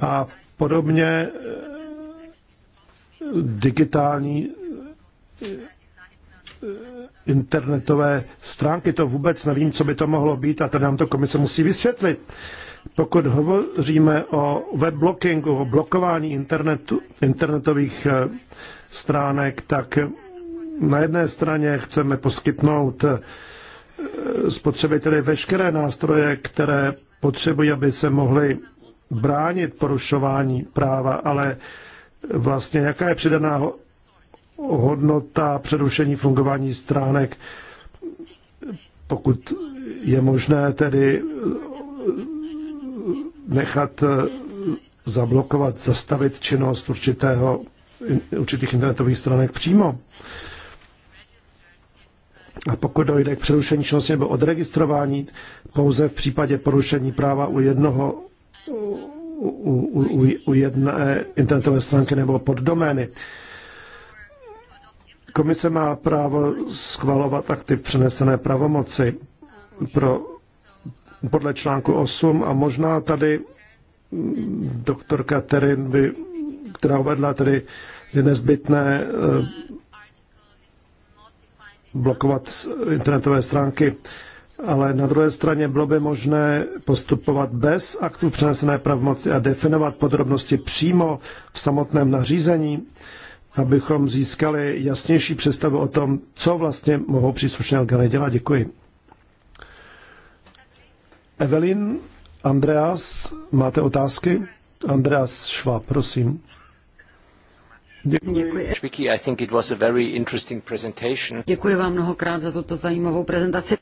S5: A podobně eh, digitální eh, internetové stránky, to vůbec nevím, co by to mohlo být a tady nám to komise musí vysvětlit. Pokud hovoříme o webblockingu, o blokování internetu, internetových eh, stránek, tak na jedné straně chceme poskytnout eh, spotřebiteli veškeré nástroje, které potřebují, aby se mohli bránit porušování práva, ale vlastně jaká je přidaná hodnota přerušení fungování stránek, pokud je možné tedy eh, nechat eh, zablokovat, zastavit činnost určitého, určitých internetových stránek přímo. A pokud dojde k přerušení činnosti nebo odregistrování, pouze v případě porušení práva u jednoho u, u, u jedné internetové stránky nebo pod domény. Komise má právo schvalovat aktiv přenesené pravomoci pro, podle článku 8 a možná tady doktorka Terin by, která uvedla tedy, je nezbytné eh, blokovat internetové stránky, ale na druhé straně bylo by možné postupovat bez aktu přenesené pravomoci a definovat podrobnosti přímo v samotném nařízení, abychom získali jasnější představu o tom, co vlastně mohou příslušné orgány dělat. Děkuji. Evelyn, Andreas, máte otázky? Andreas Schwab, prosím.
S4: Děkuji. Děkuji. I think it was a very interesting presentation. Děkuji vám
S1: mnohokrát za tuto zajímavou prezentaci.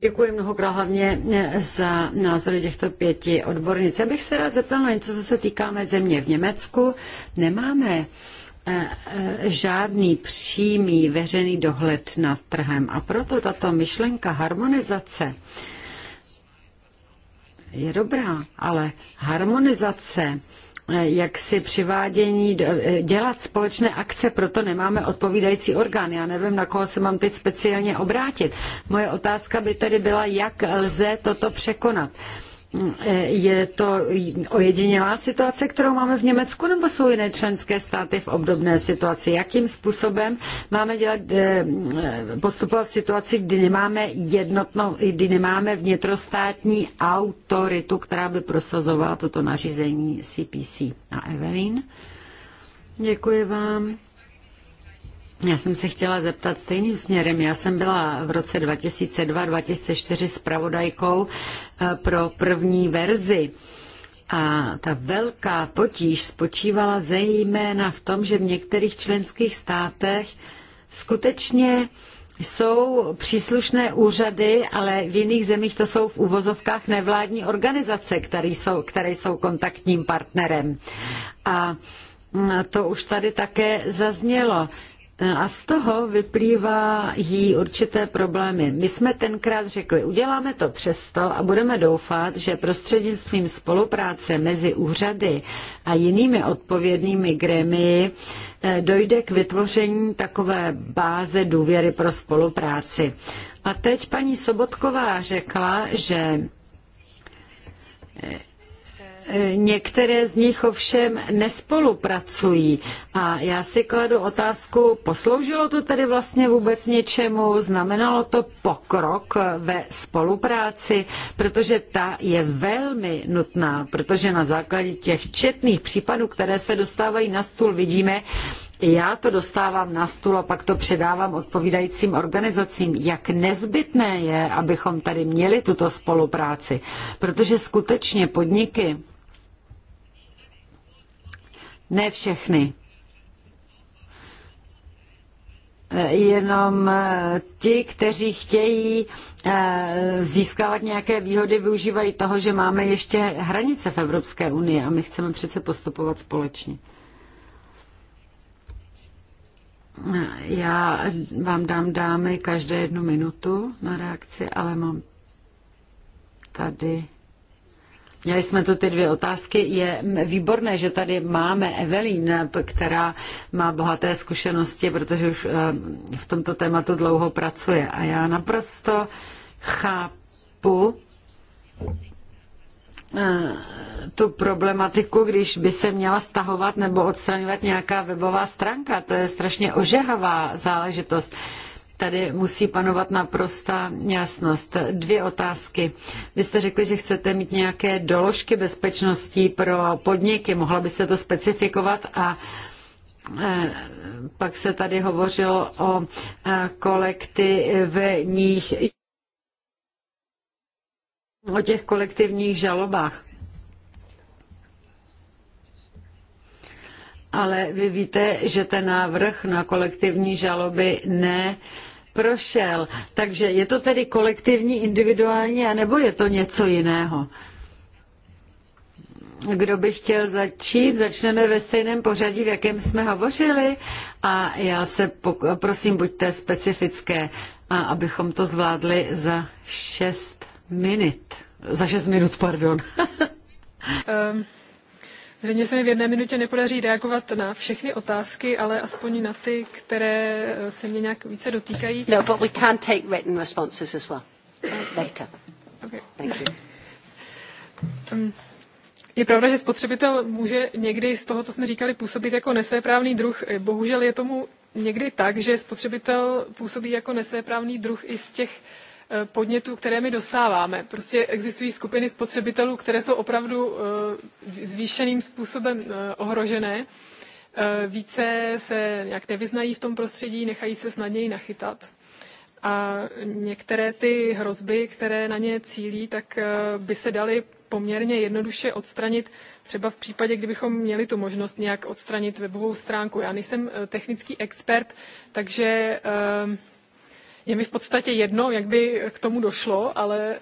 S1: Děkuji mnohokrát hlavně eh, za názory těchto pěti odbornic. Já bych se rád zeptal na něco, co se týká mé země. V Německu nemáme eh, eh, žádný přímý veřejný dohled nad trhem a proto tato myšlenka harmonizace je dobrá, ale harmonizace eh, jak si přivádění, eh, dělat společné akce, proto nemáme odpovídající orgán. Já nevím, na koho se mám teď speciálně obrátit. Moje otázka by tedy byla, jak lze toto překonat je to ojedinělá situace, kterou máme v Německu, nebo jsou jiné členské státy v obdobné situaci? Jakým způsobem máme dělat, eh, postupovat v situaci, kdy nemáme jednotnou, kdy nemáme vnitrostátní autoritu, která by prosazovala toto nařízení CPC? A Evelyn? Děkuji vám. Já jsem se chtěla zeptat stejným směrem. Já jsem byla v roce 2002-2004 spravodajkou eh, pro první verzi. A ta velká potíž spočívala zejména v tom, že v některých členských státech skutečně jsou příslušné úřady, ale v jiných zemích to jsou v uvozovkách nevládní organizace, které jsou, které jsou kontaktním partnerem. A mm, to už tady také zaznělo Eh, a z toho vyplývá jí určité problémy. My jsme tenkrát řekli, uděláme to přesto a budeme doufat, že prostřednictvím spolupráce mezi úřady a jinými odpovědnými grémii eh, dojde k vytvoření takové báze důvěry pro spolupráci. A teď paní Sobotková řekla, že Některé z nich ovšem nespolupracují a já si kladu otázku, posloužilo to tedy vlastně vůbec něčemu, znamenalo to pokrok ve spolupráci, protože ta je velmi nutná, protože na základě těch četných případů, které se dostávají na stůl, vidíme, já to dostávám na stůl a pak to předávám odpovídajícím organizacím, jak nezbytné je, abychom tady měli tuto spolupráci, protože skutečně podniky, ne všechny. Eh, jenom eh, ti, kteří chtějí eh, získávat nějaké výhody, využívají toho, že máme ještě hranice v Evropské unii a my chceme přece postupovat společně. Já vám dám dámy každé jednu minutu na reakci, ale mám tady Měli jsme tu ty dvě otázky. Je výborné, že tady máme Evelyn, která má bohaté zkušenosti, protože už eh, v tomto tématu dlouho pracuje. A já naprosto chápu eh, tu problematiku, když by se měla stahovat nebo odstraňovat nějaká webová stránka. To je strašně ožehavá záležitost. Tady musí panovat naprostá jasnost. Dvě otázky. Vy jste řekli, že chcete mít nějaké doložky bezpečnosti pro podniky. Mohla byste to specifikovat a e, pak se tady hovořilo o e, kolektivních o těch kolektivních žalobách. Ale vy víte, že ten návrh na kolektivní žaloby ne prošel. Takže je to tedy kolektivní, individuální, anebo je to něco jiného? Kdo by chtěl začít, začneme ve stejném pořadí, v jakém jsme hovořili a já se prosím, buďte specifické, a abychom to zvládli za šest minut. Za šest minut, pardon.
S2: um. Zřejmě se mi v jedné minutě nepodaří reagovat na všechny otázky, ale aspoň na ty, které eh, se mě nějak více dotýkají. No, but we can take written responses as well. Later. Um, je pravda, že spotřebitel může někdy z toho, co jsme říkali, působit jako nesvéprávný druh. Eh, bohužel je tomu někdy tak, že spotřebitel působí jako nesvéprávný druh i z těch Eh, podnětů, které my dostáváme. Prostě existují skupiny spotřebitelů, které jsou opravdu eh, zvýšeným způsobem eh, ohrožené. Více se nějak nevyznají v tom prostředí, nechají se snadněji nachytat. A některé ty hrozby, které na ně cílí, tak by se daly poměrně jednoduše odstranit, třeba v případě, kdybychom měli tu možnost nějak odstranit webovou stránku. Já nejsem technický expert, takže uh, je mi v podstatě jedno, jak by k tomu došlo, ale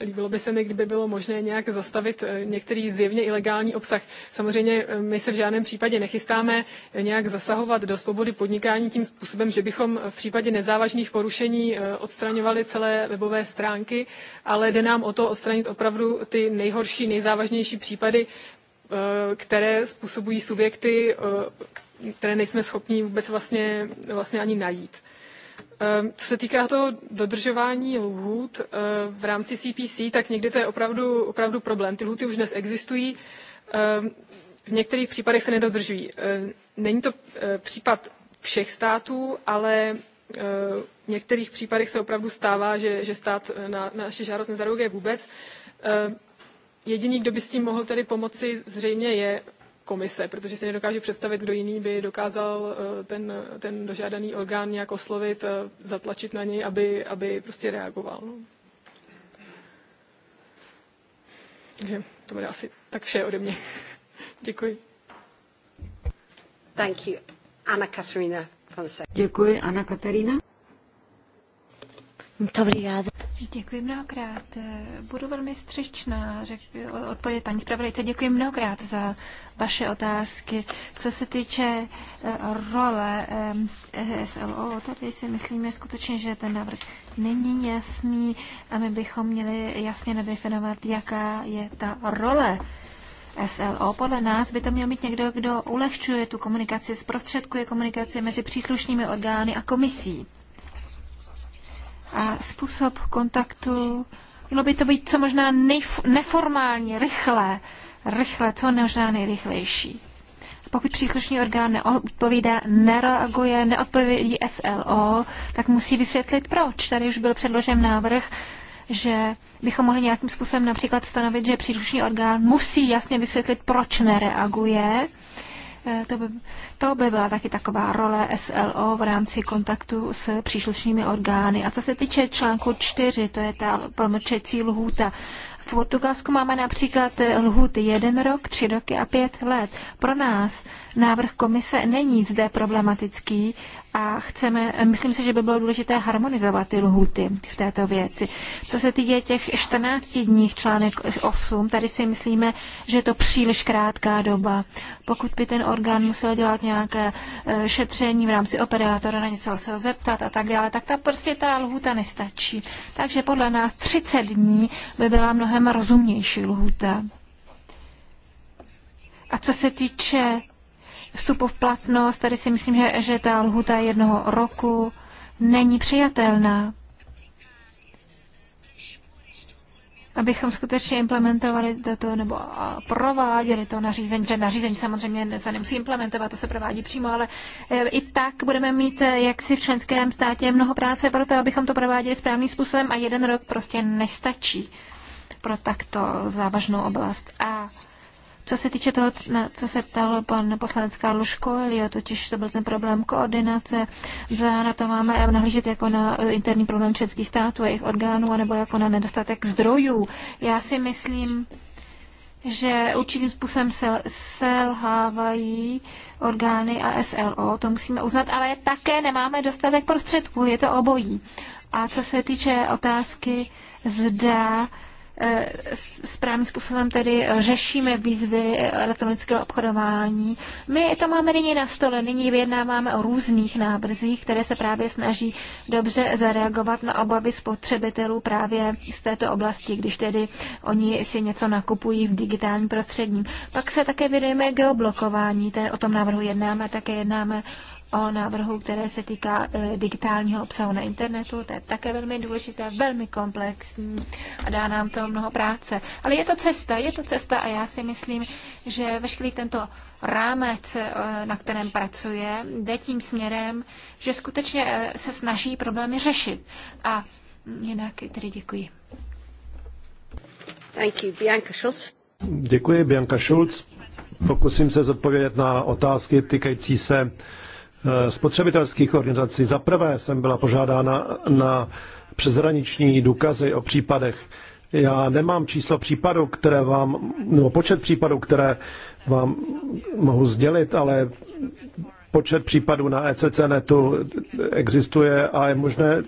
S2: eh, líbilo by se mi, kdyby bylo možné nějak zastavit eh, některý zjevně ilegální obsah. Samozřejmě eh, my se v žádném případě nechystáme nějak zasahovat do svobody podnikání tím způsobem, že bychom v případě nezávažných porušení odstraňovali celé webové stránky, ale jde nám o to odstranit opravdu ty nejhorší, nejzávažnější případy, které způsobují subjekty, které nejsme schopni vůbec vlastně, vlastně ani najít. Ehm, co se týká toho dodržování lhůt ehm, v rámci CPC, tak někdy to je opravdu, opravdu problém. Ty lhůty už dnes existují, ehm, v některých případech se nedodržují. Není to eh, případ všech států, ale eh, v některých případech se opravdu stává, že, že stát eh, na, na naše žádost nezaruje vůbec. Jediný, kdo by s tím mohl tedy pomoci, zřejmě je komise, protože si nedokážu představit, kdo jiný by dokázal eh, ten, ten dožádaný orgán nějak oslovit, eh, zatlačit na něj, aby, aby prostě reagoval. No. Takže to bude asi tak vše ode mě. Děkuji. Thank you. Anna Katarina Děkuji, Anna
S4: Katarína. Děkuji mnohokrát. Budu velmi střečná, odpověď paní zpravodajce. Děkuji mnohokrát za vaše otázky. Co se týče eh, role SLO, tady si myslíme skutečně, že ten návrh není jasný a my bychom měli jasně nadefinovat, jaká je ta role SLO. Podle nás by to měl mít někdo, kdo ulehčuje tu komunikaci, zprostředkuje komunikaci mezi příslušnými orgány a komisí a způsob kontaktu. Mělo by to být co možná neformálně, rychle, rychle, co možná nejrychlejší. Pokud příslušný orgán neodpovídá, nereaguje, neodpovědí SLO, tak musí vysvětlit proč. Tady už byl předložen návrh, že bychom mohli nějakým způsobem například stanovit, že příslušný orgán musí jasně vysvětlit, proč nereaguje Eh, to by, to by byla taky taková role SLO v rámci kontaktu s příslušnými orgány. A co se týče článku 4, to je ta promlčecí lhůta. V Portugalsku máme například lhuty jeden rok, tři roky a pět let. Pro nás návrh komise není zde problematický a chceme, myslím si, že by bylo důležité harmonizovat ty lhuty v této věci. Co se týče těch 14 dní článek 8, tady si myslíme, že je to příliš krátká doba. Pokud by ten orgán musel dělat nějaké eh, šetření v rámci operátora, na něco se ho zeptat a tak dále, tak ta prostě ta lhuta nestačí. Takže podle nás 30 dní by byla mnohem rozumnější lhuta. A co se týče vstupu v platnost, tady si myslím, že, že ta lhuta jednoho roku není přijatelná. abychom skutečně implementovali toto nebo prováděli to nařízení, že nařízení samozřejmě se nemusí implementovat, to se provádí přímo, ale e, i tak budeme mít e, jaksi v členském státě mnoho práce pro to, abychom to prováděli správným způsobem a jeden rok prostě nestačí pro takto závažnou oblast. A co se týče toho, na co se ptal pan poslanec Karlo Škoelio, totiž to byl ten problém koordinace, za na to máme nahlížet jako na eh, interní problém českých států a jejich orgánů, anebo jako na nedostatek zdrojů. Já si myslím, že určitým způsobem sel, selhávají orgány a SLO, to musíme uznat, ale také nemáme dostatek prostředků, je to obojí. A co se týče otázky, zda Eh, správným způsobem tedy řešíme výzvy elektronického obchodování. My to máme nyní na stole, nyní vyjednáváme o různých nábrzích, které se právě snaží dobře zareagovat na obavy spotřebitelů právě z této oblasti, když tedy oni si něco nakupují v digitálním prostředí. Pak se také vydejme geoblokování, ten, o tom návrhu jednáme, také jednáme o návrhu, které se týká e, digitálního obsahu na internetu. To je také velmi důležité, velmi komplexní a dá nám to mnoho práce. Ale je to cesta, je to cesta a já si myslím, že veškerý tento rámec, e, na kterém pracuje, jde tím směrem, že skutečně e, se snaží problémy řešit. A jinak tedy děkuji. Thank you. Bianca Schulz.
S5: Děkuji, Bianca Schulz. Pokusím se zodpovědět na otázky týkající se Eh, spotřebitelských organizací. Za prvé jsem byla požádána na přezraniční důkazy o případech. Já nemám číslo případů, které vám, nebo počet případů, které vám mohu sdělit, ale počet případů na ECC netu existuje a je možné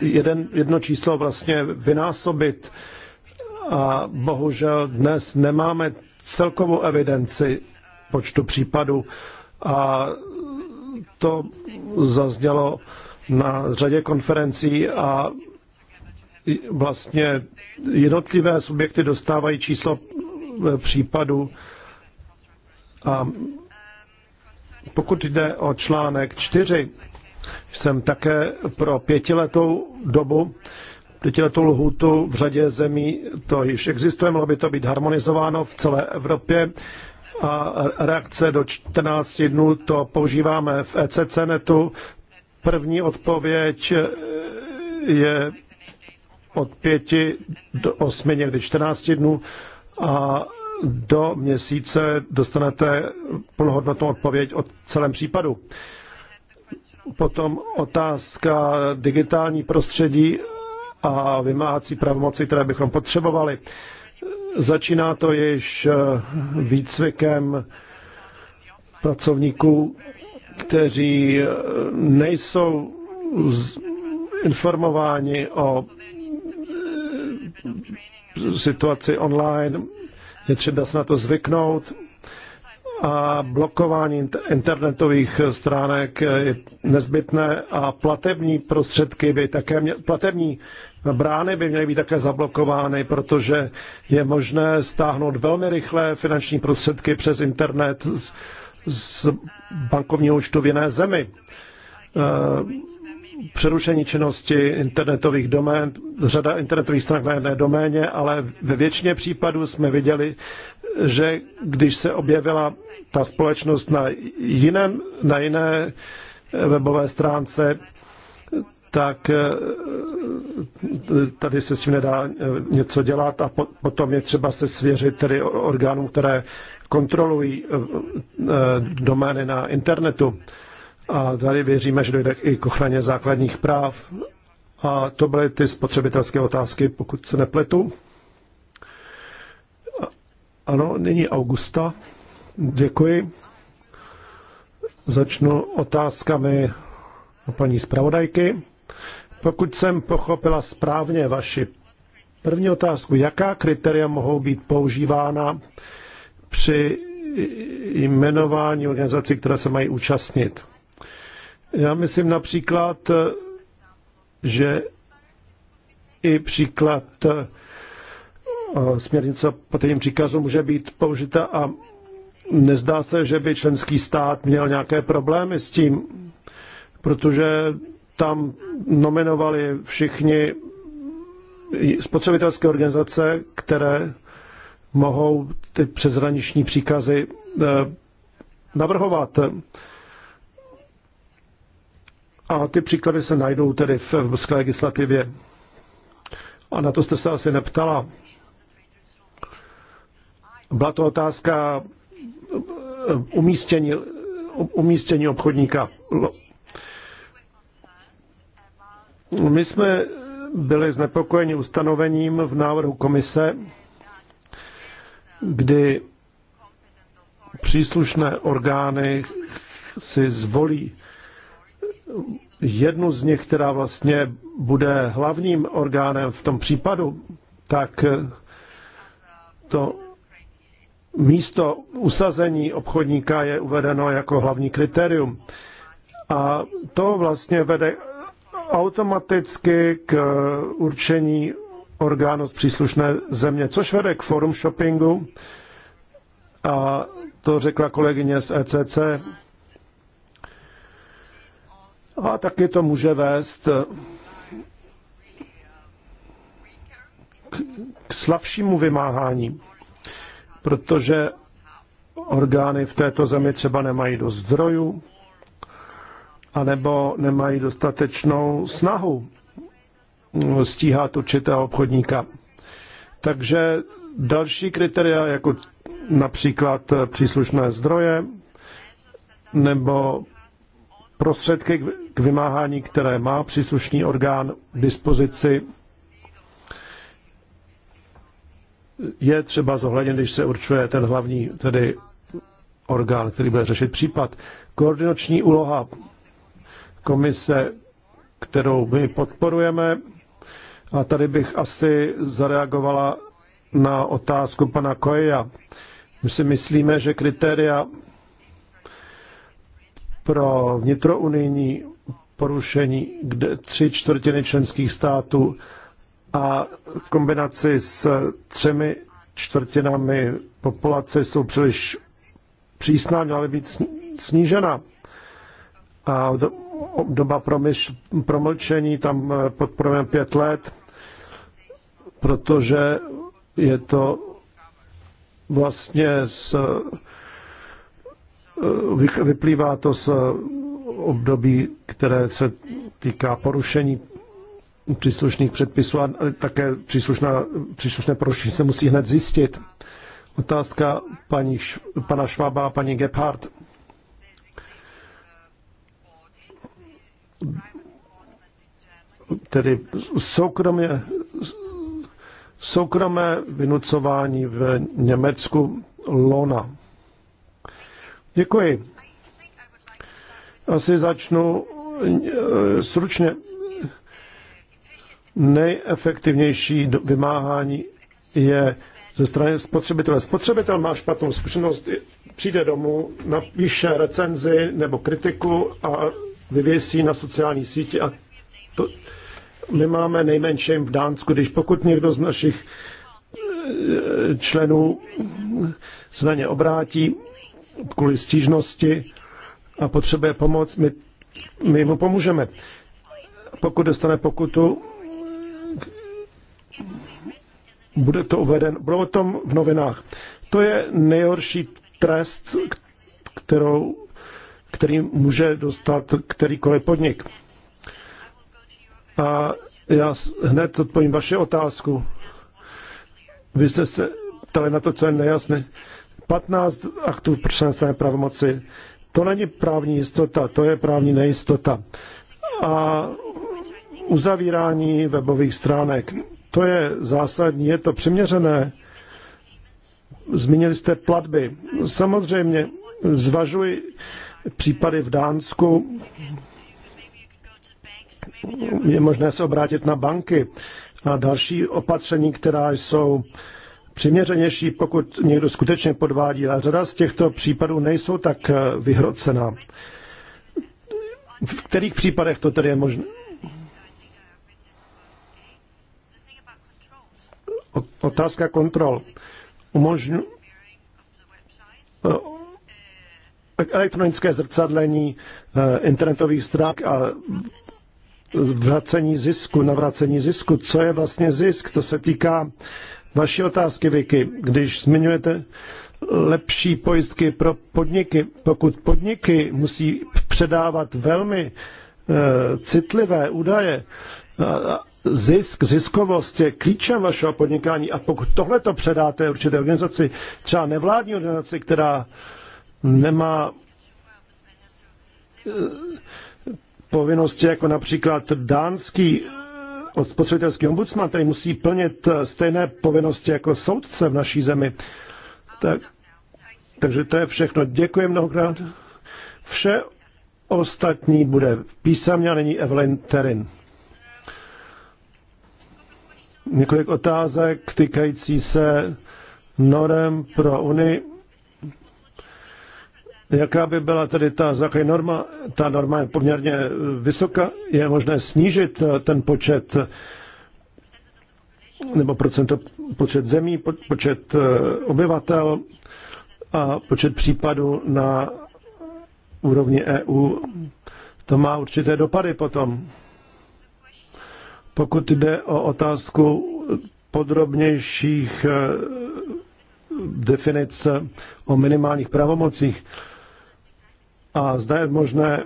S5: jeden, jedno číslo vlastně vynásobit. A bohužel dnes nemáme celkovou evidenci počtu případů a to zaznělo na řadě konferencí a vlastně jednotlivé subjekty dostávají číslo případů a pokud jde o článek 4, jsem také pro pětiletou dobu, pětiletou lhůtu v řadě zemí, to již existuje, mělo by to být harmonizováno v celé Evropě a reakce do 14 dnů, to používáme v ECCNetu. První odpověď eh, je od 5 do 8, někdy 14 dnů a do měsíce dostanete plnohodnotnou odpověď o celém případu. Potom otázka digitální prostředí a vymáhací pravomoci, které bychom potřebovali. Uh, Začíná to již eh, výcvikem pracovníků, kteří eh, nejsou informováni o eh, situaci online. Je třeba se na to zvyknout a blokování internetových stránek je nezbytné a platební prostředky by také mě, platební Brány by měly být také zablokovány, protože je možné stáhnout velmi rychle finanční prostředky přes internet z bankovního účtu v jiné zemi. Eh, přerušení činnosti internetových domén, řada internetových stran na jedné doméně, ale ve většině případů jsme viděli, že když se objevila ta společnost na, jiném, na jiné webové stránce, tak eh, tady se s tím nedá eh, něco dělat a potom je třeba se svěřit tedy orgánům, které kontrolují eh, domény na internetu. A tady věříme, že dojde i k ochraně základních práv. A to byly ty spotřebitelské otázky, pokud se nepletu. Ano, nyní Augusta. Děkuji. Začnu otázkami paní zpravodajky. Pokud jsem pochopila správně vaši první otázku, jaká kritéria mohou být používána při jmenování organizací, které se mají účastnit? Já myslím například, že i příklad eh, směrnice po tým příkazu může být použita a nezdá se, že by členský stát měl nějaké problémy s tím, protože tam nominovali všichni spotřebitelské organizace, které mohou ty přeshraniční příkazy eh, navrhovat. A ty příklady se najdou tedy v evropské legislativě. A na to jste se asi neptala. Byla to otázka eh, umístění, umístění obchodníka my jsme byli znepokojeni ustanovením v návrhu komise, kdy příslušné orgány si zvolí jednu z nich, která vlastně bude hlavním orgánem v tom případu, tak to místo usazení obchodníka je uvedeno jako hlavní kritérium. A to vlastně vede automaticky k eh, určení orgánu z příslušné země, což vede k forum shoppingu. A to řekla kolegyně z ECC. A taky to může vést eh, k slabšímu vymáhání, protože orgány v této zemi třeba nemají dost zdrojů, anebo nemají dostatečnou snahu stíhat určitého obchodníka. Takže další kritéria, jako například příslušné zdroje nebo prostředky k vymáhání, které má příslušný orgán k dispozici, je třeba zohledněn, když se určuje ten hlavní, tedy orgán, který bude řešit případ. Koordinační úloha komise, kterou my podporujeme. A tady bych asi zareagovala na otázku pana Koeja. My si myslíme, že kritéria pro vnitrounijní porušení, kde tři čtvrtiny členských států a v kombinaci s třemi čtvrtinami populace jsou příliš přísná, měla by být snížena. A doba promlčení, tam eh, podporujeme pět let, protože je to vlastně z, eh, vyplývá to z období, které se týká porušení příslušných předpisů a také příslušná, příslušné porušení se musí hned zjistit. Otázka paní, pana Švába a paní Gebhardt. tedy soukromě, soukromé vynucování v Německu Lona. Děkuji. Asi začnu eh, sručně Nejefektivnější vymáhání je ze strany spotřebitele. Spotřebitel má špatnou zkušenost, přijde domů, napíše recenzi nebo kritiku a vyvěsí na sociální sítě a to, my máme nejmenším v Dánsku, když pokud někdo z našich eh, členů se na ně obrátí kvůli stížnosti a potřebuje pomoc, my, my mu pomůžeme. Pokud dostane pokutu, bude to uveden, bylo o tom v novinách. To je nejhorší trest, kterou který může dostat kterýkoliv podnik. A já hned odpovím vaši otázku. Vy jste se ptali na to, co je nejasné. 15 aktů v přenesené pravomoci. To není právní jistota, to je právní nejistota. A uzavírání webových stránek. To je zásadní, je to přiměřené. Zmínili jste platby. Samozřejmě zvažuji případy v Dánsku. Je možné se obrátit na banky a další opatření, která jsou přiměřenější, pokud někdo skutečně podvádí. A řada z těchto případů nejsou tak eh, vyhrocená. V kterých případech to tedy je možné? Otázka kontrol. Umožňu, elektronické zrcadlení eh, internetových stránek a vracení zisku, navracení zisku. Co je vlastně zisk? To se týká vaší otázky, Vicky. Když zmiňujete lepší pojistky pro podniky, pokud podniky musí předávat velmi eh, citlivé údaje, zisk, ziskovost je klíčem vašeho podnikání a pokud tohle to předáte určité organizaci, třeba nevládní organizaci, která nemá eh, povinnosti jako například dánský eh, spotřebitelský ombudsman, který musí plnit eh, stejné povinnosti jako soudce v naší zemi. Tak, takže to je všechno. Děkuji mnohokrát. Vše ostatní bude písemně a není Evelyn Terin. Několik otázek týkající se norem pro Unii Jaká by byla tedy ta základní norma? Ta norma je poměrně eh, vysoká. Je možné snížit eh, ten počet eh, nebo procento, počet zemí, počet obyvatel a počet případů na úrovni EU. To má určité dopady potom. Pokud jde o otázku podrobnějších definic o minimálních pravomocích, a zda je možné,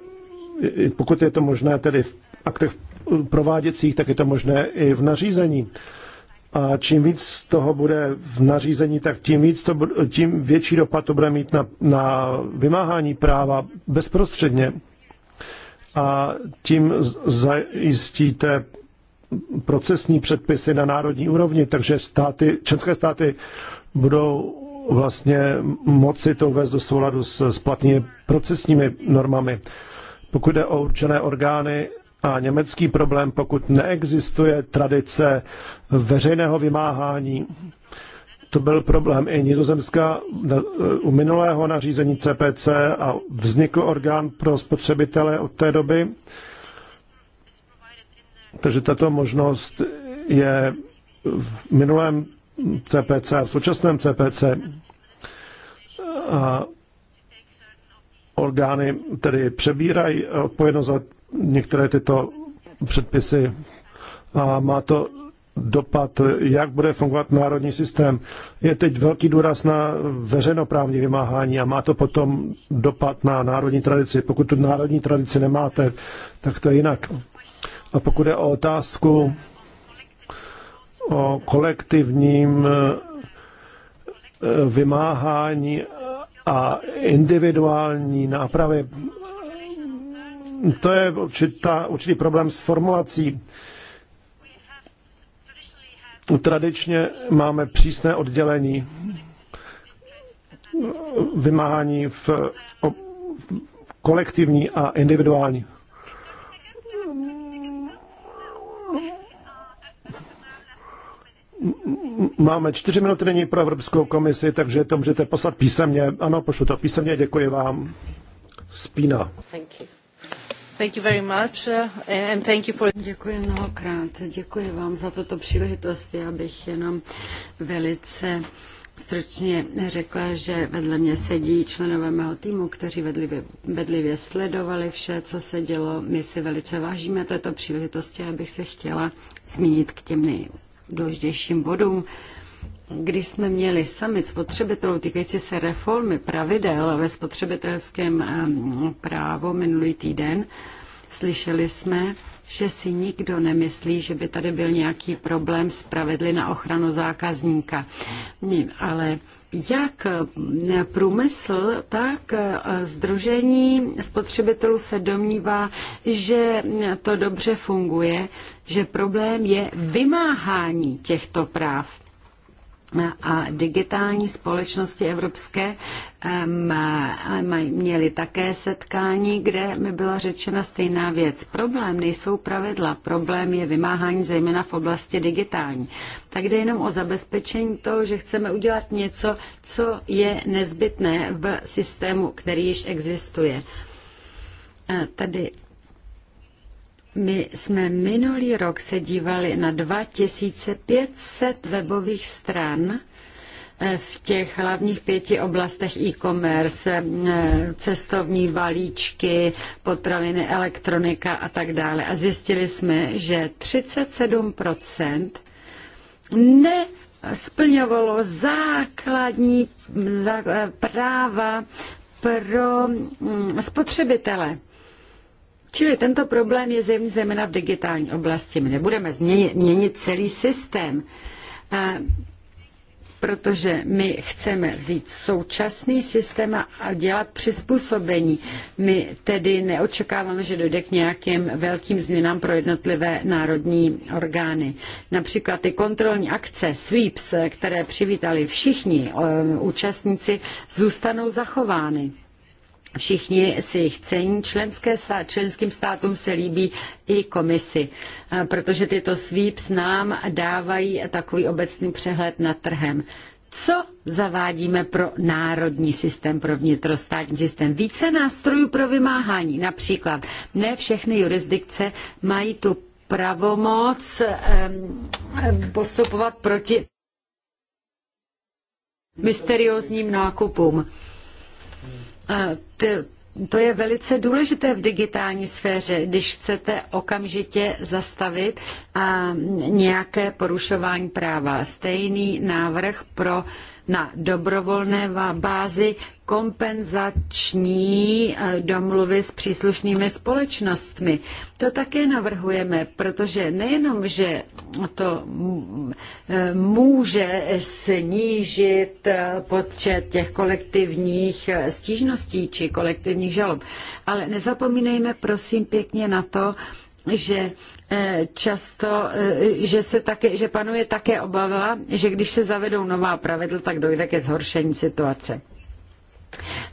S5: pokud je to možné tedy v aktech prováděcích, tak je to možné i v nařízení. A čím víc toho bude v nařízení, tak tím, víc to, tím větší dopad to bude mít na, na vymáhání práva bezprostředně. A tím zajistíte procesní předpisy na národní úrovni, takže státy, české státy budou vlastně moci to uvést do souladu s, s platnými procesními normami. Pokud jde o určené orgány a německý problém, pokud neexistuje tradice veřejného vymáhání, to byl problém i Nizozemska u minulého nařízení CPC a vznikl orgán pro spotřebitele od té doby. Takže tato možnost je v minulém CPC a v současném CPC. A orgány tedy přebírají odpovědnost za některé tyto předpisy a má to dopad, jak bude fungovat národní systém. Je teď velký důraz na veřejnoprávní vymáhání a má to potom dopad na národní tradici. Pokud tu národní tradici nemáte, tak to je jinak. A pokud je o otázku, o kolektivním eh, vymáhání a individuální nápravy. To je určitá, určitý problém s formulací. Tradičně máme přísné oddělení vymáhání v kolektivní a individuální. Máme čtyři minuty nyní pro Evropskou komisi, takže to můžete poslat písemně. Ano, pošlu to písemně, děkuji vám. Spína.
S3: Thank you. Thank you very much eh, and thank you for...
S1: Děkuji mnohokrát. Děkuji vám za toto příležitost. Já bych jenom velice stručně řekla, že vedle mě sedí členové mého týmu, kteří vedlivě, vedlivě sledovali vše, co se dělo. My si velice vážíme této příležitosti, abych se chtěla zmínit k těm nej, důležitějším bodům. Když jsme měli summit spotřebitelů týkající se reformy pravidel ve spotřebitelském ehm, právu minulý týden, slyšeli jsme, že si nikdo nemyslí, že by tady byl nějaký problém s pravidly na ochranu zákazníka. Hmm, ale jak průmysl, tak združení spotřebitelů se domnívá, že to dobře funguje, že problém je vymáhání těchto práv a digitální společnosti evropské měli také setkání, kde mi byla řečena stejná věc. Problém nejsou pravidla, problém je vymáhání zejména v oblasti digitální. Tak jde jenom o zabezpečení toho, že chceme udělat něco, co je nezbytné v systému, který již existuje. E, tady my jsme minulý rok se dívali na 2500 webových stran eh, v těch hlavních pěti oblastech e-commerce, eh, cestovní balíčky, potraviny, elektronika a tak dále. A zjistili jsme, že 37% ne splňovalo základní eh, práva pro mm, spotřebitele. Čili tento problém je zjevný zejména v digitální oblasti. My nebudeme změnit, měnit celý systém, eh, protože my chceme vzít současný systém a dělat přizpůsobení. My tedy neočekáváme, že dojde k nějakým velkým změnám pro jednotlivé národní orgány. Například ty kontrolní akce, sweeps, eh, které přivítali všichni eh, účastníci, zůstanou zachovány. Všichni si jich cení, členské členským státům se líbí i komisi, eh, protože tyto sweeps nám dávají takový obecný přehled nad trhem. Co zavádíme pro národní systém, pro vnitrostátní systém? Více nástrojů pro vymáhání. Například ne všechny jurisdikce mají tu pravomoc postupovat proti mysteriózním nákupům. Ty, to je velice důležité v digitální sféře, když chcete okamžitě zastavit a, nějaké porušování práva. Stejný návrh pro na dobrovolné bázi kompenzační eh, domluvy s příslušnými společnostmi. To také navrhujeme, protože nejenom, že to mm, eh, může snížit eh, počet těch kolektivních stížností či kolektivních žalob, ale nezapomínejme prosím pěkně na to, že často, že, se také, že panuje také obava, že když se zavedou nová pravidla, tak dojde ke zhoršení situace.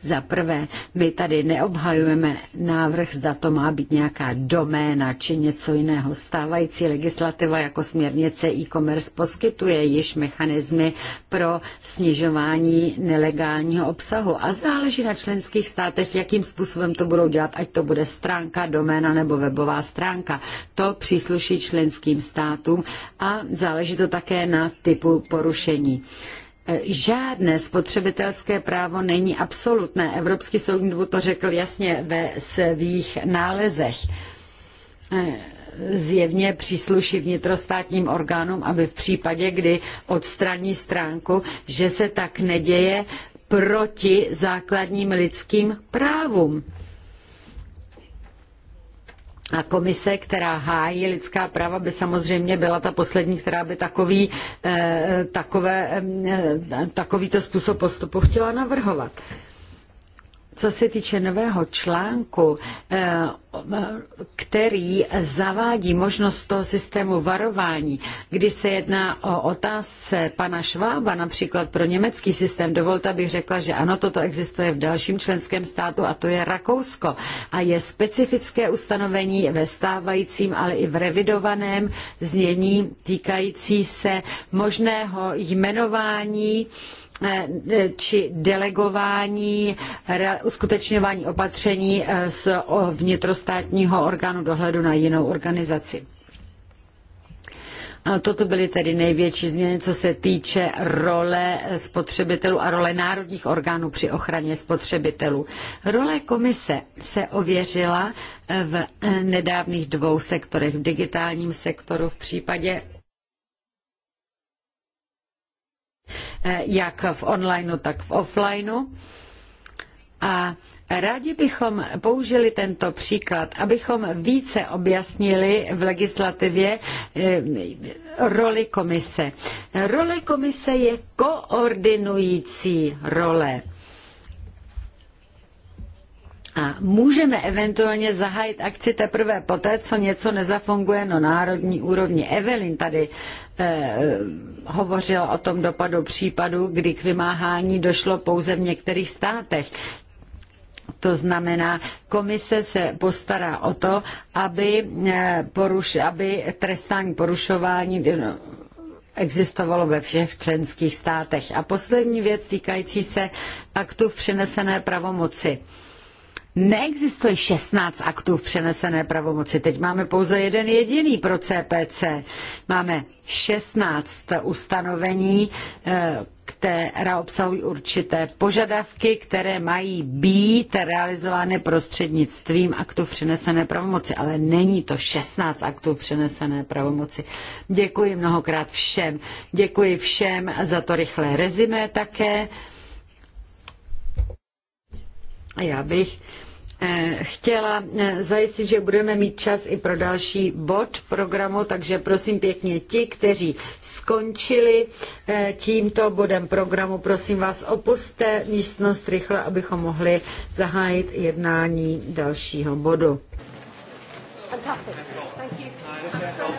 S1: Za prvé, my tady neobhajujeme návrh, zda to má být nějaká doména či něco jiného. Stávající legislativa jako směrnice e-commerce poskytuje již mechanismy pro snižování nelegálního obsahu a záleží na členských státech, jakým způsobem to budou dělat, ať to bude stránka, doména nebo webová stránka. To přísluší členským státům a záleží to také na typu porušení žádné spotřebitelské právo není absolutné. Evropský soudní dvůr to řekl jasně ve svých nálezech. Zjevně přísluší vnitrostátním orgánům, aby v případě, kdy odstraní stránku, že se tak neděje proti základním lidským právům. A komise, která hájí lidská práva, by samozřejmě byla ta poslední, která by takový, eh, eh, takové, eh, takovýto způsob postupu chtěla navrhovat. Co se týče nového článku, eh, který zavádí možnost toho systému varování, kdy se jedná o otázce pana Švába, například pro německý systém, dovolte, abych řekla, že ano, toto existuje v dalším členském státu a to je Rakousko. A je specifické ustanovení ve stávajícím, ale i v revidovaném znění týkající se možného jmenování Eh, eh, či delegování, uskutečňování opatření eh, z vnitrostátního orgánu dohledu na jinou organizaci. Toto byly tedy největší změny, co se týče role spotřebitelů a role národních orgánů při ochraně spotřebitelů. Role komise se ověřila v nedávných dvou sektorech, v digitálním sektoru v případě Eh, jak v onlineu, tak v offlineu. A rádi bychom použili tento příklad, abychom více objasnili v legislativě eh, roli komise. Role komise je koordinující role a můžeme eventuálně zahájit akci teprve poté, co něco nezafunguje na no národní úrovni. Evelyn tady eh, hovořila o tom dopadu případu, kdy k vymáhání došlo pouze v některých státech. To znamená, komise se postará o to, aby, eh, poruš, aby trestání porušování eh, existovalo ve všech členských státech. A poslední věc týkající se aktu v přenesené pravomoci. Neexistuje 16 aktů v přenesené pravomoci. Teď máme pouze jeden jediný pro CPC. Máme 16 ustanovení, eh, která obsahují určité požadavky, které mají být realizovány prostřednictvím aktů přenesené pravomoci, ale není to 16 aktů přenesené pravomoci. Děkuji mnohokrát všem. Děkuji všem za to rychlé rezime také. Já bych eh, chtěla eh, zajistit, že budeme mít čas i pro další bod programu, takže prosím pěkně ti, kteří skončili eh, tímto bodem programu, prosím vás opuste místnost rychle, abychom mohli zahájit jednání dalšího bodu. Fantastic. Thank you.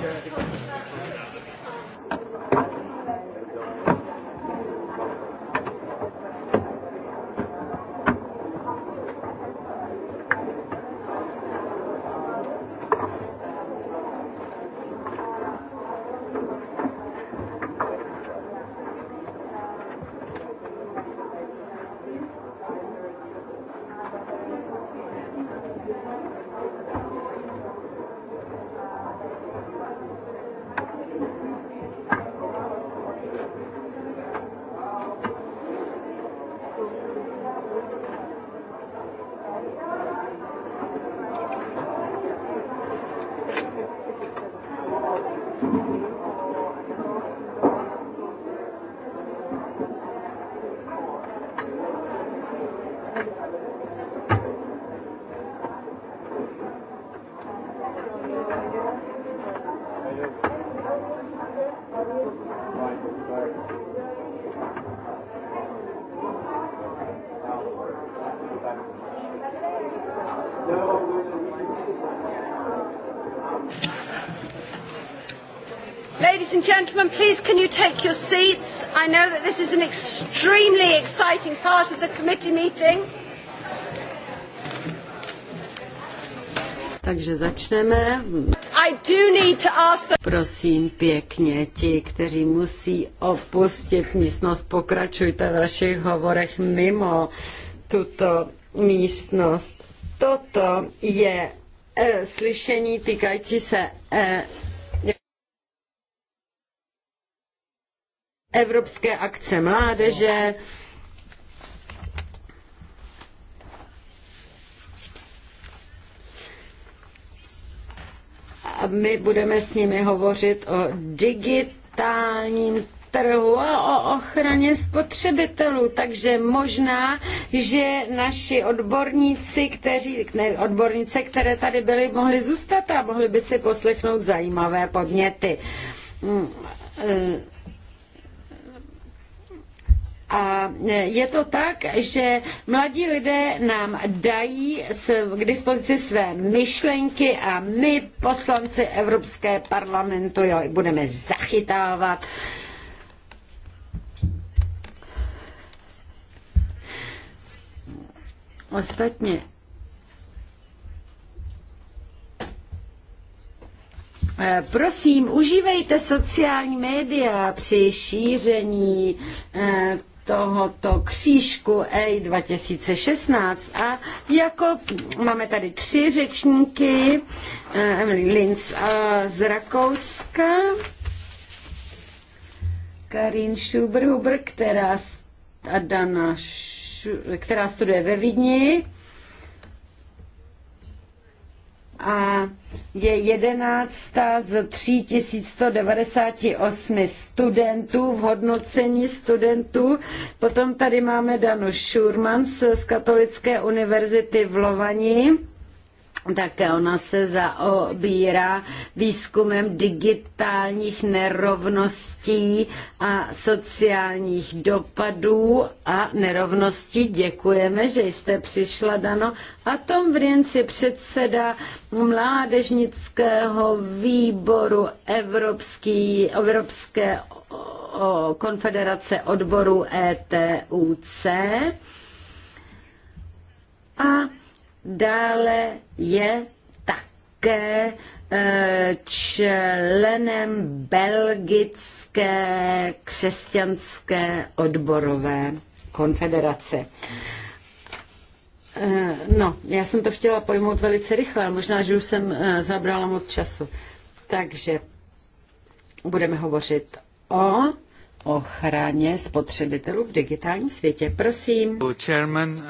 S3: gentlemen, please can you take your seats? I know that this is an extremely exciting part of the committee meeting.
S1: Takže začneme. I do need to ask the... Prosím pěkně, ti, kteří musí opustit místnost, pokračujte v vašich hovorech mimo tuto místnost. Toto je e, slyšení týkající se e, Evropské akce mládeže, A my budeme s nimi hovořit o digitálním trhu a o ochraně spotřebitelů. Takže možná, že naši odborníci, kteří, ne, odbornice, které tady byly, mohli zůstat a mohli by si poslechnout zajímavé podněty. Mm, eh, a je to tak, že mladí lidé nám dají k dispozici své myšlenky a my, poslanci Evropské parlamentu, jo, budeme zachytávat. Ostatně Prosím, užívejte sociální média při šíření eh, tohoto křížku EI 2016 a jako máme tady tři řečníky, eh, Emily Linz eh, z Rakouska, Karin Schuberhuber, která, Dana, která studuje ve Vidni, a je jedenáctá z 3198 studentů v hodnocení studentů. Potom tady máme Danu Šurman z Katolické univerzity v Lovani také ona se zaobírá výzkumem digitálních nerovností a sociálních dopadů a nerovností. Děkujeme, že jste přišla, Dano. A Tom Vrienc je předseda mládežnického výboru Evropský, Evropské konfederace odborů ETUC. A Dále je také eh, členem Belgické křesťanské odborové konfederace. Eh, no, já jsem to chtěla pojmout velice rychle, ale možná, že už jsem eh, zabrala moc času. Takže budeme hovořit o ochraně spotřebitelů v digitálním světě. Prosím. Chairman, uh,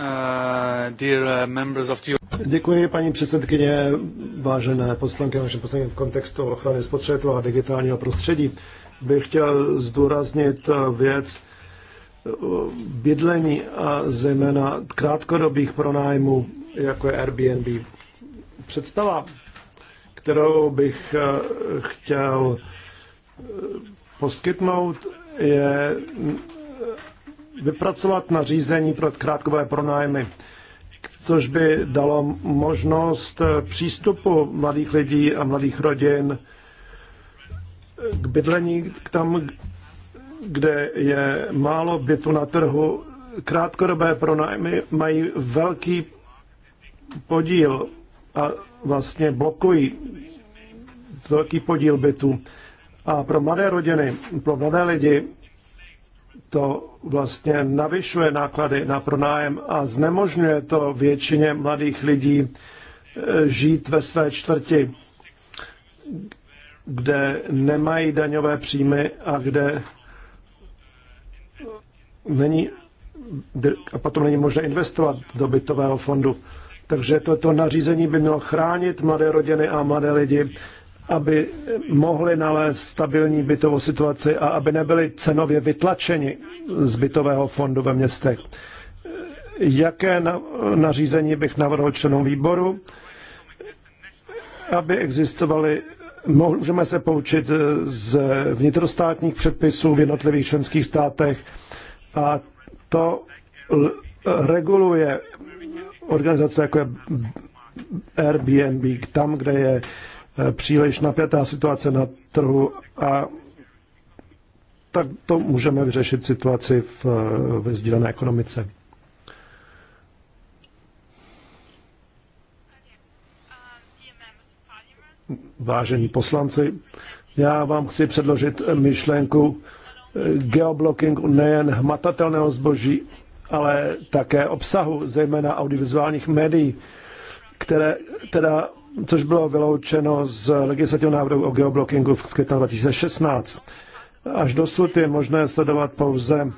S1: dear uh, members
S5: of the... Děkuji, paní předsedkyně, vážené poslanky, vážené poslanky v kontextu ochrany spotřebitelů a digitálního prostředí. Bych chtěl zdůraznit uh, věc bydlení a zejména krátkodobých pronájmů, jako je Airbnb. Představa, kterou bych chtěl poskytnout, je vypracovat nařízení pro krátkové pronájmy, což by dalo možnost přístupu mladých lidí a mladých rodin k bydlení k tam, kde je málo bytu na trhu. Krátkodobé pronájmy mají velký podíl a vlastně blokují velký podíl bytu. A pro mladé rodiny, pro mladé lidi to vlastně navyšuje náklady na pronájem a znemožňuje to většině mladých lidí e, žít ve své čtvrti, kde nemají daňové příjmy a kde není, a potom není možné investovat do bytového fondu. Takže toto nařízení by mělo chránit mladé rodiny a mladé lidi aby mohli nalézt stabilní bytovou situaci a aby nebyli cenově vytlačeni z bytového fondu ve městech. Jaké nařízení bych navrhl členům výboru? Aby existovaly, můžeme se poučit z vnitrostátních předpisů v jednotlivých členských státech a to reguluje organizace jako je Airbnb tam, kde je příliš napjatá situace na trhu a tak to můžeme vyřešit situaci v, ve sdílené ekonomice. Vážení poslanci, já vám chci předložit myšlenku geoblockingu nejen hmatatelného zboží, ale také obsahu, zejména audiovizuálních médií, které teda což bylo vyloučeno z legislativního návrhu o geoblockingu v květnu 2016. Až dosud je možné sledovat pouze eh,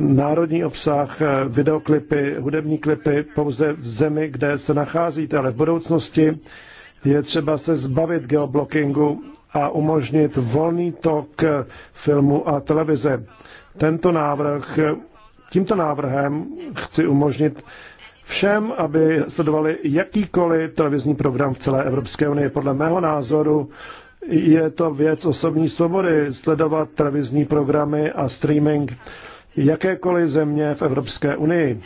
S5: národní obsah, eh, videoklipy, hudební klipy pouze v zemi, kde se nacházíte, ale v budoucnosti je třeba se zbavit geoblockingu a umožnit volný tok eh, filmu a televize. Tento návrh, tímto návrhem chci umožnit všem, aby sledovali jakýkoliv televizní program v celé Evropské unii. Podle mého názoru je to věc osobní svobody sledovat televizní programy a streaming jakékoliv země v Evropské unii.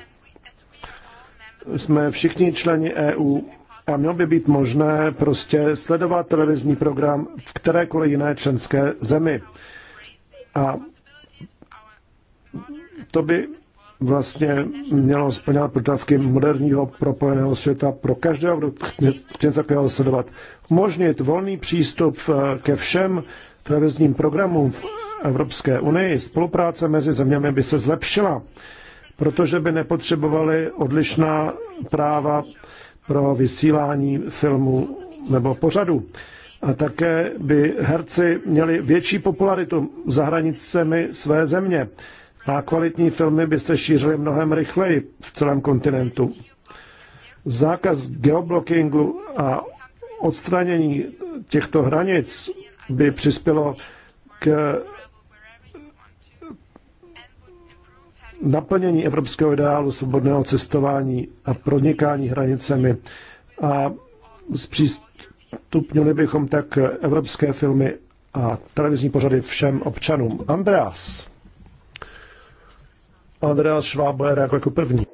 S5: Jsme všichni členi EU a mělo by být možné prostě sledovat televizní program v kterékoliv jiné členské zemi. A to by vlastně mělo splňovat požadavky moderního propojeného světa pro každého, kdo chce takového sledovat. Umožnit volný přístup eh, ke všem televizním programům v Evropské unii. Spolupráce mezi zeměmi by se zlepšila, protože by nepotřebovali odlišná práva pro vysílání filmu nebo pořadu. A také by herci měli větší popularitu za hranicemi své země a kvalitní filmy by se šířily mnohem rychleji v celém kontinentu. Zákaz geoblockingu a odstranění těchto hranic by přispělo k naplnění evropského ideálu svobodného cestování a pronikání hranicemi a zpřístupnili bychom tak evropské filmy a televizní pořady všem občanům. Andreas. Andreas Schwaber jako jako první.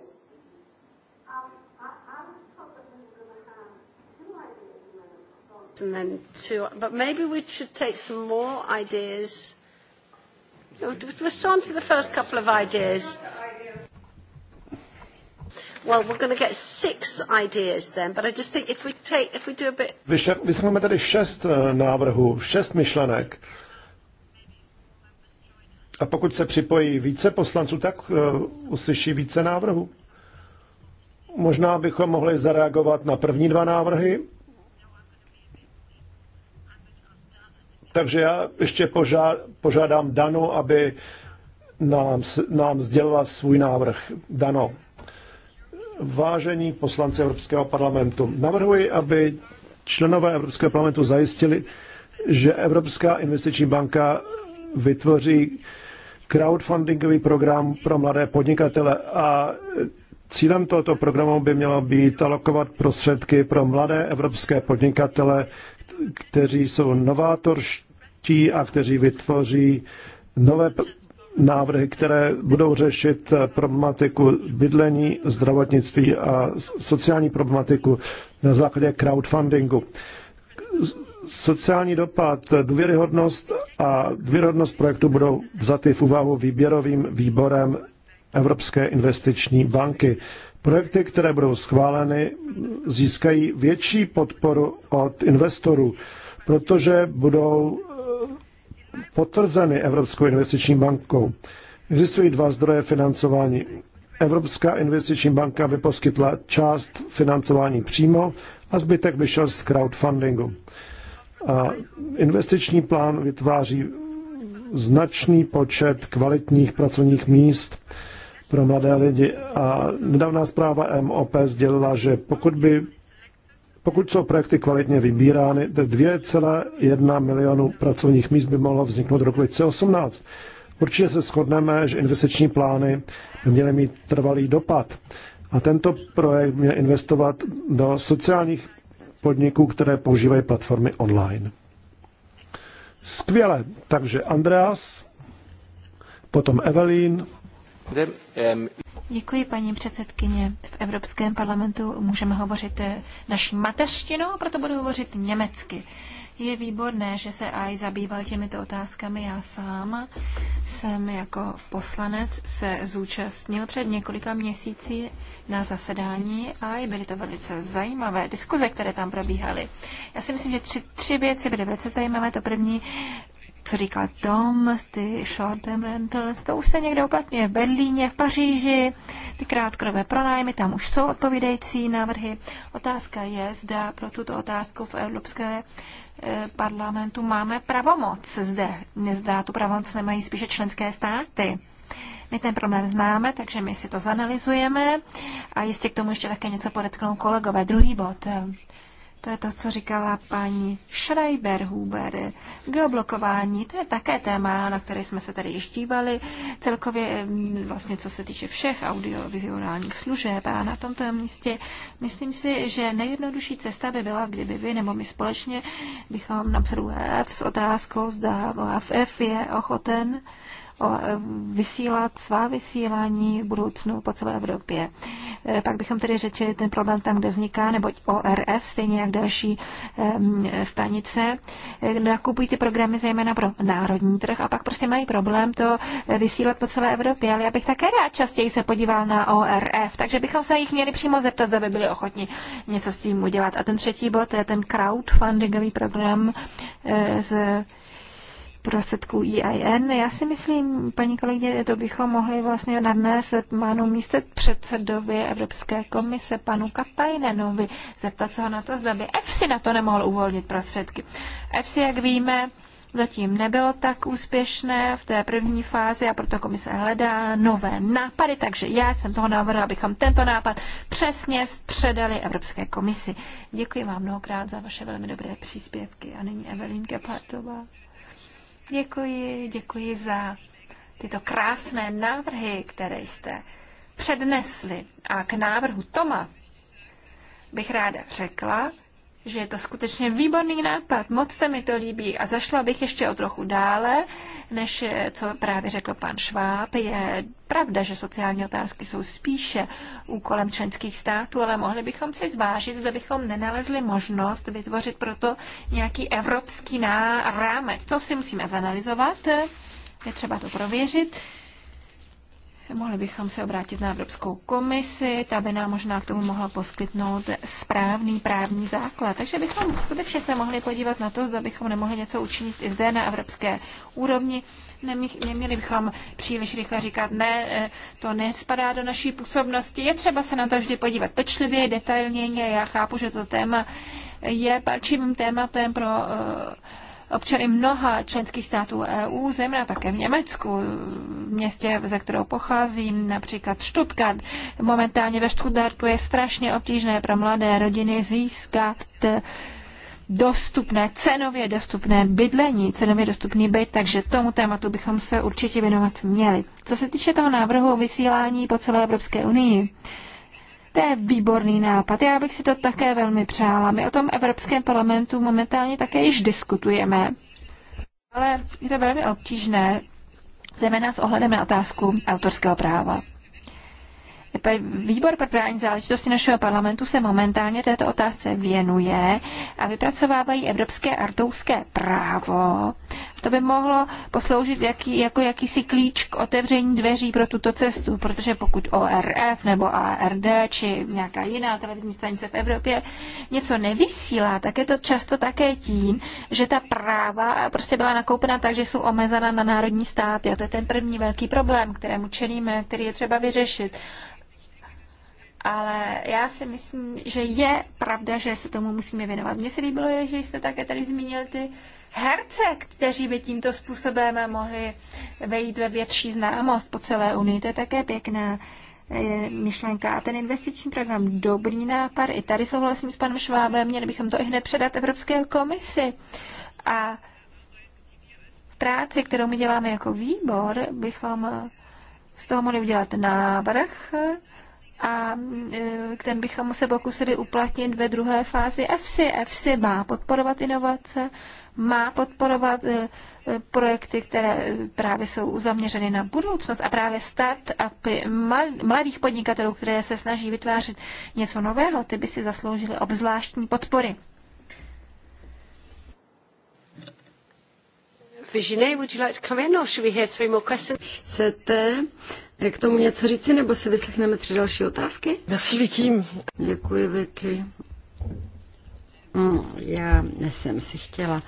S3: and then two. But maybe we should take some more ideas. Respond no, to the first couple of ideas. Well, we're going to get six ideas then, but I just think if we take, if we do a bit...
S5: Vyše, my jsme tady šest eh, návrhů, šest myšlenek. A pokud se připojí více poslanců, tak eh, uslyší více návrhů. Možná bychom mohli zareagovat na první dva návrhy. Takže já ještě požádám Danu, aby nám, nám sdělila svůj návrh. Dano, vážení poslanci Evropského parlamentu, navrhuji, aby členové Evropského parlamentu zajistili, že Evropská investiční banka vytvoří crowdfundingový program pro mladé podnikatele a cílem tohoto programu by mělo být alokovat prostředky pro mladé evropské podnikatele, kteří jsou novátorští a kteří vytvoří nové návrhy, které budou řešit problematiku bydlení, zdravotnictví a sociální problematiku na základě crowdfundingu sociální dopad, důvěryhodnost a důvěryhodnost projektu budou vzaty v úvahu výběrovým výborem Evropské investiční banky. Projekty, které budou schváleny, získají větší podporu od investorů, protože budou eh, potvrzeny Evropskou investiční bankou. Existují dva zdroje financování. Evropská investiční banka by poskytla část financování přímo a zbytek by šel z crowdfundingu. A investiční plán vytváří značný počet kvalitních pracovních míst pro mladé lidi. A nedávná zpráva MOP sdělila, že pokud by pokud jsou projekty kvalitně vybírány, 2,1 milionu pracovních míst by mohlo vzniknout do roku 2018. Určitě se shodneme, že investiční plány by měly mít trvalý dopad. A tento projekt měl investovat do sociálních podniků, které používají platformy online. Skvěle. Takže Andreas, potom Evelyn.
S4: Děkuji, paní předsedkyně. V Evropském parlamentu můžeme hovořit eh, naší mateřštinou, proto budu hovořit německy. Je výborné, že se AI zabýval těmito otázkami. Já sám jsem jako poslanec se zúčastnil před několika měsíci na zasedání a byly to velice zajímavé diskuze, které tam probíhaly. Já si myslím, že tři, tři věci byly velice zajímavé. To první, co říká Tom, ty short-term rentals, to už se někde uplatňuje v Berlíně, v Paříži, ty krátkodobé pronájmy, tam už jsou odpovídající návrhy. Otázka je, zda pro tuto otázku v Evropské eh, parlamentu máme pravomoc zde. Nezdá tu pravomoc nemají spíše členské státy. My ten problém známe, takže my si to zanalizujeme a jistě k tomu ještě také něco podetknou kolegové. Druhý bod. To je to, co říkala paní Schreiber-Huber. Geoblokování, to je také téma, na které jsme se tady již dívali. Celkově vlastně, co se týče všech audiovizuálních služeb a na tomto místě, myslím si, že nejjednodušší cesta by byla, kdyby vy nebo my společně bychom napsali F s otázkou, zda F je ochoten Eh, vysílat svá vysílání v budoucnu po celé Evropě. Eh, pak bychom tedy řečili ten problém tam, kde vzniká, neboť ORF, stejně jak další ehm, stanice, eh, nakupují ty programy zejména pro národní trh a pak prostě mají problém to vysílat po celé Evropě. Ale já bych také rád častěji se podíval na ORF, takže bychom se jich měli přímo zeptat, aby byli ochotni něco s tím udělat. A ten třetí bod je ten crowdfundingový program z prostředků EIN. Já si myslím, paní kolegyně, to bychom mohli vlastně nadnést panu místě předsedovi Evropské komise, panu Katajnenovi, zeptat se ho na to, zda by EFSI na to nemohl uvolnit prostředky. EFSI, jak víme, zatím nebylo tak úspěšné v té první fázi a proto komise hledá nové nápady, takže já jsem toho návrhu, abychom tento nápad přesně předali Evropské komisi. Děkuji vám mnohokrát za vaše velmi dobré příspěvky a nyní Evelyn Gepardová. Děkuji, děkuji za tyto krásné návrhy, které jste přednesli. A k návrhu Toma bych ráda řekla, že je to skutečně výborný nápad, moc se mi to líbí a zašla bych ještě o trochu dále, než eh, co právě řekl pan Šváb. Je pravda, že sociální otázky jsou spíše úkolem členských států, ale mohli bychom si zvážit, zda bychom nenalezli možnost vytvořit proto nějaký evropský rámec. To si musíme zanalizovat, je třeba to prověřit. Mohli bychom se obrátit na Evropskou komisi, ta by nám možná k tomu mohla poskytnout správný právní základ. Takže bychom skutečně se mohli podívat na to, zda bychom nemohli něco učinit i zde na evropské úrovni. neměli bychom příliš rychle říkat, ne, eh, to nespadá do naší působnosti. Je třeba se na to vždy podívat pečlivě, detailně. Já chápu, že to téma je palčivým tématem pro uh, občany mnoha členských států EU, zejména také v Německu, v městě, ze kterého pocházím, například Stuttgart. Momentálně ve Stuttgartu je strašně obtížné pro mladé rodiny získat dostupné, cenově dostupné bydlení, cenově dostupný byt, takže tomu tématu bychom se určitě věnovat měli. Co se týče toho návrhu o vysílání po celé Evropské unii, to je výborný nápad. Já bych si to také velmi přála. My o tom Evropském parlamentu momentálně také již diskutujeme, ale je to velmi obtížné, zejména s ohledem na otázku autorského práva. Výbor pro právní záležitosti našeho parlamentu se momentálně této otázce věnuje a vypracovávají evropské artouské právo. To by mohlo posloužit jaký, jako jakýsi klíč k otevření dveří pro tuto cestu, protože pokud ORF nebo ARD či nějaká jiná televizní stanice v Evropě něco nevysílá, tak je to často také tím, že ta práva prostě byla nakoupena tak, že jsou omezena na národní státy. A to je ten první velký problém, kterému čelíme, který je třeba vyřešit ale já si myslím, že je pravda, že se tomu musíme věnovat. Mně se líbilo, že jste také tady zmínil ty herce, kteří by tímto způsobem mohli vejít ve větší známost po celé Unii. To je také pěkná eh, myšlenka. A ten investiční program, dobrý nápad. I tady souhlasím s panem Švábem, měli bychom to i hned předat Evropské komisi. A v práci, kterou my děláme jako výbor, bychom z toho mohli udělat návrh, a e, ten bychom se pokusili uplatnit ve druhé fázi EFSI. EFSI má podporovat inovace, má podporovat e, e, projekty, které právě jsou zaměřeny na budoucnost a právě start-upy mladých podnikatelů, které se snaží vytvářet něco nového, ty by si zasloužily obzvláštní podpory.
S1: Virginie, would you like to come in or should we hear three more questions? Chcete eh, k tomu něco říci, nebo si vyslechneme tři další otázky? Merci, Vicky. Děkuji, Vicky. Mm, já jsem si chtěla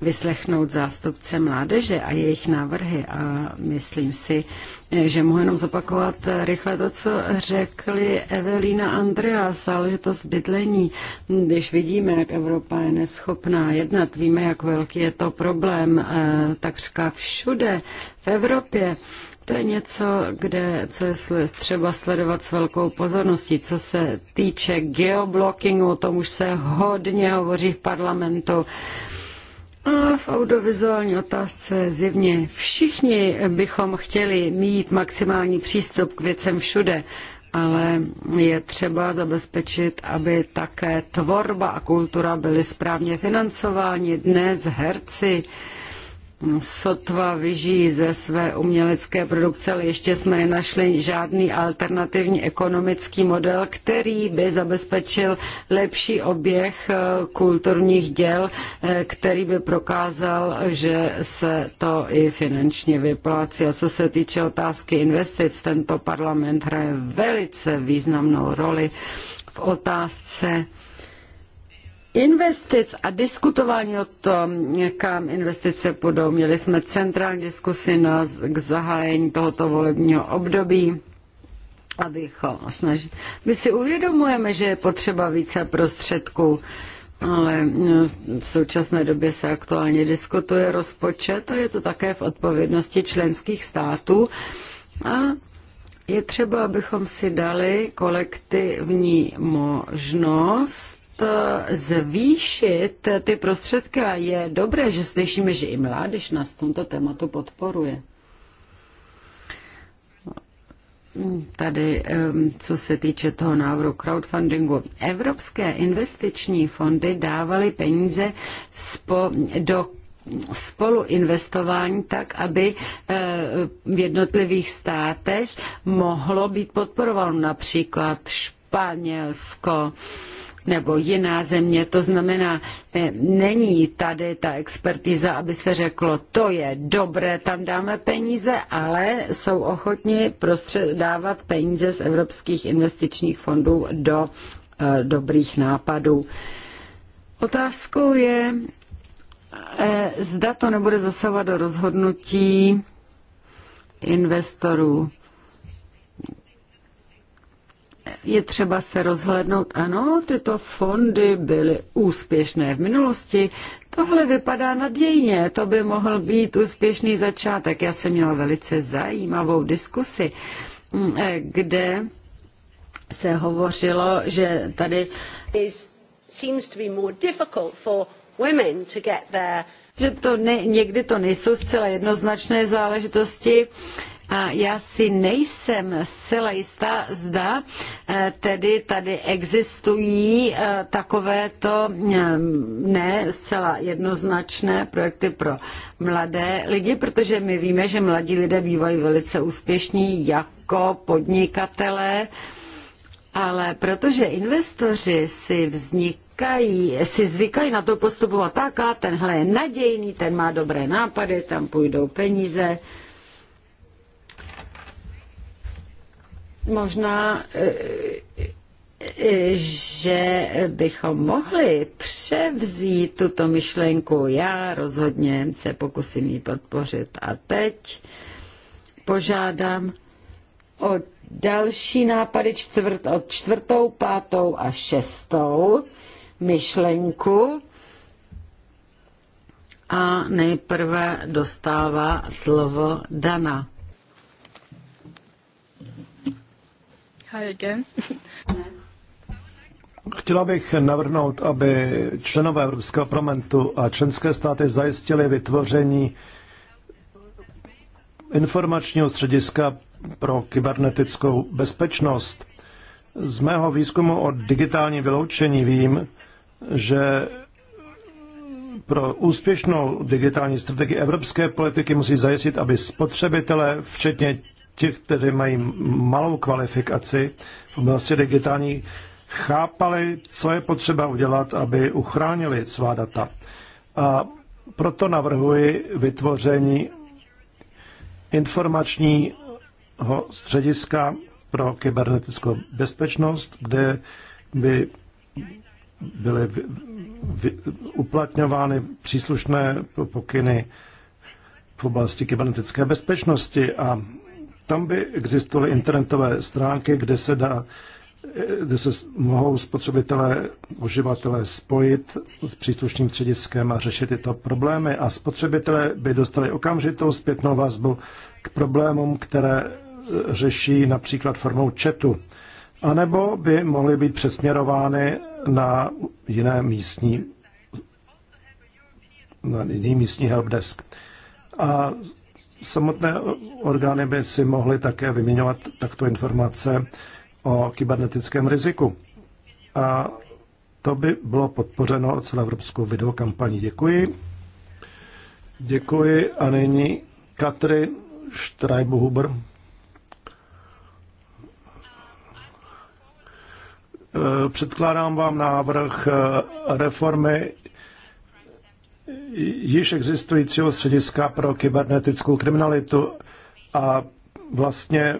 S1: vyslechnout zástupce mládeže a jejich návrhy a myslím si, že mohu jenom zopakovat eh, rychle to, co řekli Evelina Andrea, záležitost bydlení. Když vidíme, jak Evropa je neschopná jednat, víme, jak velký je to problém eh, takřka všude v Evropě, to je něco, kde, co je třeba sledovat s velkou pozorností. Co se týče geoblockingu, o tom už se hodně hovoří v parlamentu. A v audiovizuální otázce zjevně všichni bychom chtěli mít maximální přístup k věcem všude, ale je třeba zabezpečit, aby také tvorba a kultura byly správně financovány dnes herci sotva vyžijí ze své umělecké produkce, ale ještě jsme nenašli žádný alternativní ekonomický model, který by zabezpečil lepší oběh eh, kulturních děl, eh, který by prokázal, že se to i finančně vyplácí. A co se týče otázky investic, tento parlament hraje velice významnou roli v otázce investic a diskutování o tom, kam investice půjdou. Měli jsme centrální diskusi na, k zahájení tohoto volebního období. Abychom snažili. My si uvědomujeme, že je potřeba více prostředků, ale no, v současné době se aktuálně diskutuje rozpočet a je to také v odpovědnosti členských států. A je třeba, abychom si dali kolektivní možnost zvýšit ty prostředky a je dobré, že slyšíme, že i mládež nás v tomto tématu podporuje. Tady, co se týče toho návrhu crowdfundingu, evropské investiční fondy dávaly peníze spo, do spoluinvestování tak, aby eh, v jednotlivých státech mohlo být podporováno například Španělsko, nebo jiná země. To znamená, není tady ta expertiza, aby se řeklo, to je dobré, tam dáme peníze, ale jsou ochotni prostřed, dávat peníze z evropských investičních fondů do eh, dobrých nápadů. Otázkou je, eh, zda to nebude zasahovat do rozhodnutí investorů. je třeba se rozhlednout, ano, tyto fondy byly úspěšné v minulosti, tohle vypadá nadějně, to by mohl být úspěšný začátek. Já jsem měla velice zajímavou diskusi, mm, eh, kde se hovořilo, že tady
S3: že to ne,
S1: někdy to nejsou zcela jednoznačné záležitosti, a já si nejsem zcela jistá, zda eh, tedy tady existují eh, takovéto eh, ne zcela jednoznačné projekty pro mladé lidi, protože my víme, že mladí lidé bývají velice úspěšní jako podnikatelé, ale protože investoři si vznikají, si zvykají na to postupovat tak, a tenhle je nadějný, ten má dobré nápady, tam půjdou peníze, Možná, eh, eh, že bychom mohli převzít tuto myšlenku. Já rozhodně se pokusím ji podpořit. A teď požádám o další nápady čtvrt, od čtvrtou, pátou a šestou myšlenku. A nejprve dostává slovo Dana.
S2: Hi
S5: Chtěla bych navrhnout, aby členové Evropského parlamentu a členské státy zajistili vytvoření informačního střediska pro kybernetickou bezpečnost. Z mého výzkumu o digitální vyloučení vím, že pro úspěšnou digitální strategii evropské politiky musí zajistit, aby spotřebitelé, včetně ti, kteří mají malou kvalifikaci v oblasti digitální, chápali, co je potřeba udělat, aby uchránili svá data. A proto navrhuji vytvoření informačního střediska pro kybernetickou bezpečnost, kde by byly uplatňovány příslušné pokyny v oblasti kybernetické bezpečnosti a tam by existovaly internetové stránky, kde se dá kde se mohou spotřebitelé, uživatelé spojit s příslušným střediskem a řešit tyto problémy a spotřebitelé by dostali okamžitou zpětnou vazbu k problémům, které řeší například formou chatu, anebo by mohly být přesměrovány na jiné místní na jiný místní helpdesk. A samotné orgány by si mohly také vyměňovat takto informace o kybernetickém riziku. A to by bylo podpořeno celoevropskou videokampaní. Děkuji. Děkuji a nyní Katrin Štrajbohuber. Eh, předkládám vám návrh eh, reformy již existujícího střediska pro kybernetickou kriminalitu a vlastně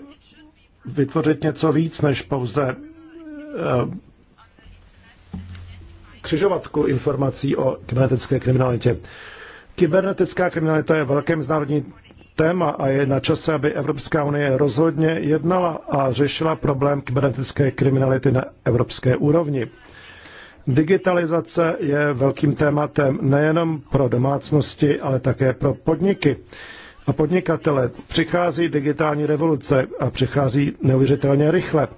S5: vytvořit něco víc než pouze eh, křižovatku informací o kybernetické kriminalitě. Kybernetická kriminalita je velké mezinárodní téma a je na čase, aby Evropská unie rozhodně jednala a řešila problém kybernetické kriminality na evropské úrovni. Digitalizace je velkým tématem nejenom pro domácnosti, ale také pro podniky a podnikatele. Přichází digitální revoluce a přichází neuvěřitelně rychle.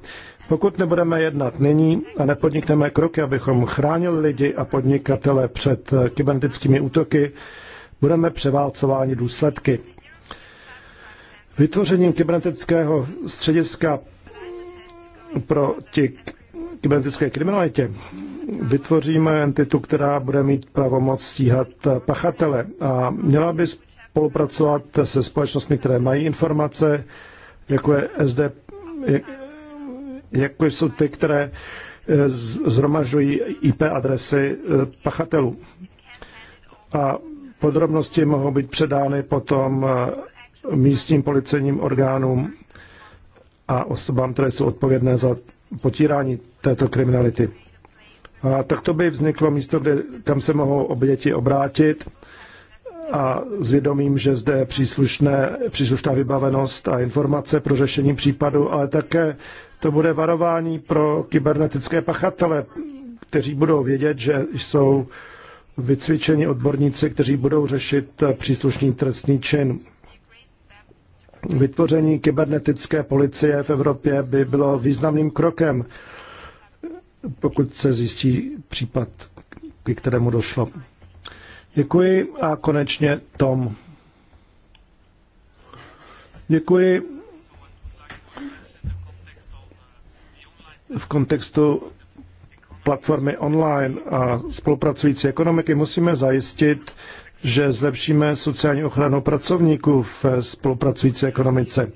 S5: Pokud nebudeme jednat nyní a nepodnikneme kroky, abychom chránili lidi a podnikatele před kybernetickými útoky, budeme převálcováni důsledky. Vytvořením kybernetického střediska pro ti, kybernetické kriminalitě vytvoříme entitu, která bude mít pravomoc stíhat pachatele a měla by spolupracovat se společnostmi, které mají informace, jako je SD, jako jsou ty, které eh, zhromažďují IP adresy eh, pachatelů. A podrobnosti mohou být předány potom eh, místním policejním orgánům a osobám, které jsou odpovědné za potírání této kriminality. A tak to by vzniklo místo, kde, kam se mohou oběti obrátit a zvědomím, že zde je příslušné, příslušná vybavenost a informace pro řešení případu, ale také to bude varování pro kybernetické pachatele, kteří budou vědět, že jsou vycvičeni odborníci, kteří budou řešit příslušný trestný čin. Vytvoření kybernetické policie v Evropě by bylo významným krokem, pokud se zjistí případ, k kterému došlo. Děkuji a konečně Tom. Děkuji. V kontextu platformy online a spolupracující ekonomiky musíme zajistit, že zlepšíme sociální ochranu pracovníků v spolupracující ekonomice.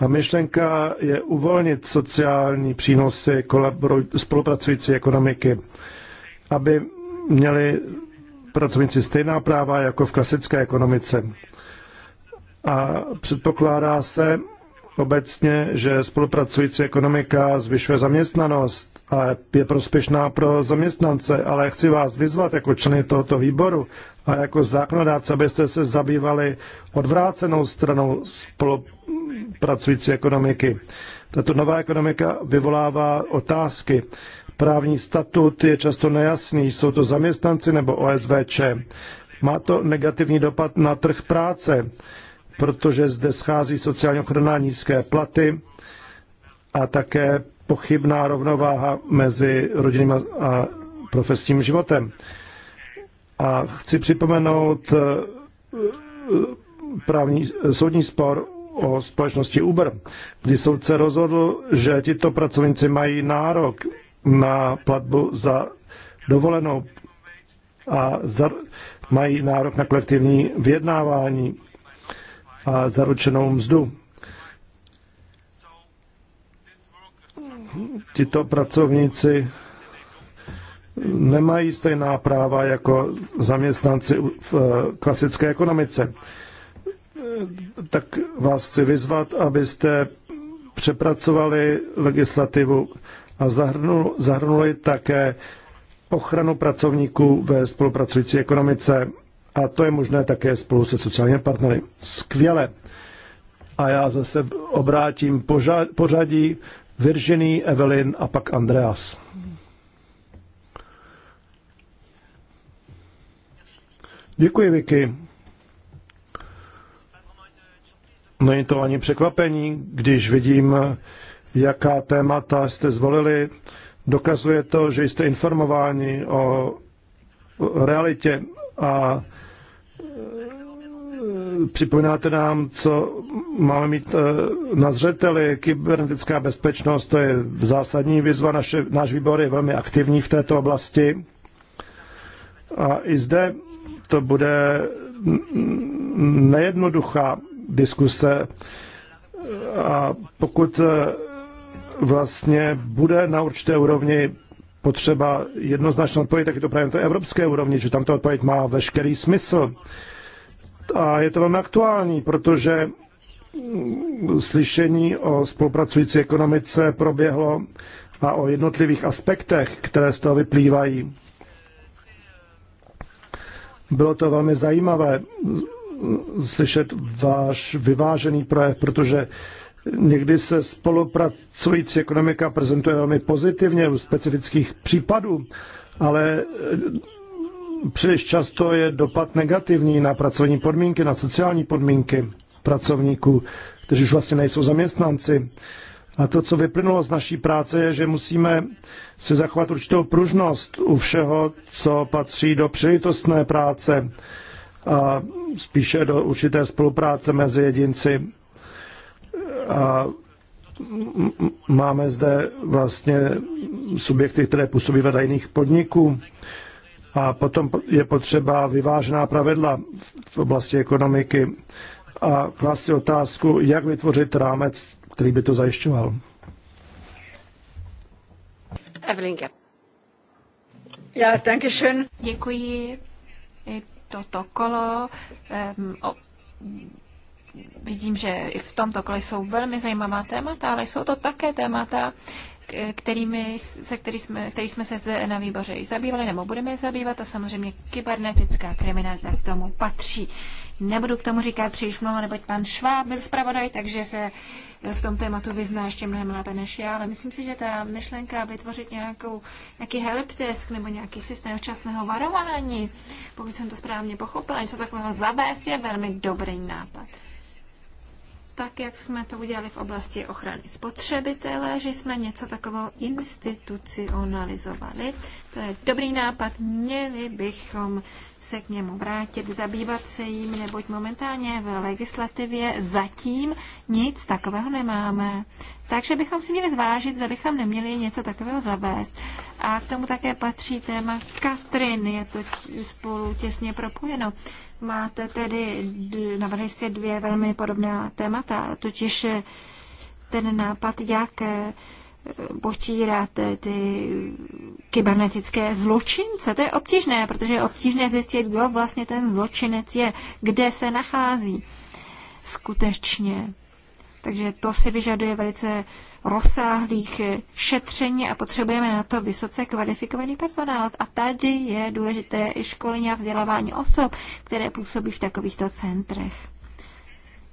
S5: A myšlenka je uvolnit sociální přínosy spolupracující ekonomiky, aby měli pracovníci stejná práva jako v klasické ekonomice. A předpokládá se, obecně, že spolupracující ekonomika zvyšuje zaměstnanost a je prospěšná pro zaměstnance, ale chci vás vyzvat jako členy tohoto výboru a jako zákonodárce, abyste se zabývali odvrácenou stranou spolupracující ekonomiky. Tato nová ekonomika vyvolává otázky. Právní statut je často nejasný, jsou to zaměstnanci nebo OSVČ. Má to negativní dopad na trh práce protože zde schází sociální ochrana nízké platy a také pochybná rovnováha mezi rodinným a profesním životem. A chci připomenout eh, právní, soudní spor o společnosti Uber, kdy soudce rozhodl, že tito pracovníci mají nárok na platbu za dovolenou a za, mají nárok na kolektivní vyjednávání a zaručenou mzdu. Tito pracovníci nemají stejná práva jako zaměstnanci v eh, klasické ekonomice. Tak vás chci vyzvat, abyste přepracovali legislativu a zahrnuli také ochranu pracovníků ve spolupracující ekonomice a to je možné také spolu se sociálními partnery. Skvěle. A já zase obrátím pořadí Virginie, Evelyn a pak Andreas. Děkuji, Vicky. Není to ani překvapení, když vidím, jaká témata jste zvolili. Dokazuje to, že jste informováni o realitě a Připomínáte nám, co máme mít eh, na zřeteli. Kybernetická bezpečnost, to je zásadní výzva. Naše, náš výbor je velmi aktivní v této oblasti. A i zde to bude nejednoduchá diskuse. A pokud eh, vlastně bude na určité úrovni potřeba jednoznačně odpovědět, tak je to právě na té evropské úrovni, že tam ta odpověď má veškerý smysl. A je to velmi aktuální, protože slyšení o spolupracující ekonomice proběhlo a o jednotlivých aspektech, které z toho vyplývají. Bylo to velmi zajímavé slyšet váš vyvážený projev, protože Někdy se spolupracující ekonomika prezentuje velmi pozitivně u specifických případů, ale eh, příliš často je dopad negativní na pracovní podmínky, na sociální podmínky pracovníků, kteří už vlastně nejsou zaměstnanci. A to, co vyplynulo z naší práce, je, že musíme si zachovat určitou pružnost u všeho, co patří do přejitostné práce a spíše do určité spolupráce mezi jedinci a máme zde vlastně subjekty, které působí vedle jiných podniků. A potom je potřeba vyvážená pravidla v oblasti ekonomiky a klást si otázku, jak vytvořit rámec, který by to zajišťoval.
S4: Evelinka. Já danke schön. Děkuji. Toto kolo um, o, vidím, že i v tomto kole jsou velmi zajímavá témata, ale jsou to také témata, kterými, se který jsme, který jsme se zde na výboře i zabývali, nebo budeme zabývat a samozřejmě kybernetická kriminalita k tomu patří. Nebudu k tomu říkat příliš mnoho, neboť pan Šváb byl zpravodaj, takže se v tom tématu vyzná ještě mnohem lépe než já, ale myslím si, že ta myšlenka vytvořit nějakou, nějaký helpdesk nebo nějaký systém včasného varování, pokud jsem to správně pochopila, něco takového zavést, je velmi dobrý nápad tak jak jsme to udělali v oblasti ochrany spotřebitele, že jsme něco takového institucionalizovali. To je dobrý nápad, měli bychom se k němu vrátit, zabývat se jím, neboť momentálně v legislativě zatím nic takového nemáme. Takže bychom si měli zvážit, zda bychom neměli něco takového zavést. A k tomu také patří téma Katrin, je to spolu těsně propojeno máte tedy, navrhli jste dvě velmi podobná témata, totiž eh, ten nápad, jak eh, potírat eh, ty kybernetické zločince. To je obtížné, protože je obtížné zjistit, kdo vlastně ten zločinec je, kde se nachází skutečně. Takže to si vyžaduje velice rozsáhlých šetření a potřebujeme na to vysoce kvalifikovaný personál. A tady je důležité i školení a vzdělávání osob, které působí v takovýchto centrech.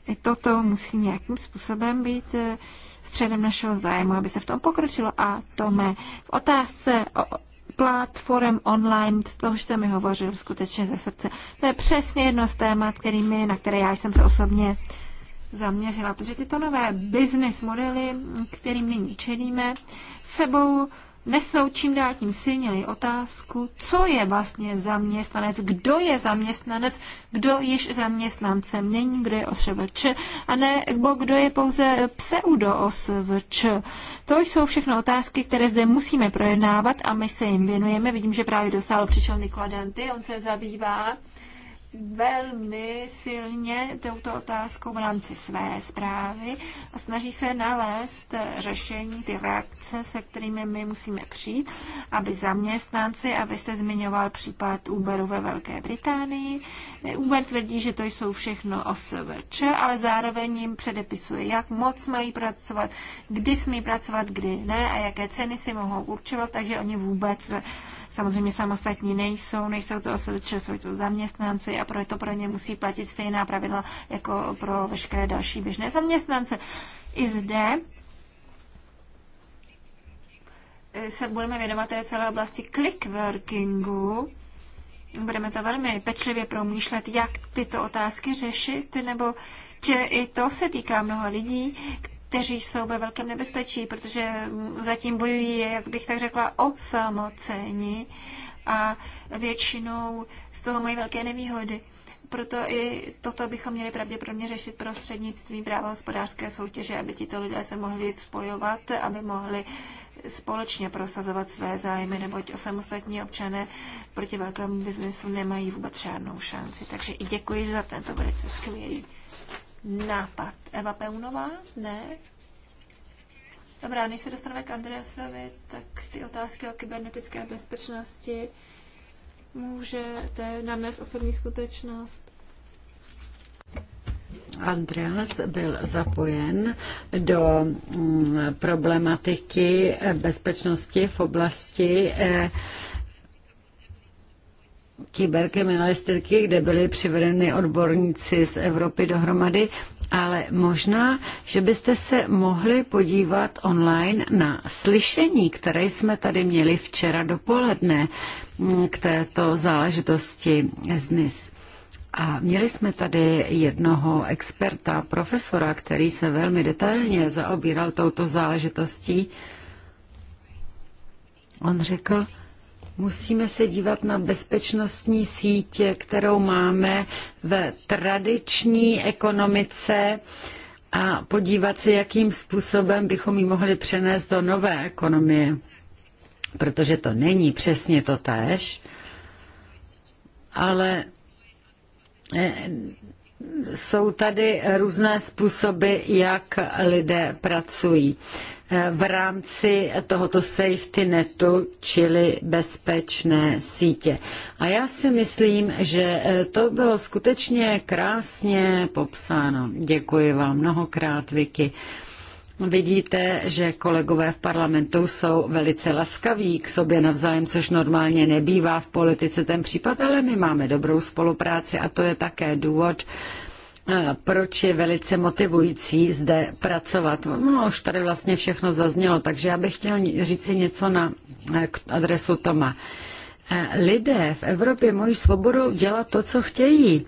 S4: I toto musí nějakým způsobem být eh, středem našeho zájmu, aby se v tom pokročilo. A mé v otázce o platform online, z toho jste mi hovořil skutečně ze srdce. To je přesně jedno z témat, kterými, na které já jsem se osobně uh, zaměřila, protože tyto nové business modely, kterým nyní čelíme, sebou nesou čím dál tím silněji otázku, co je vlastně zaměstnanec, kdo je zaměstnanec, kdo již zaměstnancem není, kdo je osvč, a ne, bo kdo je pouze pseudo osvč. To jsou všechno otázky, které zde musíme projednávat a my se jim věnujeme. Vidím, že právě do sálu přišel Nikola Danty, on se zabývá velmi silně touto otázkou v rámci své zprávy a snaží se nalézt řešení, ty reakce, se kterými my musíme přijít, aby zaměstnanci, abyste zmiňoval případ Uberu ve Velké Británii. Uber tvrdí, že to jsou všechno OSVČ, ale zároveň jim předepisuje, jak moc mají pracovat, kdy smí pracovat, kdy ne a jaké ceny si mohou určovat, takže oni vůbec samozřejmě samostatní nejsou, nejsou to OSVČ, jsou to zaměstnanci a proto pro ně musí platit stejná pravidla jako pro veškeré další běžné zaměstnance. I zde eh, se budeme věnovat té celé oblasti clickworkingu Budeme to velmi pečlivě promýšlet, jak tyto otázky řešit, nebo že i to se týká mnoha lidí, kteří jsou ve velkém nebezpečí, protože zatím bojují, jak bych tak řekla, o samocení a většinou z toho mají velké nevýhody. Proto i toto bychom měli pravděpodobně řešit prostřednictvím práva hospodářské soutěže, aby tito lidé se mohli spojovat, aby mohli společně prosazovat své zájmy, neboť samostatní občané proti velkému biznesu nemají vůbec žádnou šanci. Takže i děkuji za tento velice skvělý nápad. Eva Peunová? Ne? Dobrá, než se dostaneme k Andreasovi, tak ty otázky o kybernetické bezpečnosti můžete dnes osobní skutečnost.
S1: Andreas byl zapojen do mm, problematiky bezpečnosti v oblasti eh, kyberkriminalistiky, kde byli přivedeny odborníci z Evropy dohromady, ale možná, že byste se mohli podívat online na slyšení, které jsme tady měli včera dopoledne k této záležitosti z NIS. A měli jsme tady jednoho experta, profesora, který se velmi detailně zaobíral touto záležitostí. On řekl, Musíme se dívat na bezpečnostní sítě, kterou máme v tradiční ekonomice a podívat se, jakým způsobem bychom ji mohli přenést do nové ekonomie. Protože to není přesně to tež, ale eh, jsou tady různé způsoby, jak lidé pracují. V rámci tohoto safety netu, čili bezpečné sítě. A já si myslím, že to bylo skutečně krásně popsáno. Děkuji vám mnohokrát, Vicky. Vidíte, že kolegové v parlamentu jsou velice laskaví k sobě navzájem, což normálně nebývá v politice ten případ, ale my máme dobrou spolupráci a to je také důvod, eh, proč je velice motivující zde pracovat. No, už tady vlastně všechno zaznělo, takže já bych chtěl říct si něco na eh, k adresu Toma. Eh, lidé v Evropě mají svobodu dělat to, co chtějí.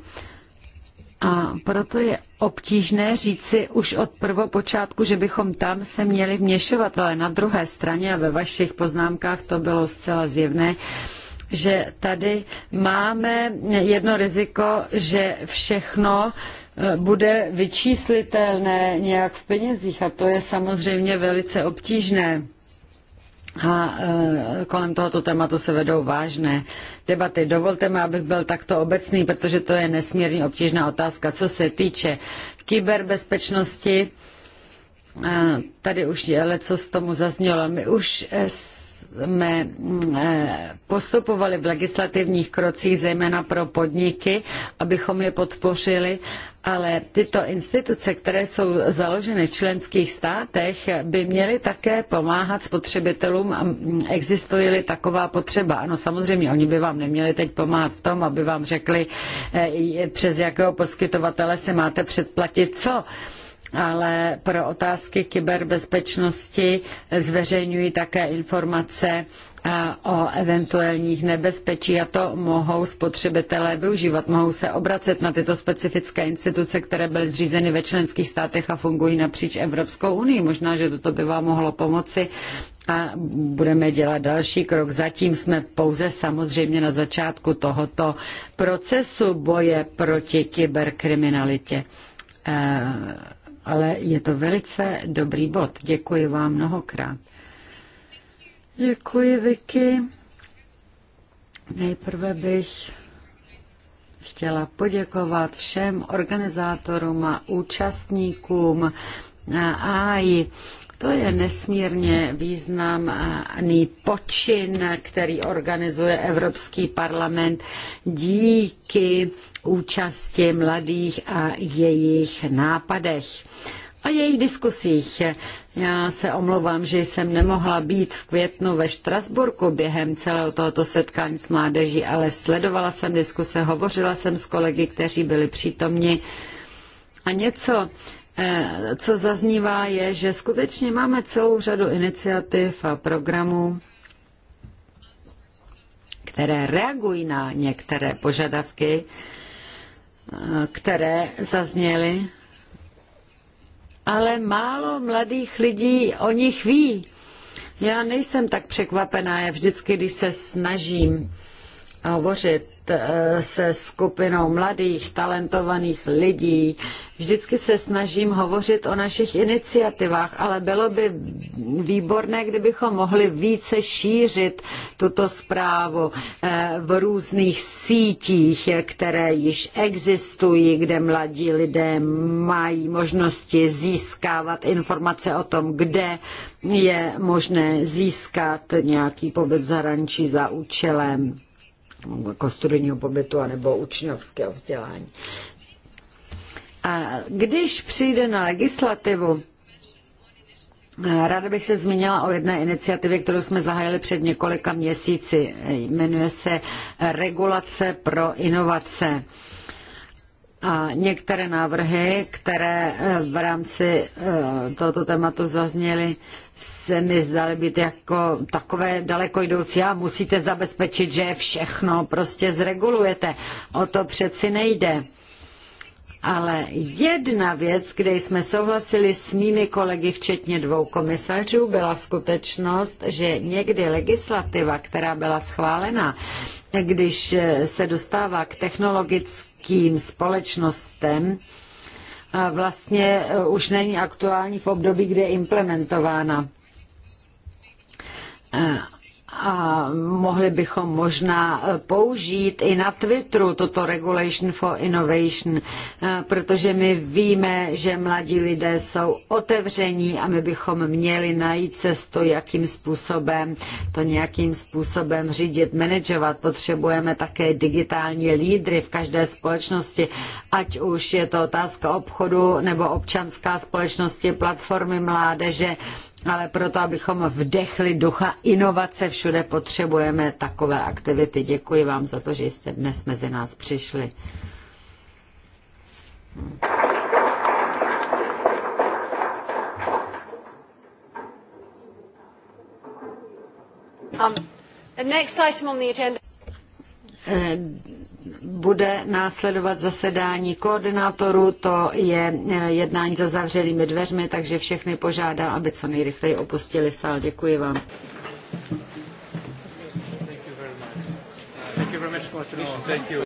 S1: A proto je obtížné říci už od prvopočátku, že bychom tam se měli vměšovat, ale na druhé straně a ve vašich poznámkách to bylo zcela zjevné, že tady máme jedno riziko, že všechno eh, bude vyčíslitelné nějak v penězích a to je samozřejmě velice obtížné. A e, kolem tohoto tématu se vedou vážné debaty. Dovolte mi, abych byl takto obecný, protože to je nesmírně obtížná otázka. Co se týče kyberbezpečnosti, e, tady už je, ale co z tomu zaznělo. My už e, jsme eh, postupovali v legislativních krocích, zejména pro podniky, abychom je podpořili, ale tyto instituce, které jsou založeny v členských státech, by měly také pomáhat spotřebitelům, existuje-li taková potřeba. Ano, samozřejmě, oni by vám neměli teď pomáhat v tom, aby vám řekli, eh, přes jakého poskytovatele se máte předplatit co ale pro otázky kyberbezpečnosti zveřejňují také informace o eventuálních nebezpečí a to mohou spotřebitelé využívat. Mohou se obracet na tyto specifické instituce, které byly zřízeny ve členských státech a fungují napříč Evropskou unii. Možná, že toto by vám mohlo pomoci a budeme dělat další krok. Zatím jsme pouze samozřejmě na začátku tohoto procesu boje proti kyberkriminalitě. E ale je to velice dobrý bod. Děkuji vám mnohokrát. Děkuji, Vicky. Nejprve bych chtěla poděkovat všem organizátorům a účastníkům a i to je nesmírně významný počin, který organizuje Evropský parlament díky účasti mladých a jejich nápadech a jejich diskusích. Já se omlouvám, že jsem nemohla být v květnu ve Štrasburku během celého tohoto setkání s mládeží, ale sledovala jsem diskuse, hovořila jsem s kolegy, kteří byli přítomni. A něco, Eh, co zaznívá, je, že skutečně máme celou řadu iniciativ a programů, které reagují na některé požadavky, eh, které zazněly, ale málo mladých lidí o nich ví. Já nejsem tak překvapená, já vždycky, když se snažím hovořit eh, se skupinou mladých, talentovaných lidí. Vždycky se snažím hovořit o našich iniciativách, ale bylo by výborné, kdybychom mohli více šířit tuto zprávu eh, v různých sítích, které již existují, kde mladí lidé mají možnosti získávat informace o tom, kde je možné získat nějaký pobyt v zahraničí za účelem jako studijního pobytu anebo učňovského vzdělání. A když přijde na legislativu, Ráda bych se zmínila o jedné iniciativě, kterou jsme zahájili před několika měsíci. Jmenuje se Regulace pro inovace a některé návrhy, které eh, v rámci eh, tohoto tématu zazněly, se mi zdaly být jako takové daleko jdoucí a musíte zabezpečit, že všechno prostě zregulujete. O to přeci nejde. Ale jedna věc, kde jsme souhlasili s mými kolegy, včetně dvou komisařů, byla skutečnost, že někdy legislativa, která byla schválena, když eh, se dostává k technologickým velkým společnostem vlastně e, už není aktuální v období, kde je implementována. E, a mohli bychom možná eh, použít i na Twitteru toto Regulation for Innovation, eh, protože my víme, že mladí lidé jsou otevření a my bychom měli najít cestu, jakým způsobem to nějakým způsobem řídit, manažovat. Potřebujeme také digitální lídry v každé společnosti, ať už je to otázka obchodu nebo občanská společnosti, platformy mládeže, ale proto, abychom vdechli ducha inovace, všude potřebujeme takové aktivity. Děkuji vám za to, že jste dnes mezi nás přišli. Um, the next item on the agenda bude následovat zasedání koordinátorů, to je eh, jednání za zavřenými dveřmi, takže všechny požádám, aby co nejrychleji opustili sál. Děkuji vám. Thank
S3: you very much. Thank you